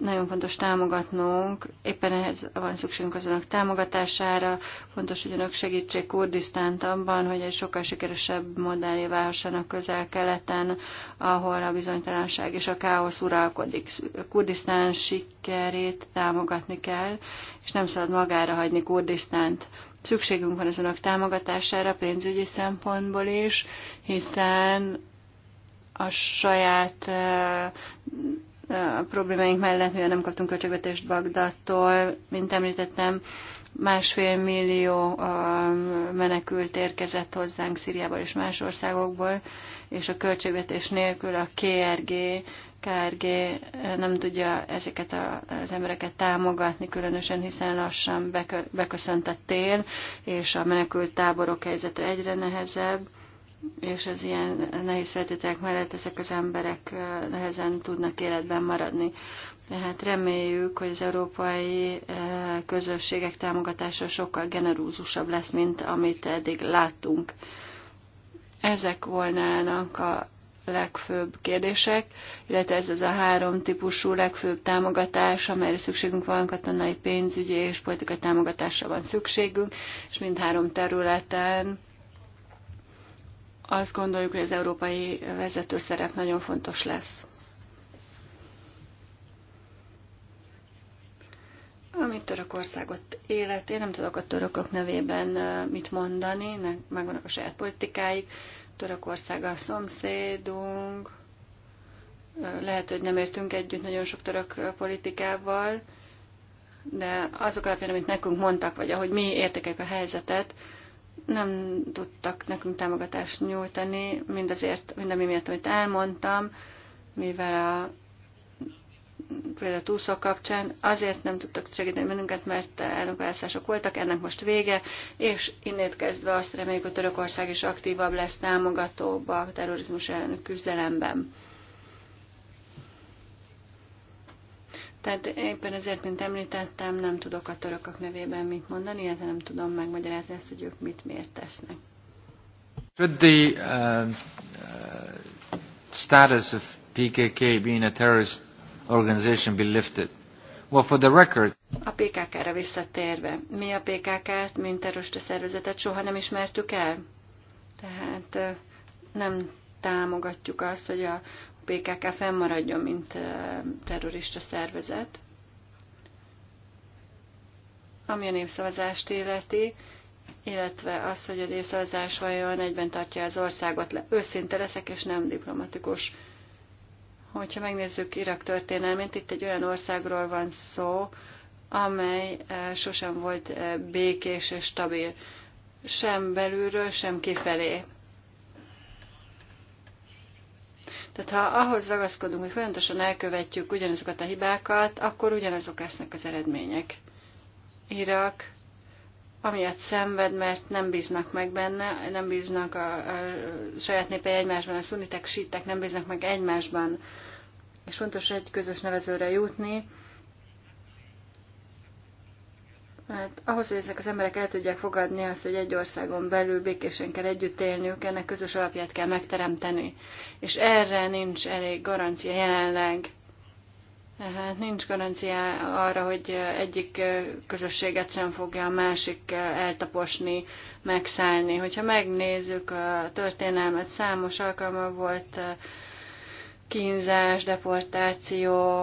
Speaker 4: nagyon fontos támogatnunk, éppen ehhez van szükségünk az önök támogatására, fontos, hogy önök segítsék Kurdisztánt abban, hogy egy sokkal sikeresebb modellé válhassanak közel-keleten, ahol a bizonytalanság és a káosz uralkodik. Kurdisztán sikerét támogatni kell, és nem szabad magára hagyni Kurdisztánt. Szükségünk van az önök támogatására pénzügyi szempontból is, hiszen a saját eh, a problémáink mellett, mivel nem kaptunk költségvetést Bagdadtól, mint említettem, másfél millió menekült érkezett hozzánk Szíriából és más országokból, és a költségvetés nélkül a KRG, KRG nem tudja ezeket az embereket támogatni, különösen hiszen lassan beköszönt a tél, és a menekült táborok helyzete egyre nehezebb és az ilyen nehéz feltételek mellett ezek az emberek nehezen tudnak életben maradni. Tehát reméljük, hogy az európai közösségek támogatása sokkal generózusabb lesz, mint amit eddig láttunk. Ezek volnának a legfőbb kérdések, illetve ez az a három típusú legfőbb támogatás, amelyre szükségünk van, katonai pénzügyi és politikai támogatásra van szükségünk, és mindhárom területen azt gondoljuk, hogy az európai vezető szerep nagyon fontos lesz. Amit Törökországot élet, én nem tudok a törökök nevében mit mondani, megvannak a saját politikáik. Törökország a szomszédunk, lehet, hogy nem értünk együtt nagyon sok török politikával, de azok alapján, amit nekünk mondtak, vagy ahogy mi értékek a helyzetet, nem tudtak nekünk támogatást nyújtani, mindazért, mindami miatt, amit elmondtam, mivel a például a túlszó kapcsán, azért nem tudtak segíteni bennünket, mert elnökválasztások voltak, ennek most vége, és innét kezdve azt reméljük, hogy Törökország is aktívabb lesz támogatóbb a terrorizmus elleni küzdelemben. Tehát éppen ezért, mint említettem, nem tudok a törökök nevében mit mondani, illetve nem tudom megmagyarázni ezt, hogy ők mit miért tesznek. Should the uh, uh, status of PKK being a
Speaker 2: terrorist organization be lifted? Well, for the record...
Speaker 4: A PKK-ra visszatérve, mi a PKK-t, mint terrorista szervezetet soha nem ismertük el? Tehát uh, nem támogatjuk azt, hogy a PKK fennmaradjon, mint terrorista szervezet, ami a népszavazást illeti, illetve az, hogy a népszavazás vajon egyben tartja az országot le. Őszinte leszek, és nem diplomatikus. Hogyha megnézzük Irak történelmét, itt egy olyan országról van szó, amely sosem volt békés és stabil, sem belülről, sem kifelé. Tehát ha ahhoz ragaszkodunk, hogy folyamatosan elkövetjük ugyanazokat a hibákat, akkor ugyanazok lesznek az eredmények. Irak amiatt szenved, mert nem bíznak meg benne, nem bíznak a, a saját népe egymásban, a szunitek, sítek nem bíznak meg egymásban. És fontos egy közös nevezőre jutni, Hát ahhoz, hogy ezek az emberek el tudják fogadni azt, hogy egy országon belül békésen kell együtt élniük, ennek közös alapját kell megteremteni. És erre nincs elég garancia jelenleg. Tehát nincs garancia arra, hogy egyik közösséget sem fogja a másik eltaposni, megszállni. Hogyha megnézzük a történelmet, számos alkalma volt kínzás, deportáció,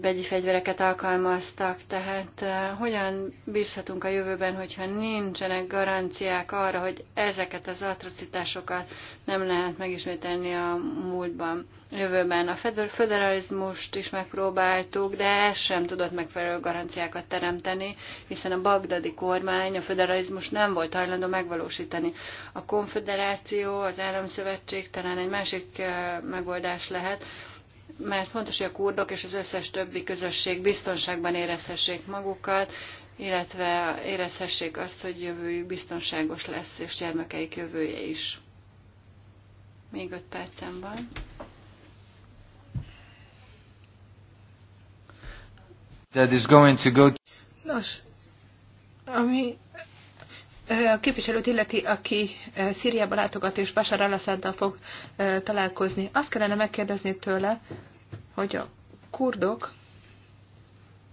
Speaker 4: begyi fegyvereket alkalmaztak, tehát hogyan bízhatunk a jövőben, hogyha nincsenek garanciák arra, hogy ezeket az atrocitásokat nem lehet megismételni a múltban, jövőben. A föderalizmust is megpróbáltuk, de ez sem tudott megfelelő garanciákat teremteni, hiszen a bagdadi kormány a föderalizmus nem volt hajlandó megvalósítani. A konfederáció, az államszövetség talán egy másik megoldás megoldás lehet, mert fontos, hogy a kurdok és az összes többi közösség biztonságban érezhessék magukat, illetve érezhessék azt, hogy jövőjük biztonságos lesz, és gyermekeik jövője is. Még öt percem van.
Speaker 2: That is going to go... Nos, ami a képviselőt illeti, aki Szíriába látogat és Bashar al fog találkozni. Azt kellene megkérdezni tőle, hogy a kurdok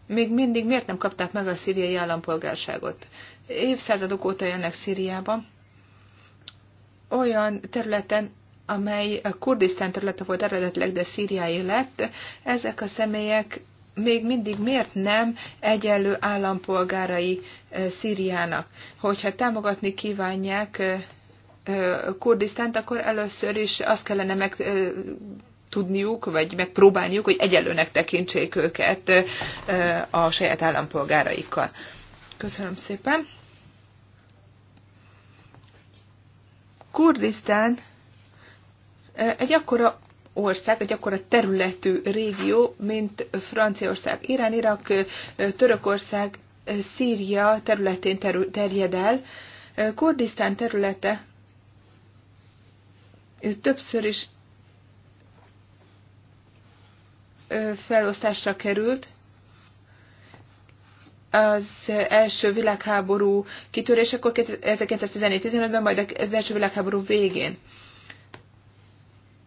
Speaker 2: még mindig miért nem kapták meg a szíriai állampolgárságot. Évszázadok óta jönnek Szíriába, olyan területen, amely a Kurdisztán területe volt eredetleg, de szíriai lett. Ezek a személyek még mindig miért nem egyenlő állampolgárai Szíriának? Hogyha támogatni kívánják Kurdisztánt, akkor először is azt kellene meg tudniuk, vagy megpróbálniuk, hogy egyelőnek tekintsék őket a saját állampolgáraikkal. Köszönöm szépen. Kurdisztán egy akkora ország, egy akkora területű régió, mint Franciaország. Irán, Irak, Törökország, Szíria területén terül, terjed el. Kurdisztán területe többször is felosztásra került. Az első világháború kitörésekor 1914-15-ben, majd az első világháború végén.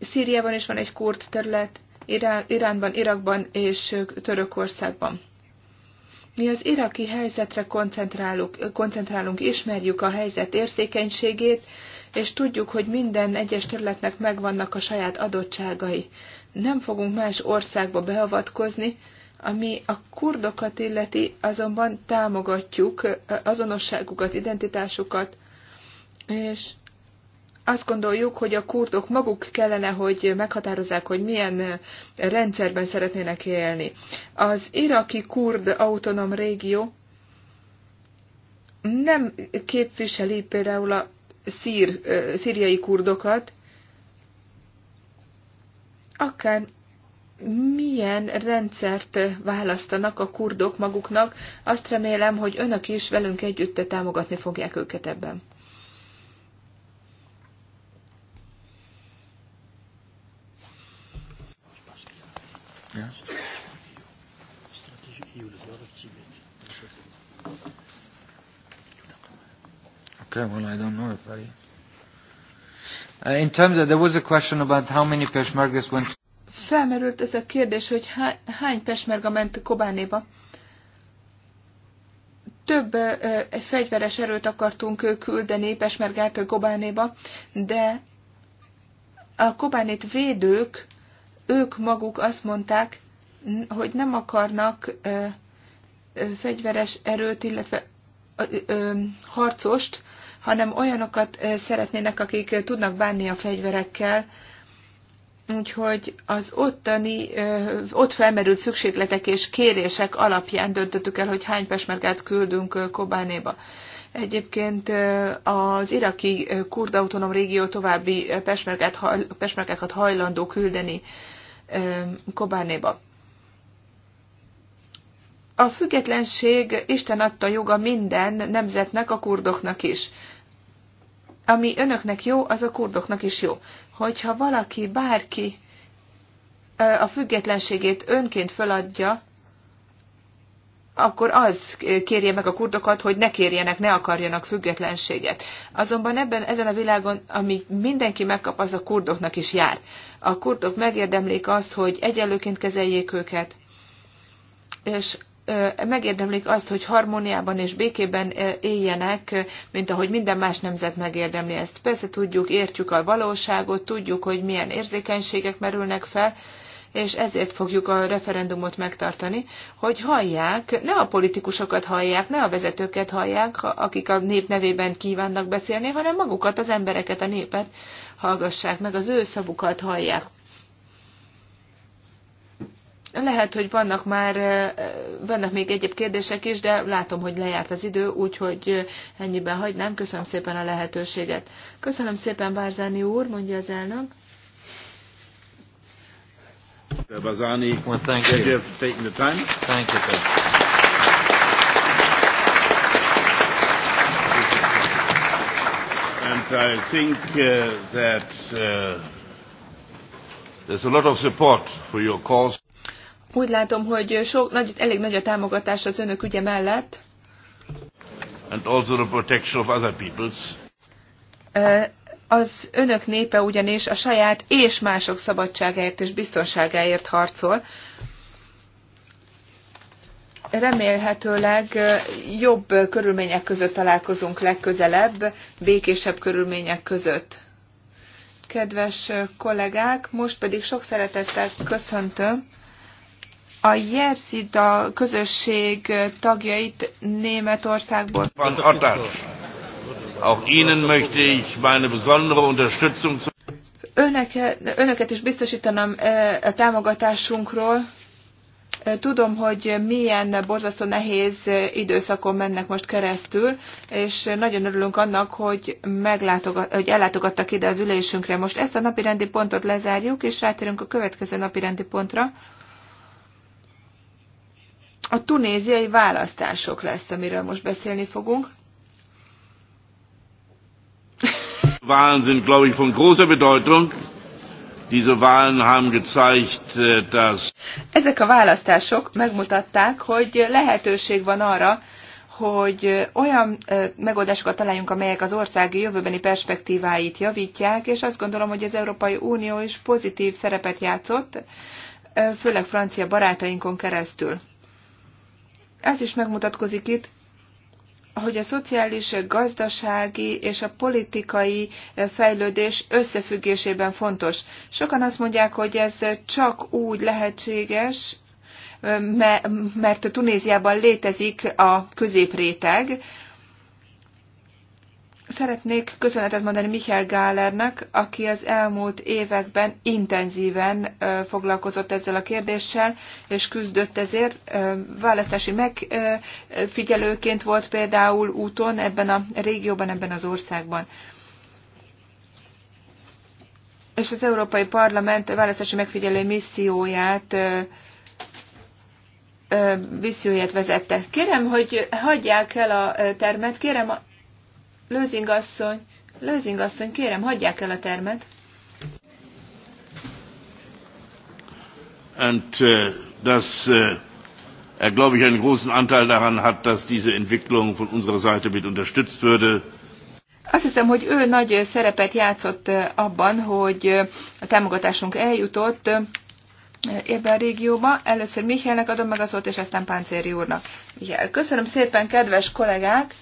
Speaker 2: Szíriában is van egy kurd terület, Iránban, Irakban és Törökországban. Mi az iraki helyzetre koncentrálunk, koncentrálunk, ismerjük a helyzet érzékenységét, és tudjuk, hogy minden egyes területnek megvannak a saját adottságai. Nem fogunk más országba beavatkozni, ami a kurdokat illeti, azonban támogatjuk azonosságukat, identitásukat, és azt gondoljuk, hogy a kurdok maguk kellene, hogy meghatározzák, hogy milyen eh, rendszerben szeretnének élni. Az iraki kurd autonóm régió nem képviseli például a szír, eh, szíriai kurdokat, akár milyen rendszert választanak a kurdok maguknak, azt remélem, hogy önök is velünk együtt támogatni fogják őket ebben.
Speaker 1: Okay, well, I don't know if I...
Speaker 2: Uh, in terms of, there was a question about how many Peshmergas went... Felmerült ez a kérdés, hogy hány Peshmerga ment Kobánéba. Több uh, fegyveres erőt akartunk küldeni Peshmergát Kobánéba, de a Kobánét védők, ők maguk azt mondták, hogy nem akarnak uh, fegyveres erőt, illetve uh, uh, harcost hanem olyanokat szeretnének, akik tudnak bánni a fegyverekkel, Úgyhogy az ottani, ott felmerült szükségletek és kérések alapján döntöttük el, hogy hány pesmergát küldünk Kobánéba. Egyébként az iraki kurd autonóm régió további pesmergákat hajlandó küldeni Kobánéba. A függetlenség Isten adta joga minden nemzetnek, a kurdoknak is. Ami önöknek jó, az a kurdoknak is jó. Hogyha valaki, bárki a függetlenségét önként föladja, akkor az kérje meg a kurdokat, hogy ne kérjenek, ne akarjanak függetlenséget. Azonban ebben, ezen a világon, amit mindenki megkap, az a kurdoknak is jár. A kurdok megérdemlik azt, hogy egyenlőként kezeljék őket, és megérdemlik azt, hogy harmóniában és békében éljenek, mint ahogy minden más nemzet megérdemli ezt. Persze tudjuk, értjük a valóságot, tudjuk, hogy milyen érzékenységek merülnek fel, és ezért fogjuk a referendumot megtartani, hogy hallják, ne a politikusokat hallják, ne a vezetőket hallják, akik a nép nevében kívánnak beszélni, hanem magukat, az embereket, a népet hallgassák meg, az ő szavukat hallják. Lehet, hogy vannak már, vannak még egyéb kérdések is, de látom, hogy lejárt az idő, úgyhogy ennyiben hagynám. Köszönöm szépen a lehetőséget. Köszönöm szépen, Bárzáni úr, mondja az elnök.
Speaker 1: Barzani, well, thank you. for taking the time. Thank you, sir. And I think uh, that uh, there's a lot of support for your cause.
Speaker 2: Úgy látom, hogy sok, nagy, elég nagy a támogatás az önök ügye mellett.
Speaker 1: And also the protection of other peoples.
Speaker 2: Az önök népe ugyanis a saját és mások szabadságáért és biztonságáért harcol remélhetőleg jobb körülmények között találkozunk legközelebb, békésebb körülmények között. Kedves kollégák, most pedig sok szeretettel köszöntöm a Jerszida közösség tagjait Németországból.
Speaker 1: Auch Ihnen möchte ich meine besondere Unterstützung zu
Speaker 2: Önöket, önöket is biztosítanám e, a támogatásunkról. E, tudom, hogy milyen borzasztó nehéz időszakon mennek most keresztül, és nagyon örülünk annak, hogy, meglátogat, hogy ellátogattak ide az ülésünkre. Most ezt a napirendi pontot lezárjuk, és rátérünk a következő napirendi pontra a tunéziai választások lesz, amiről most beszélni fogunk.
Speaker 1: Wahlen sind, glaube ich, von großer Bedeutung. Diese Wahlen haben gezeigt, äh, dass
Speaker 2: Ezek a választások megmutatták, hogy lehetőség van arra, hogy olyan megoldásokat találjunk, amelyek az ország jövőbeni perspektíváit javítják, és azt gondolom, hogy az Európai Unió is pozitív szerepet játszott, főleg francia barátainkon keresztül. Ez is megmutatkozik itt, hogy a szociális, gazdasági és a politikai fejlődés összefüggésében fontos. Sokan azt mondják, hogy ez csak úgy lehetséges, mert a Tunéziában létezik a középréteg, Szeretnék köszönetet mondani Michael Gálernek, aki az elmúlt években intenzíven foglalkozott ezzel a kérdéssel, és küzdött ezért. Választási megfigyelőként volt például úton ebben a régióban, ebben az országban. És az Európai Parlament választási megfigyelő misszióját visszióját vezette. Kérem, hogy hagyják el a termet, kérem, Lőzing asszony, Lőzing asszony, kérem, hagyják el a termet.
Speaker 1: Und uh, äh, das, uh, er glaube ich, einen großen Anteil daran hat, dass diese Entwicklung von unserer Seite mit unterstützt würde.
Speaker 2: Azt hiszem, hogy ő nagy szerepet játszott äh, abban, hogy a támogatásunk eljutott ebben a régióba. Először Michelnek adom meg a szót, és aztán Páncéri úrnak. Michel, köszönöm szépen, kedves kollégák!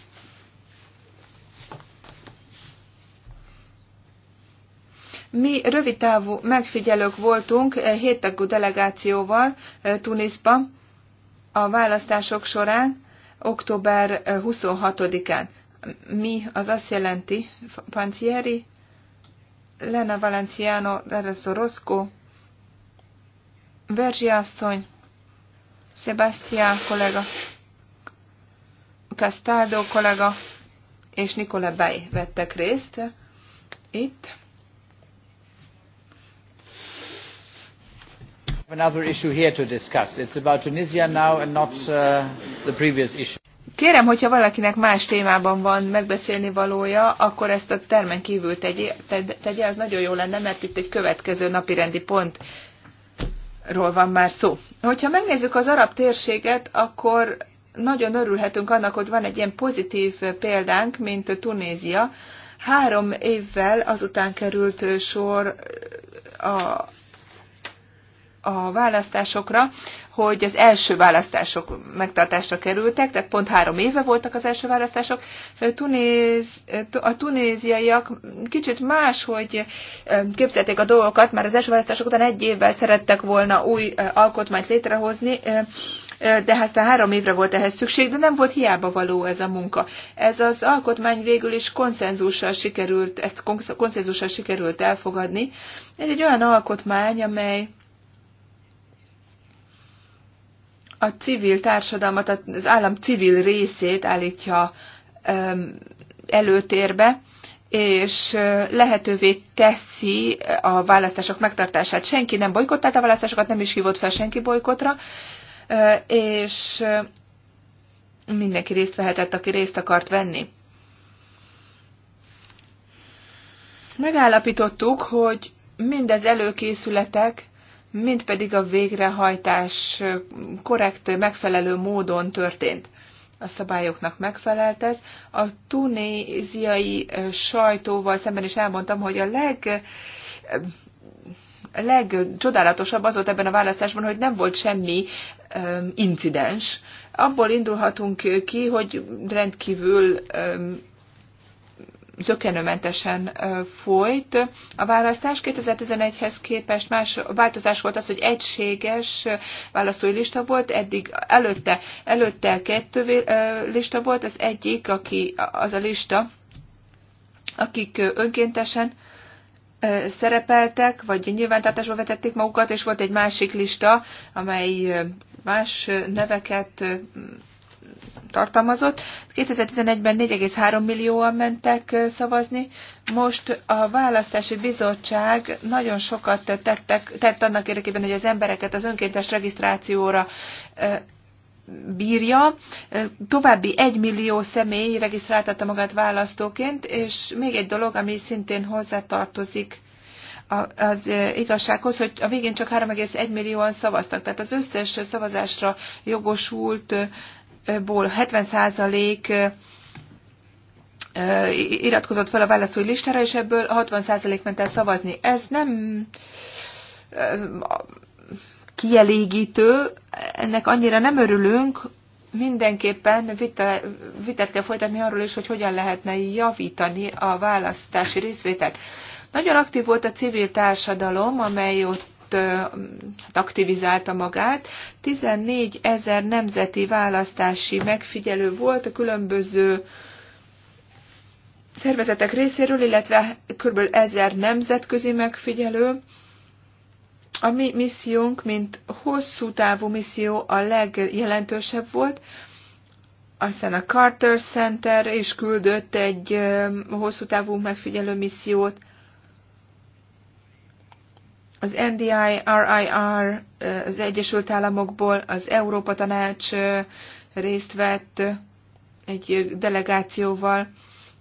Speaker 2: Mi rövidtávú megfigyelők voltunk eh, héttagú delegációval eh, Tuniszba a választások során, október 26-án. Eh, Mi az azt jelenti, Pancieri, Lena Valenciano, Rezo Rosco, Verzsi asszony, Sebastián kollega, Castaldo kollega és Nicole Bay vettek részt itt. Kérem, hogyha valakinek más témában van megbeszélni valója, akkor ezt a termen kívül tegye, tegye, az nagyon jó lenne, mert itt egy következő napi rendi pont ról van már szó. Hogyha megnézzük az arab térséget, akkor nagyon örülhetünk annak, hogy van egy ilyen pozitív példánk, mint a Tunézia. Három évvel azután került sor a, a választásokra, hogy az első választások megtartásra kerültek, tehát pont három éve voltak az első választások. Tunéz, a tunéziaiak kicsit más, hogy eh, képzelték a dolgokat, már az első választások után egy évvel szerettek volna új eh, alkotmányt létrehozni, eh, de aztán három évre volt ehhez szükség, de nem volt hiába való ez a munka. Ez az alkotmány végül is konszenzussal sikerült, ezt konszenzussal sikerült elfogadni. Ez egy olyan alkotmány, amely a civil társadalmat, az állam civil részét állítja előtérbe, és lehetővé teszi a választások megtartását. Senki nem bolykottált a választásokat, nem is hívott fel senki bolykotra, és mindenki részt vehetett, aki részt akart venni. Megállapítottuk, hogy mindez előkészületek mint pedig a végrehajtás korrekt, megfelelő módon történt. A szabályoknak megfelelt ez. A tunéziai sajtóval szemben is elmondtam, hogy a leg legcsodálatosabb az volt ebben a választásban, hogy nem volt semmi um, incidens. Abból indulhatunk ki, hogy rendkívül um, zökenőmentesen folyt a választás. 2011-hez képest más változás volt az, hogy egységes választói lista volt, eddig előtte, előtte kettő lista volt, az egyik, aki, az a lista, akik önkéntesen szerepeltek, vagy nyilvántartásba vetették magukat, és volt egy másik lista, amely más neveket tartalmazott. 2011-ben 4,3 millióan mentek szavazni. Most a választási bizottság nagyon sokat tettek, tett annak érdekében, hogy az embereket az önkéntes regisztrációra bírja. További egy millió személy regisztráltatta magát választóként, és még egy dolog, ami szintén hozzátartozik az igazsághoz, hogy a végén csak 3,1 millióan szavaztak. Tehát az összes szavazásra jogosult ból 70% iratkozott fel a választói listára, és ebből 60% ment el szavazni. Ez nem kielégítő, ennek annyira nem örülünk, mindenképpen vita, vitát kell folytatni arról is, hogy hogyan lehetne javítani a választási részvételt. Nagyon aktív volt a civil társadalom, amely ott ott hát aktivizálta magát. 14 ezer nemzeti választási megfigyelő volt a különböző szervezetek részéről, illetve kb. ezer nemzetközi megfigyelő. A mi missziónk, mint hosszú távú misszió a legjelentősebb volt, aztán a Carter Center is küldött egy hosszú távú megfigyelő missziót, az NDI RIR az Egyesült Államokból, az Európa Tanács részt vett egy delegációval,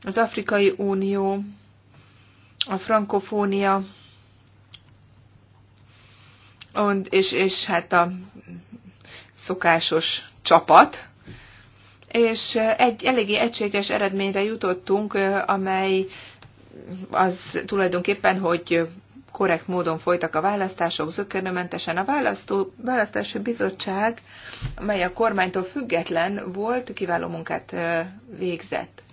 Speaker 2: az Afrikai Unió, a Frankofónia, és, és hát a szokásos csapat, és egy eléggé egységes eredményre jutottunk, amely az tulajdonképpen, hogy korrekt módon folytak a választások, zökkenőmentesen. A választó, választási bizottság, amely a kormánytól független volt, kiváló munkát végzett.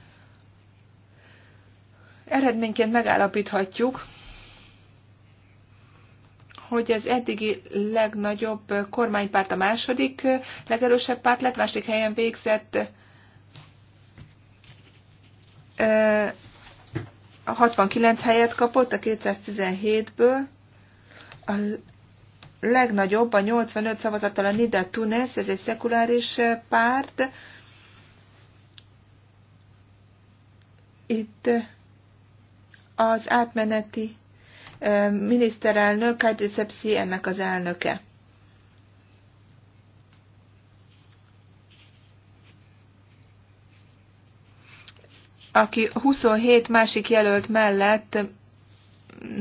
Speaker 2: Eredményként megállapíthatjuk, hogy az eddigi legnagyobb kormánypárt a második legerősebb párt lett, második helyen végzett a 69 helyet kapott a 217-ből, a legnagyobb a 85 szavazattal a Nida Tunes, ez egy szekuláris párt. Itt az átmeneti miniszterelnök, Kadri Szepszi ennek az elnöke. aki 27 másik jelölt mellett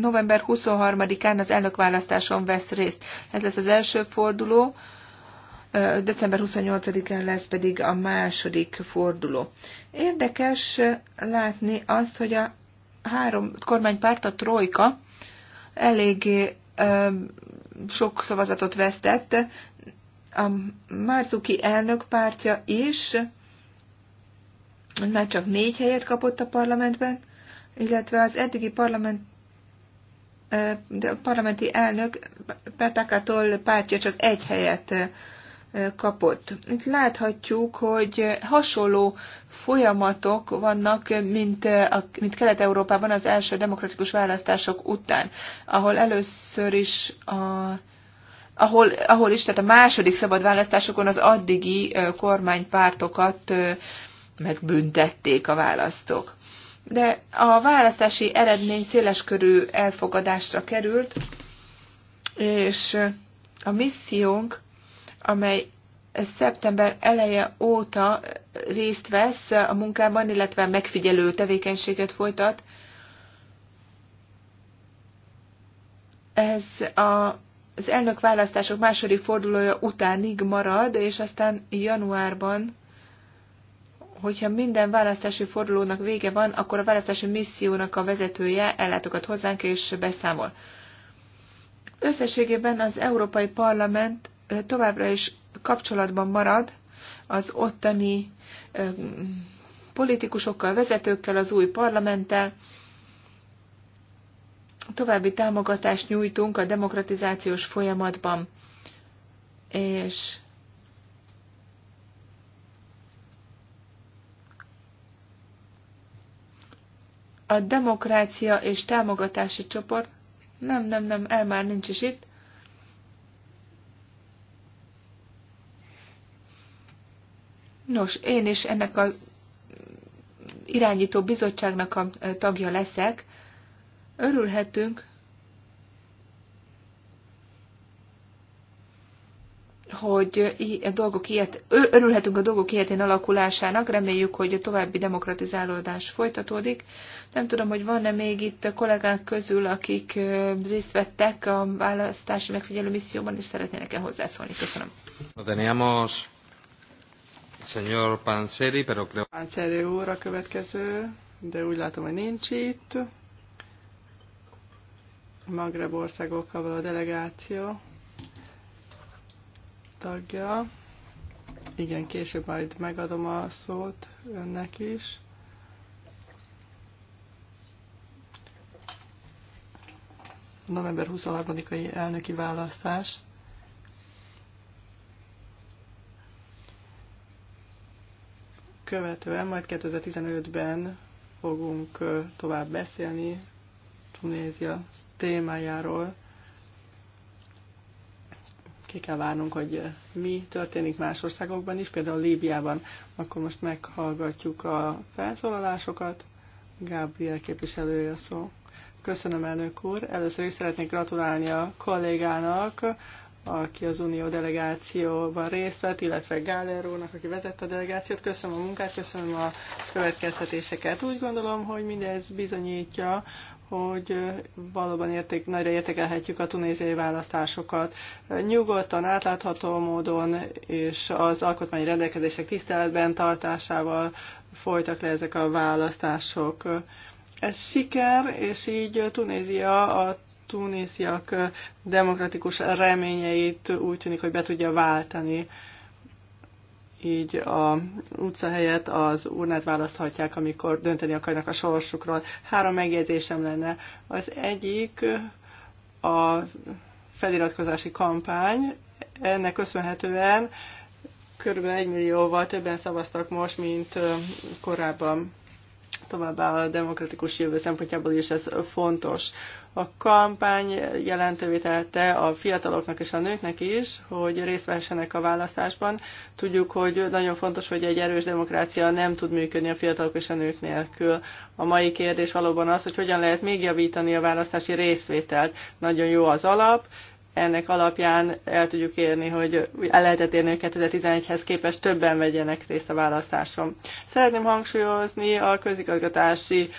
Speaker 2: november 23-án az elnökválasztáson vesz részt. Ez lesz az első forduló, december 28-án lesz pedig a második forduló. Érdekes látni azt, hogy a három kormánypárt, a Trojka eléggé sok szavazatot vesztett, a Márzuki elnök pártja is már csak négy helyet kapott a parlamentben, illetve az eddigi parlament de parlamenti elnök Petakától pártja csak egy helyet kapott. Itt láthatjuk, hogy hasonló folyamatok vannak, mint, a, mint Kelet-Európában az első demokratikus választások után, ahol először is a, ahol, ahol is, tehát a második szabad választásokon az addigi kormánypártokat megbüntették a választók. De a választási eredmény széleskörű elfogadásra került, és a missziónk, amely szeptember eleje óta részt vesz a munkában, illetve megfigyelő tevékenységet folytat. Ez a, az elnök választások második fordulója utánig marad, és aztán januárban hogyha minden választási fordulónak vége van, akkor a választási missziónak a vezetője ellátogat hozzánk és beszámol. Összességében az Európai Parlament továbbra is kapcsolatban marad az ottani politikusokkal, vezetőkkel, az új parlamenttel. További támogatást nyújtunk a demokratizációs folyamatban, és a demokrácia és támogatási csoport, nem, nem, nem, el már nincs is itt, Nos, én is ennek a irányító bizottságnak a tagja leszek. Örülhetünk hogy a dolgok ilyet, örülhetünk a dolgok ilyetén alakulásának, reméljük, hogy a további demokratizálódás folytatódik. Nem tudom, hogy van-e még itt a kollégák közül, akik részt vettek a választási megfigyelő misszióban, és szeretnének-e hozzászólni. Köszönöm.
Speaker 1: Teníamos señor Panceri, pero creo...
Speaker 3: Panceri úr a következő, de úgy látom, hogy nincs itt. Magreb országokkal a delegáció tagja. Igen, később majd megadom a szót önnek is. november 23-ai elnöki választás. Követően majd 2015-ben fogunk tovább beszélni Tunézia témájáról ki kell várnunk, hogy eh, mi történik más országokban is, például Líbiában. Akkor most meghallgatjuk a felszólalásokat. Gábriel képviselője szó. Köszönöm, elnök úr. Először is szeretnék gratulálni a kollégának, aki az Unió delegációban részt vett, illetve Gáler úrnak, aki vezette a delegációt. Köszönöm a munkát, köszönöm a következtetéseket. Úgy gondolom, hogy mindez bizonyítja hogy valóban érték, nagyra értékelhetjük a tunéziai választásokat. Nyugodtan, átlátható módon és az alkotmányi rendelkezések tiszteletben tartásával folytak le ezek a választások. Ez siker, és így Tunézia a tunéziak demokratikus reményeit úgy tűnik, hogy be tudja váltani így a utca helyett az urnát választhatják, amikor dönteni akarnak a sorsukról. Három megjegyzésem lenne. Az egyik a feliratkozási kampány. Ennek köszönhetően körülbelül egy millióval többen szavaztak most, mint korábban továbbá a demokratikus jövő szempontjából is ez fontos. A kampány jelentővé tette a fiataloknak és a nőknek is, hogy részt vessenek a választásban. Tudjuk, hogy nagyon fontos, hogy egy erős demokrácia nem tud működni a fiatalok és a nők nélkül. A mai kérdés valóban az, hogy hogyan lehet még javítani a választási részvételt. Nagyon jó az alap, ennek alapján el tudjuk érni, hogy el lehetett érni, hogy 2011-hez képest többen vegyenek részt a választáson. Szeretném hangsúlyozni a közigazgatási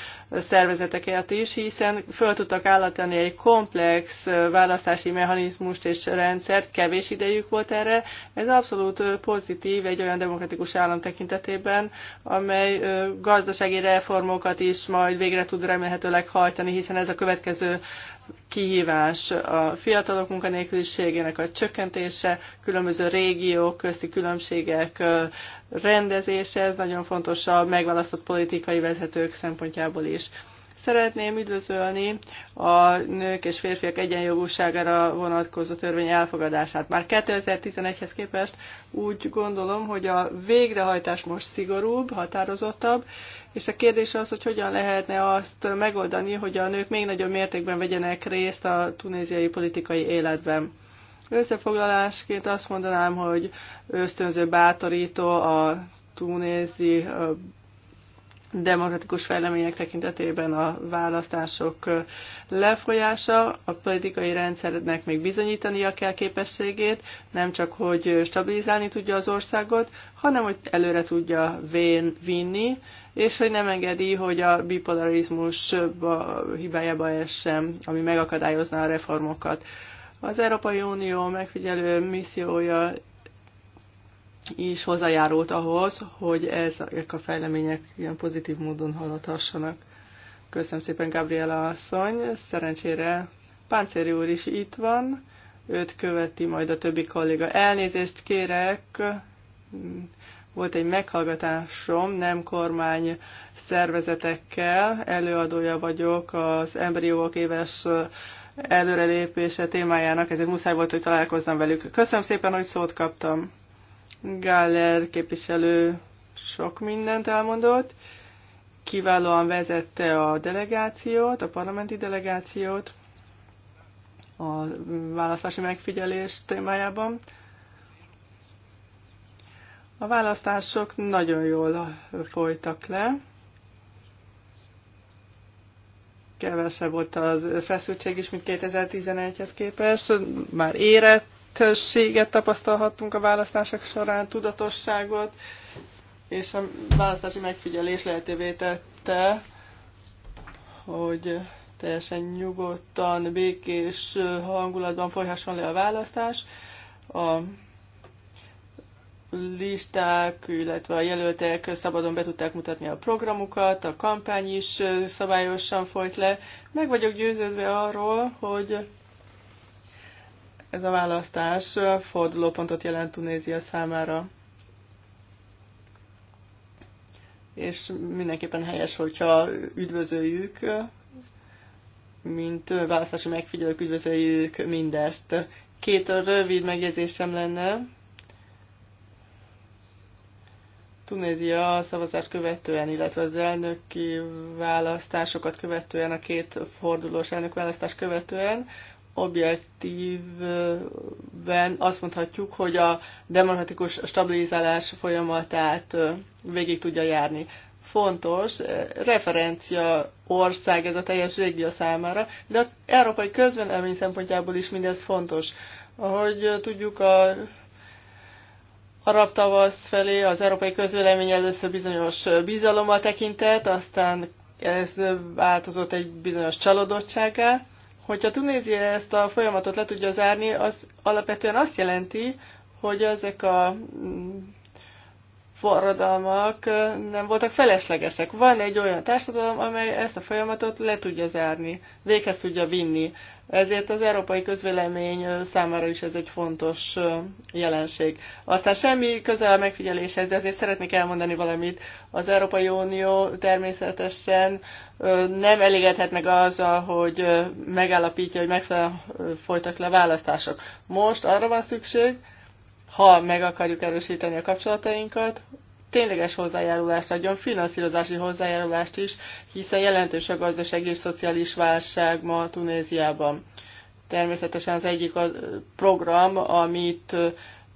Speaker 3: szervezeteket is, hiszen föl tudtak állatani egy komplex választási mechanizmust és rendszert, kevés idejük volt erre. Ez abszolút pozitív egy olyan demokratikus állam tekintetében, amely gazdasági reformokat is majd végre tud remélhetőleg hajtani, hiszen ez a következő kihívás a fiatalok munkanélküliségének a csökkentése, különböző régiók közti különbségek rendezése, ez nagyon fontos a megválasztott politikai vezetők szempontjából is. Szeretném üdvözölni a nők és férfiak egyenjogúságára vonatkozó törvény elfogadását. Már 2011-hez képest úgy gondolom, hogy a végrehajtás most szigorúbb, határozottabb, és a kérdés az, hogy hogyan lehetne azt megoldani, hogy a nők még nagyobb mértékben vegyenek részt a tunéziai politikai életben. Összefoglalásként azt mondanám, hogy ösztönző, bátorító a tunézi demokratikus fejlemények tekintetében a választások lefolyása, a politikai rendszernek még bizonyítania kell képességét, nem csak hogy stabilizálni tudja az országot, hanem hogy előre tudja vén, vinni, és hogy nem engedi, hogy a bipolarizmus hibájába essen, ami megakadályozná a reformokat. Az Európai Unió megfigyelő missziója is hozzájárult ahhoz, hogy ezek a fejlemények ilyen pozitív módon haladhassanak. Köszönöm szépen, Gabriela asszony. Szerencsére Páncéri úr is itt van, őt követi majd a többi kolléga. Elnézést kérek, volt egy meghallgatásom nem kormány szervezetekkel, előadója vagyok az Emberi Jogok éves előrelépése témájának, ezért muszáj volt, hogy találkozzam velük. Köszönöm szépen, hogy szót kaptam. Galler képviselő sok mindent elmondott, kiválóan vezette a delegációt, a parlamenti delegációt a választási megfigyelés témájában. A választások nagyon jól folytak le. Kevesebb volt az feszültség is, mint 2011-hez képest. Már érett többséget tapasztalhattunk a választások során, tudatosságot, és a választási megfigyelés lehetővé tette, hogy teljesen nyugodtan, békés hangulatban folyhasson le a választás. A listák, illetve a jelöltek szabadon be tudták mutatni a programukat, a kampány is szabályosan folyt le. Meg vagyok győződve arról, hogy ez a választás fordulópontot jelent Tunézia számára. És mindenképpen helyes, hogyha üdvözöljük, mint választási megfigyelők üdvözöljük mindezt. Két rövid megjegyzésem lenne. Tunézia a szavazás követően, illetve az elnöki választásokat követően, a két fordulós elnökválasztás követően objektívben, azt mondhatjuk, hogy a demokratikus stabilizálás folyamatát végig tudja járni. Fontos, referencia ország ez a teljes régió számára, de az európai közvélemény szempontjából is mindez fontos. Ahogy tudjuk, a arab tavasz felé az európai közvélemény először bizonyos bizalommal tekintett, aztán ez változott egy bizonyos csalódottságá, Hogyha Tunézia ezt a folyamatot le tudja zárni, az alapvetően azt jelenti, hogy ezek a mm, forradalmak nem voltak feleslegesek. Van egy olyan társadalom, amely ezt a folyamatot le tudja zárni, véghez tudja vinni. Ezért az európai közvélemény számára is ez egy fontos jelenség. Aztán semmi közel a megfigyeléshez, de ezért szeretnék elmondani valamit. Az Európai Unió természetesen nem elégedhet meg azzal, hogy megállapítja, hogy megfelelően folytak le választások. Most arra van szükség, ha meg akarjuk erősíteni a kapcsolatainkat, tényleges hozzájárulást adjon, finanszírozási hozzájárulást is, hiszen jelentős a gazdasági és szociális válság ma Tunéziában. Természetesen az egyik a program, amit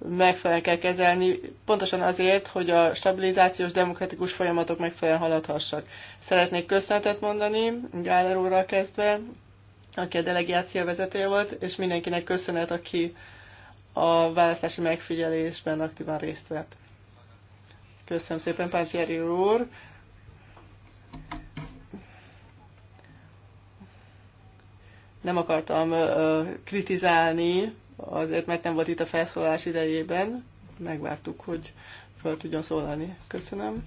Speaker 3: megfelelően kell kezelni, pontosan azért, hogy a stabilizációs demokratikus folyamatok megfelelően haladhassak. Szeretnék köszönetet mondani, Gáler úrral kezdve, aki a delegáció vezetője volt, és mindenkinek köszönet, aki a választási megfigyelésben aktívan részt vett. Köszönöm szépen, Páncieri úr! Nem akartam ö, kritizálni, azért mert nem volt itt a felszólás idejében. Megvártuk, hogy fel tudjon szólalni. Köszönöm.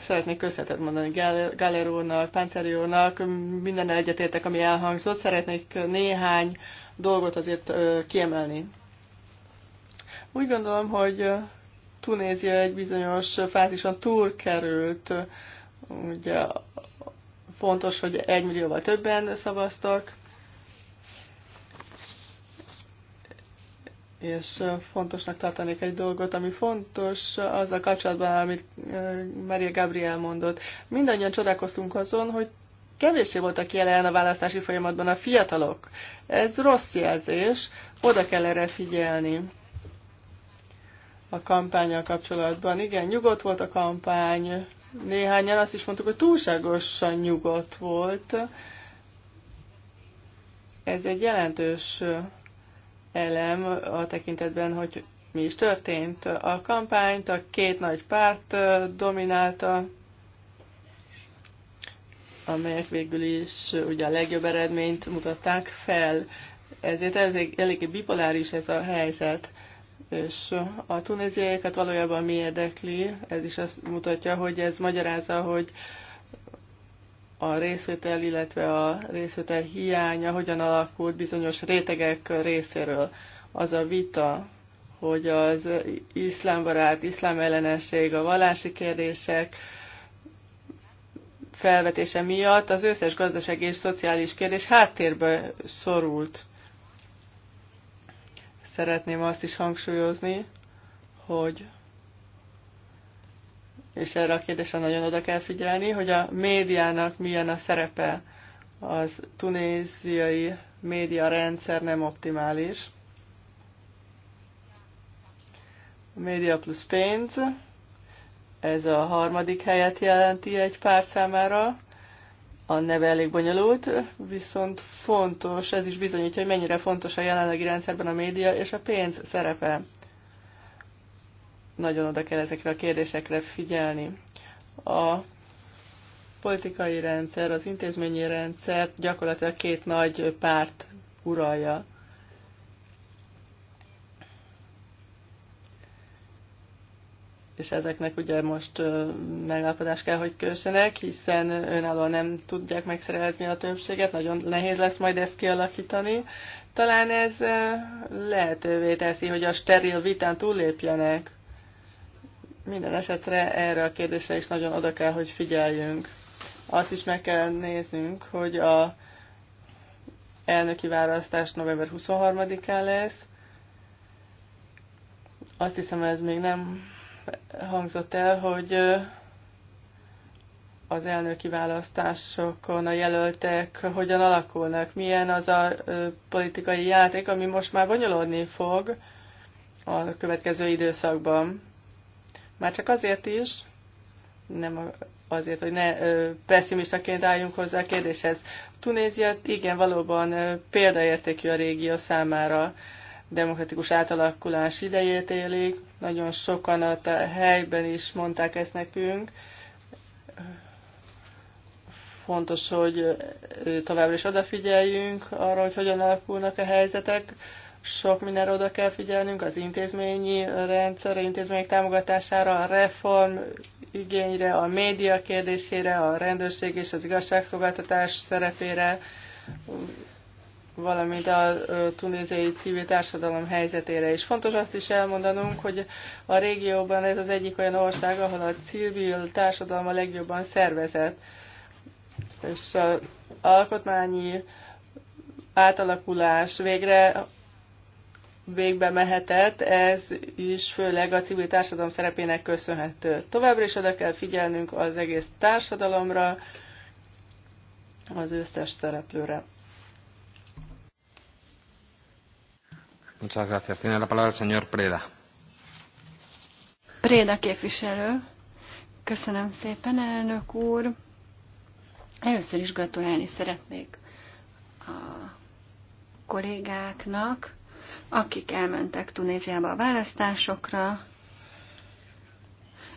Speaker 3: Szeretnék köszönetet mondani Galler úrnak, úrnak, minden egyetértek, ami elhangzott. Szeretnék néhány dolgot azért kiemelni. Úgy gondolom, hogy Tunézia egy bizonyos fázison túl került, ugye fontos, hogy egy millióval többen szavaztak, és fontosnak tartanék egy dolgot, ami fontos az a kapcsolatban, amit Maria Gabriel mondott. Mindannyian csodálkoztunk azon, hogy Kevéssé voltak jelen a választási folyamatban a fiatalok. Ez rossz jelzés, oda kell erre figyelni a kampányal kapcsolatban. Igen, nyugodt volt a kampány, néhányan azt is mondtuk, hogy túlságosan nyugodt volt. Ez egy jelentős elem a tekintetben, hogy mi is történt. A kampányt a két nagy párt dominálta, amelyek végül is ugye a legjobb eredményt mutatták fel. Ezért elég, eléggé bipoláris ez a helyzet. És a tunéziaiakat valójában mi érdekli, ez is azt mutatja, hogy ez magyarázza, hogy a részvétel, illetve a részvétel hiánya hogyan alakult bizonyos rétegek részéről. Az a vita, hogy az iszlámbarát, iszlámellenesség, a vallási kérdések, felvetése miatt az összes gazdasági és szociális kérdés háttérbe szorult. Szeretném azt is hangsúlyozni, hogy és erre a kérdésre nagyon oda kell figyelni, hogy a médiának milyen a szerepe. Az tunéziai média rendszer nem optimális. Media plus plusz pénz, ez a harmadik helyet jelenti egy párt számára. A neve elég bonyolult, viszont fontos, ez is bizonyítja, hogy mennyire fontos a jelenlegi rendszerben a média és a pénz szerepe. Nagyon oda kell ezekre a kérdésekre figyelni. A politikai rendszer, az intézményi rendszer gyakorlatilag két nagy párt uralja. és ezeknek ugye most megállapodás kell, hogy kössenek, hiszen önállóan nem tudják megszerezni a többséget, nagyon nehéz lesz majd ezt kialakítani. Talán ez lehetővé teszi, hogy a steril vitán túllépjenek. Minden esetre erre a kérdésre is nagyon oda kell, hogy figyeljünk. Azt is meg kell néznünk, hogy a elnöki választás november 23-án lesz. Azt hiszem, ez még nem hangzott el, hogy az elnöki választásokon a jelöltek hogyan alakulnak, milyen az a politikai játék, ami most már bonyolódni fog a következő időszakban. Már csak azért is, nem azért, hogy ne pessimistaként álljunk hozzá a kérdéshez. Tunézia igen valóban példaértékű a régió számára demokratikus átalakulás idejét élik. Nagyon sokan a helyben is mondták ezt nekünk. Fontos, hogy továbbra is odafigyeljünk arra, hogy hogyan alakulnak a helyzetek. Sok mindenre oda kell figyelnünk, az intézményi rendszerre, intézmények támogatására, a reform igényre, a média kérdésére, a rendőrség és az igazságszolgáltatás szerepére valamint a tunéziai civil társadalom helyzetére is. Fontos azt is elmondanunk, hogy a régióban ez az egyik olyan ország, ahol a civil társadalom a legjobban szervezett, és az alkotmányi átalakulás végre végbe mehetett, ez is főleg a civil társadalom szerepének köszönhető. Továbbra is oda kell figyelnünk az egész társadalomra, az összes szereplőre.
Speaker 1: Muchas gracias. Tiene la palabra el señor Preda.
Speaker 4: Préda képviselő. Köszönöm szépen, elnök úr. Először is gratulálni szeretnék a kollégáknak, akik elmentek Tunéziába a választásokra,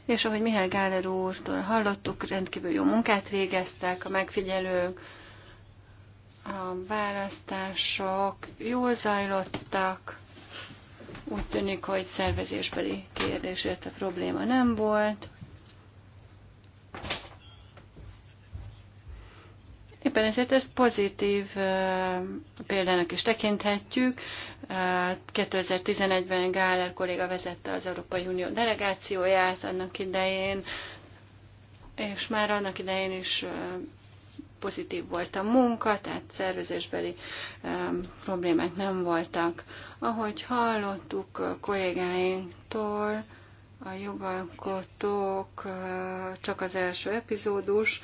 Speaker 4: és ahogy Mihály Gáler úrtól hallottuk, rendkívül jó munkát végeztek a megfigyelők, a választások jól zajlottak, úgy tűnik, hogy szervezésbeli kérdésért a probléma nem volt. Éppen ezért ezt pozitív példának is tekinthetjük. 2011-ben Gáler kolléga vezette az Európai Unió delegációját annak idején, és már annak idején is pozitív volt a munka, tehát szervezésbeli problémák nem voltak. Ahogy hallottuk kollégáinktól, a jogalkotók csak az első epizódus,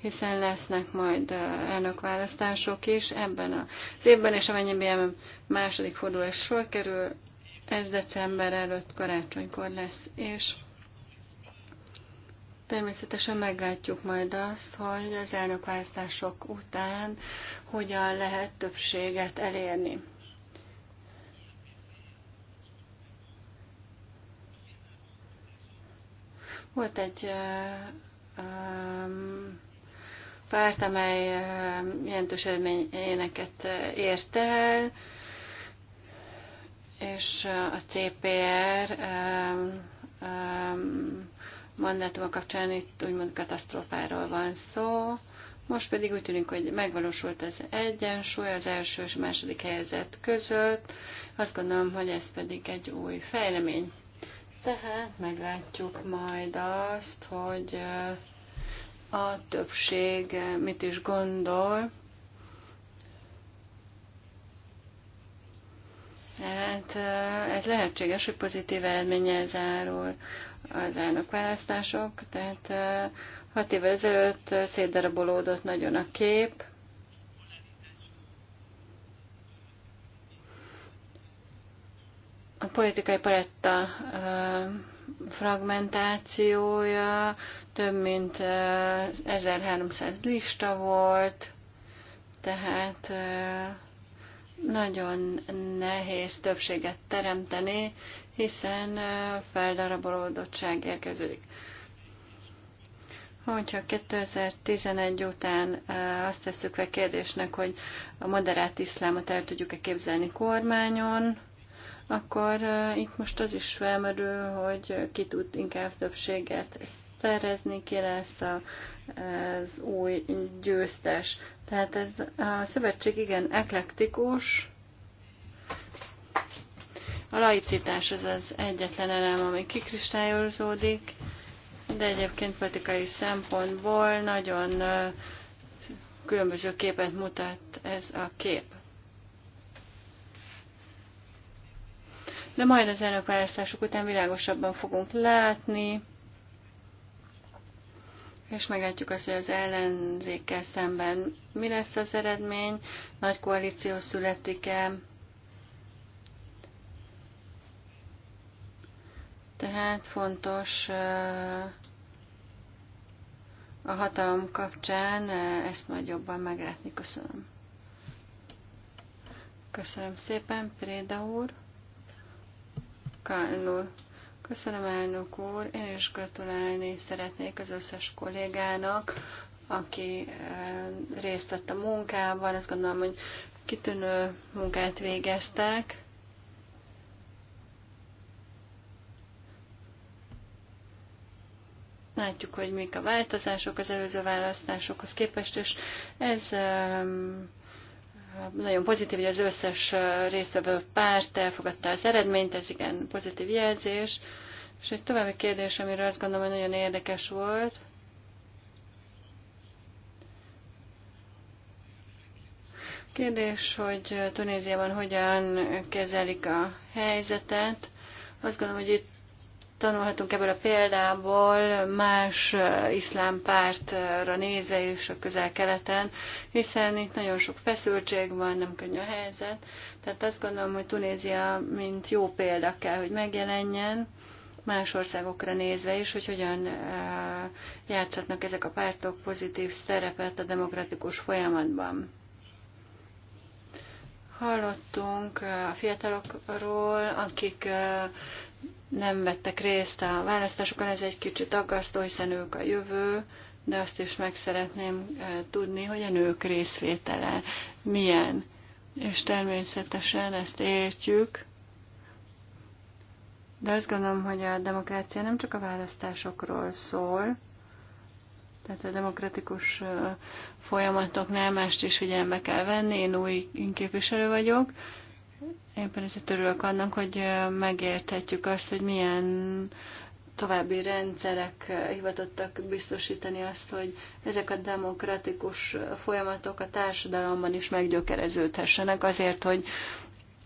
Speaker 4: hiszen lesznek majd elnökválasztások is ebben az évben, és amennyiben második fordulás sor kerül, ez december előtt karácsonykor lesz, és Természetesen meglátjuk majd azt, hogy az elnökválasztások után hogyan lehet többséget elérni. Volt egy párt, amely jelentős eredményeket ért el, és a CPR um, um, mandátuma kapcsán itt úgymond katasztrofáról van szó. Most pedig úgy tűnik, hogy megvalósult az egyensúly az első és második helyzet között. Azt gondolom, hogy ez pedig egy új fejlemény. Tehát meglátjuk majd azt, hogy a többség mit is gondol. Hát ez lehetséges, hogy pozitív eredménye zárul az elnökválasztások, tehát hat évvel ezelőtt szétdarabolódott nagyon a kép, a politikai paletta fragmentációja, több mint 1300 lista volt, tehát nagyon nehéz többséget teremteni, hiszen feldarabolódottság érkeződik. Hogyha 2011 után azt tesszük fel kérdésnek, hogy a moderát iszlámot el tudjuk-e képzelni kormányon, akkor itt most az is felmerül, hogy ki tud inkább többséget szerezni, ki lesz a, az új győztes. Tehát ez a szövetség igen eklektikus, a laicitás az az egyetlen elem, ami kikristályozódik, de egyébként politikai szempontból nagyon különböző képet mutat ez a kép. De majd az elnökválasztások után világosabban fogunk látni, és meglátjuk azt, hogy az ellenzékkel szemben mi lesz az eredmény, nagy koalíció születik-e, Tehát fontos a hatalom kapcsán ezt majd jobban meglátni. Köszönöm. Köszönöm szépen, Préda úr. Kallul. Köszönöm, elnök úr. Én is gratulálni szeretnék az összes kollégának, aki részt vett a munkában. Azt gondolom, hogy kitűnő munkát végeztek. látjuk, hogy mik a változások az előző választásokhoz képest, és ez nagyon pozitív, hogy az összes részevő párt elfogadta az eredményt, ez igen pozitív jelzés. És egy további kérdés, amiről azt gondolom, hogy nagyon érdekes volt, Kérdés, hogy Tunéziában hogyan kezelik a helyzetet. Azt gondolom, hogy itt tanulhatunk ebből a példából más iszlám pártra nézve is a közel-keleten, hiszen itt nagyon sok feszültség van, nem könnyű a helyzet. Tehát azt gondolom, hogy Tunézia mint jó példa kell, hogy megjelenjen más országokra nézve is, hogy hogyan játszhatnak ezek a pártok pozitív szerepet a demokratikus folyamatban. Hallottunk a fiatalokról, akik nem vettek részt a választásokon, ez egy kicsit aggasztó, hiszen ők a jövő, de azt is meg szeretném e, tudni, hogy a nők részvétele milyen. És természetesen ezt értjük, de azt gondolom, hogy a demokrácia nem csak a választásokról szól, tehát a demokratikus e, folyamatoknál mást is figyelembe kell venni, én új képviselő vagyok, Éppen ezért örülök annak, hogy megérthetjük azt, hogy milyen további rendszerek hivatottak biztosítani azt, hogy ezek a demokratikus folyamatok a társadalomban is meggyökereződhessenek azért, hogy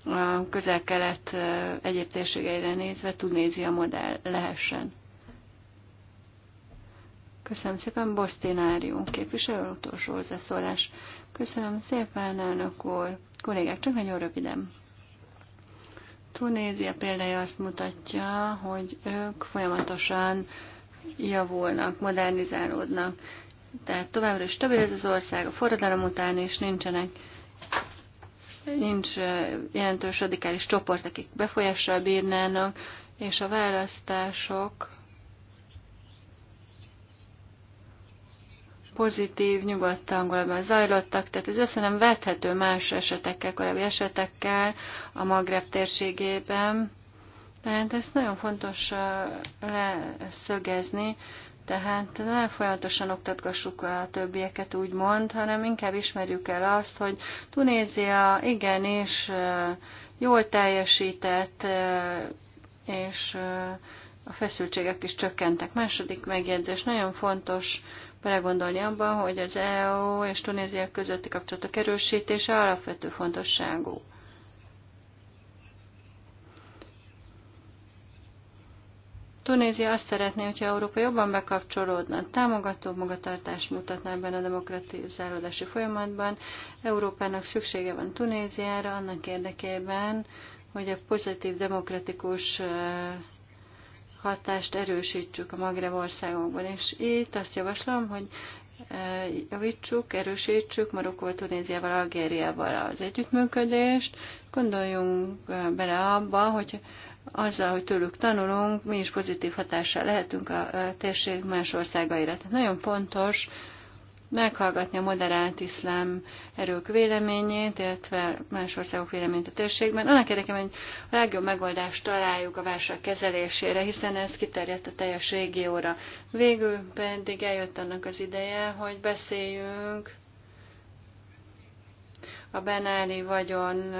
Speaker 4: a közel-kelet egyéb térségeire nézve Tunézia modell lehessen. Köszönöm szépen, Bosztinárium képviselő utolsó hozzászólás. Köszönöm szépen, elnök úr. Kollégák, csak nagyon röviden. Tunézia példája azt mutatja, hogy ők folyamatosan javulnak, modernizálódnak. Tehát továbbra is stabil ez az ország, a forradalom után is nincsenek, nincs jelentős radikális csoport, akik befolyással bírnának, és a választások pozitív, nyugodt hangulatban zajlottak, tehát ez össze nem vethető más esetekkel, korábbi esetekkel a Magreb térségében. Tehát ezt nagyon fontos uh, leszögezni, tehát ne folyamatosan oktatgassuk a többieket, úgymond, hanem inkább ismerjük el azt, hogy Tunézia igenis uh, jól teljesített, uh, és a feszültségek is csökkentek. Második megjegyzés, nagyon fontos belegondolni abban, hogy az EU és Tunézia közötti kapcsolatok erősítése alapvető fontosságú. Tunézia azt szeretné, hogyha Európa jobban bekapcsolódna, támogató magatartást mutatná ebben a demokratizálódási folyamatban. Európának szüksége van Tunéziára annak érdekében, hogy a pozitív demokratikus hatást erősítsük a Magreb országokban. És itt azt javaslom, hogy e, javítsuk, erősítsük Marokkó, Tunéziával, Algériával az együttműködést. Gondoljunk e, bele abba, hogy azzal, hogy tőlük tanulunk, mi is pozitív hatással lehetünk a e, térség más országaira. Tehát nagyon fontos meghallgatni a moderált iszlám erők véleményét, illetve más országok véleményét a térségben. Annak érdekében, hogy a legjobb megoldást találjuk a válság kezelésére, hiszen ez kiterjedt a teljes régióra. Végül pedig eljött annak az ideje, hogy beszéljünk a benáli vagyon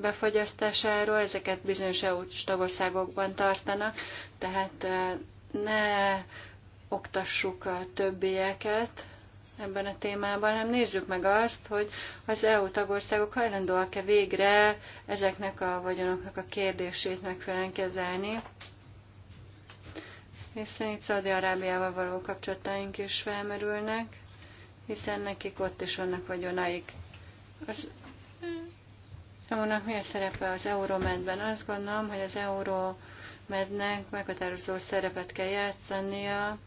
Speaker 4: befagyasztásáról, ezeket bizonyos EU tagországokban tartanak, tehát eh, ne oktassuk a többieket, ebben a témában, hanem nézzük meg azt, hogy az EU tagországok hajlandóak-e végre ezeknek a vagyonoknak a kérdését megfelelően kezelni, hiszen itt Szaudi-Arábiával való kapcsolataink is felmerülnek, hiszen nekik ott is vannak vagyonaik. Az EU-nak milyen szerepe az Euromedben? Azt gondolom, hogy az Euromednek meghatározó szerepet kell játszania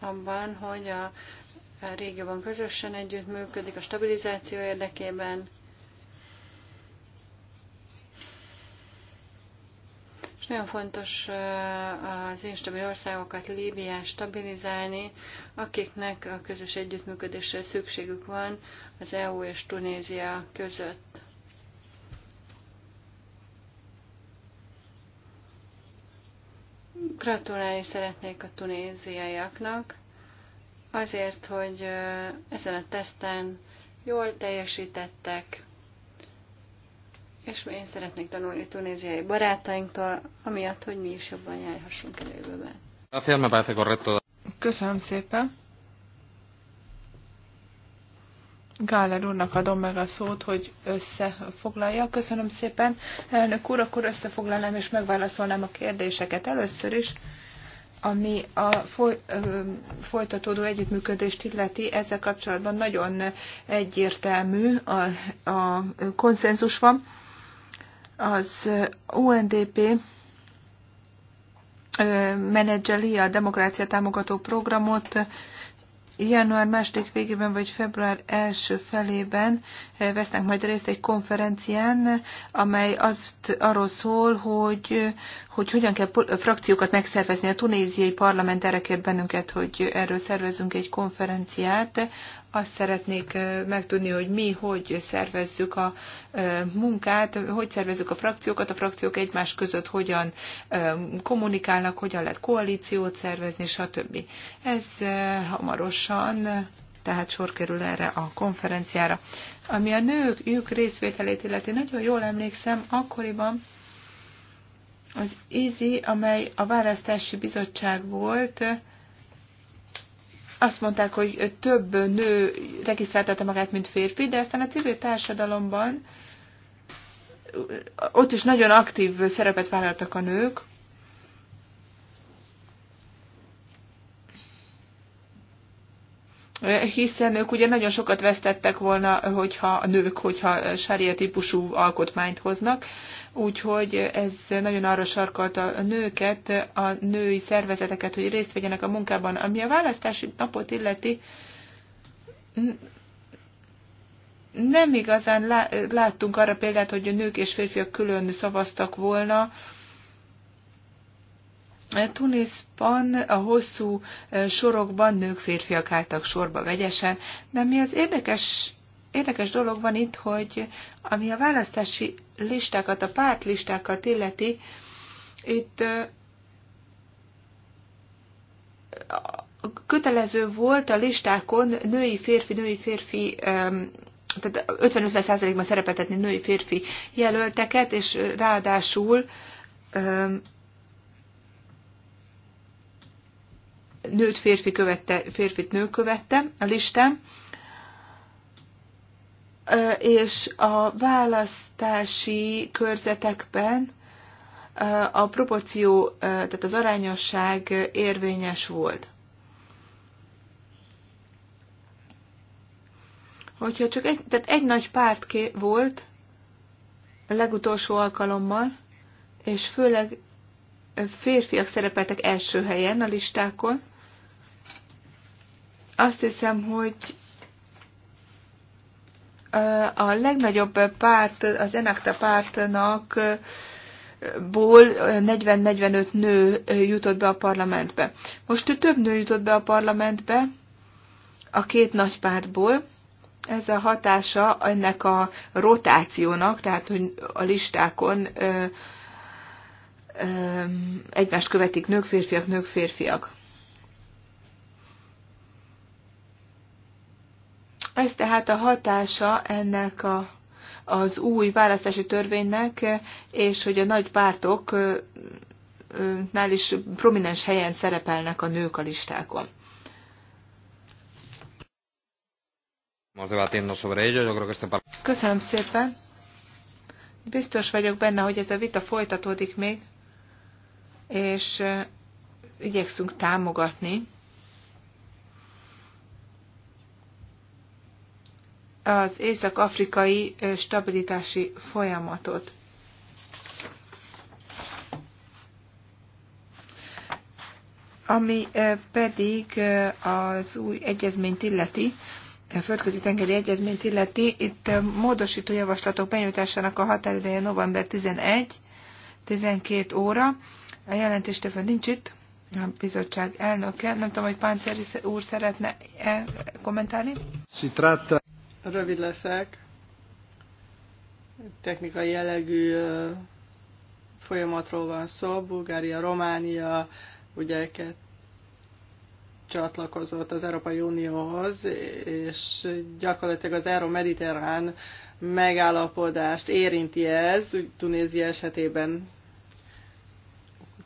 Speaker 4: abban, hogy a a régióban közösen együttműködik a stabilizáció érdekében, És nagyon fontos az instabil országokat Líbiát stabilizálni, akiknek a közös együttműködésre szükségük van az EU és Tunézia között. Gratulálni szeretnék a tunéziaiaknak azért, hogy ezen a teszten jól teljesítettek, és én szeretnék tanulni tunéziai barátainktól, amiatt, hogy mi is jobban járhassunk előbben.
Speaker 2: Köszönöm szépen. Gáler úrnak adom meg a szót, hogy összefoglalja. Köszönöm szépen, elnök úr, akkor összefoglalnám és megválaszolnám a kérdéseket először is ami a folytatódó együttműködést illeti, ezzel kapcsolatban nagyon egyértelmű a, a konszenzus van. Az UNDP menedzseli a demokrácia támogató programot, január második végében vagy február első felében eh, vesznek majd részt egy konferencián, amely azt arról szól, hogy, hogy hogyan kell frakciókat megszervezni. A tunéziai parlament erre kér bennünket, hogy erről szervezünk egy konferenciát, azt szeretnék megtudni, hogy mi hogy szervezzük a munkát, hogy szervezzük a frakciókat, a frakciók egymás között hogyan kommunikálnak, hogyan lehet koalíciót szervezni, stb. Ez hamarosan tehát sor kerül erre a konferenciára. Ami a nők, ők részvételét illeti, nagyon jól emlékszem, akkoriban az IZI, amely a választási bizottság volt, azt mondták, hogy több nő regisztráltatta magát, mint férfi, de aztán a civil társadalomban ott is nagyon aktív szerepet vállaltak a nők. Hiszen ők ugye nagyon sokat vesztettek volna, hogyha a nők, hogyha sária típusú alkotmányt hoznak. Úgyhogy ez nagyon arra sarkalta a nőket, a női szervezeteket, hogy részt vegyenek a munkában. Ami a választási napot illeti, nem igazán láttunk arra példát, hogy a nők és férfiak külön szavaztak volna. Tuniszban a hosszú e, sorokban nők férfiak álltak sorba vegyesen, de mi az érdekes érdekes dolog van itt, hogy ami a választási listákat, a pártlistákat illeti, itt kötelező volt a listákon női-férfi, női-férfi tehát 50-50%-ban szerepetetni női-férfi jelölteket, és ráadásul nőt férfi követte, férfit nő követte a listán és a választási körzetekben a proporció, tehát az arányosság érvényes volt. Hogyha csak egy, tehát egy nagy párt volt a legutolsó alkalommal, és főleg férfiak szerepeltek első helyen a listákon, azt hiszem, hogy a legnagyobb párt, az Enakta pártnak ból 40-45 nő jutott be a parlamentbe. Most több nő jutott be a parlamentbe a két nagy pártból. Ez a hatása ennek a rotációnak, tehát hogy a listákon ö, ö, egymást követik nők, férfiak, nők, férfiak. Ez tehát a hatása ennek a, az új választási törvénynek, és hogy a nagy pártoknál is prominens helyen szerepelnek a nők a listákon. Köszönöm szépen. Biztos vagyok benne, hogy ez a vita folytatódik még, és igyekszünk támogatni az észak-afrikai stabilitási folyamatot. Ami pedig az új egyezményt illeti, a földközi tengeri egyezményt illeti, itt módosító javaslatok benyújtásának a határideje november 11, 12 óra. A jelentéstevő nincs itt, a bizottság elnöke. Nem tudom, hogy Páncer úr szeretne -e kommentálni. Si tratta.
Speaker 3: Rövid leszek. Technikai jellegű folyamatról van szó. Bulgária, Románia, ugye csatlakozott az Európai Unióhoz, és gyakorlatilag az euró-mediterrán megállapodást érinti ez, Tunézia esetében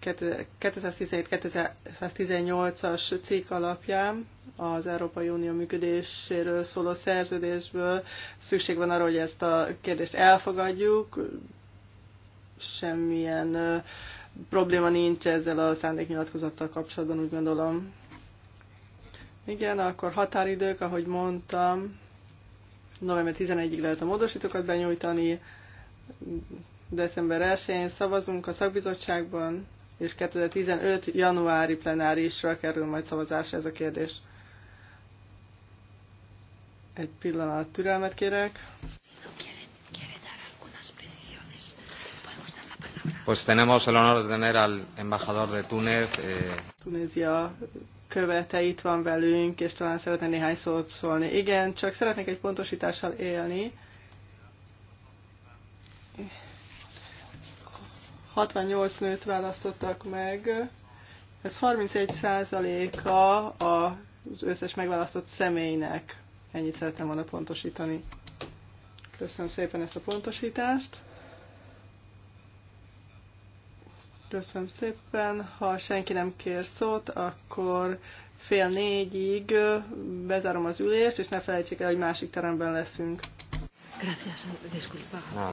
Speaker 3: 2017 2018 as cikk alapján az Európai Unió működéséről szóló szerződésből szükség van arra, hogy ezt a kérdést elfogadjuk. Semmilyen probléma nincs ezzel a szándéknyilatkozattal kapcsolatban, úgy gondolom. Igen, akkor határidők, ahogy mondtam, november 11-ig lehet a módosítókat benyújtani, december 1-én szavazunk a szakbizottságban, és 2015. januári plenárisra kerül majd szavazásra ez a kérdés. Egy pillanat türelmet kérek.
Speaker 1: Pues tenemos el honor de tener al embajador de Túnez. Eh...
Speaker 3: Tunézia követe itt van velünk, és talán szeretne néhány szót szólni. Igen, csak szeretnék egy pontosítással élni. 68 nőt választottak meg, ez 31%-a az összes megválasztott személynek. Ennyit szerettem volna pontosítani. Köszönöm szépen ezt a pontosítást. Köszönöm szépen. Ha senki nem kér szót, akkor fél négyig bezárom az ülést, és ne felejtsék el, hogy másik teremben leszünk.
Speaker 1: Gracias, disculpa.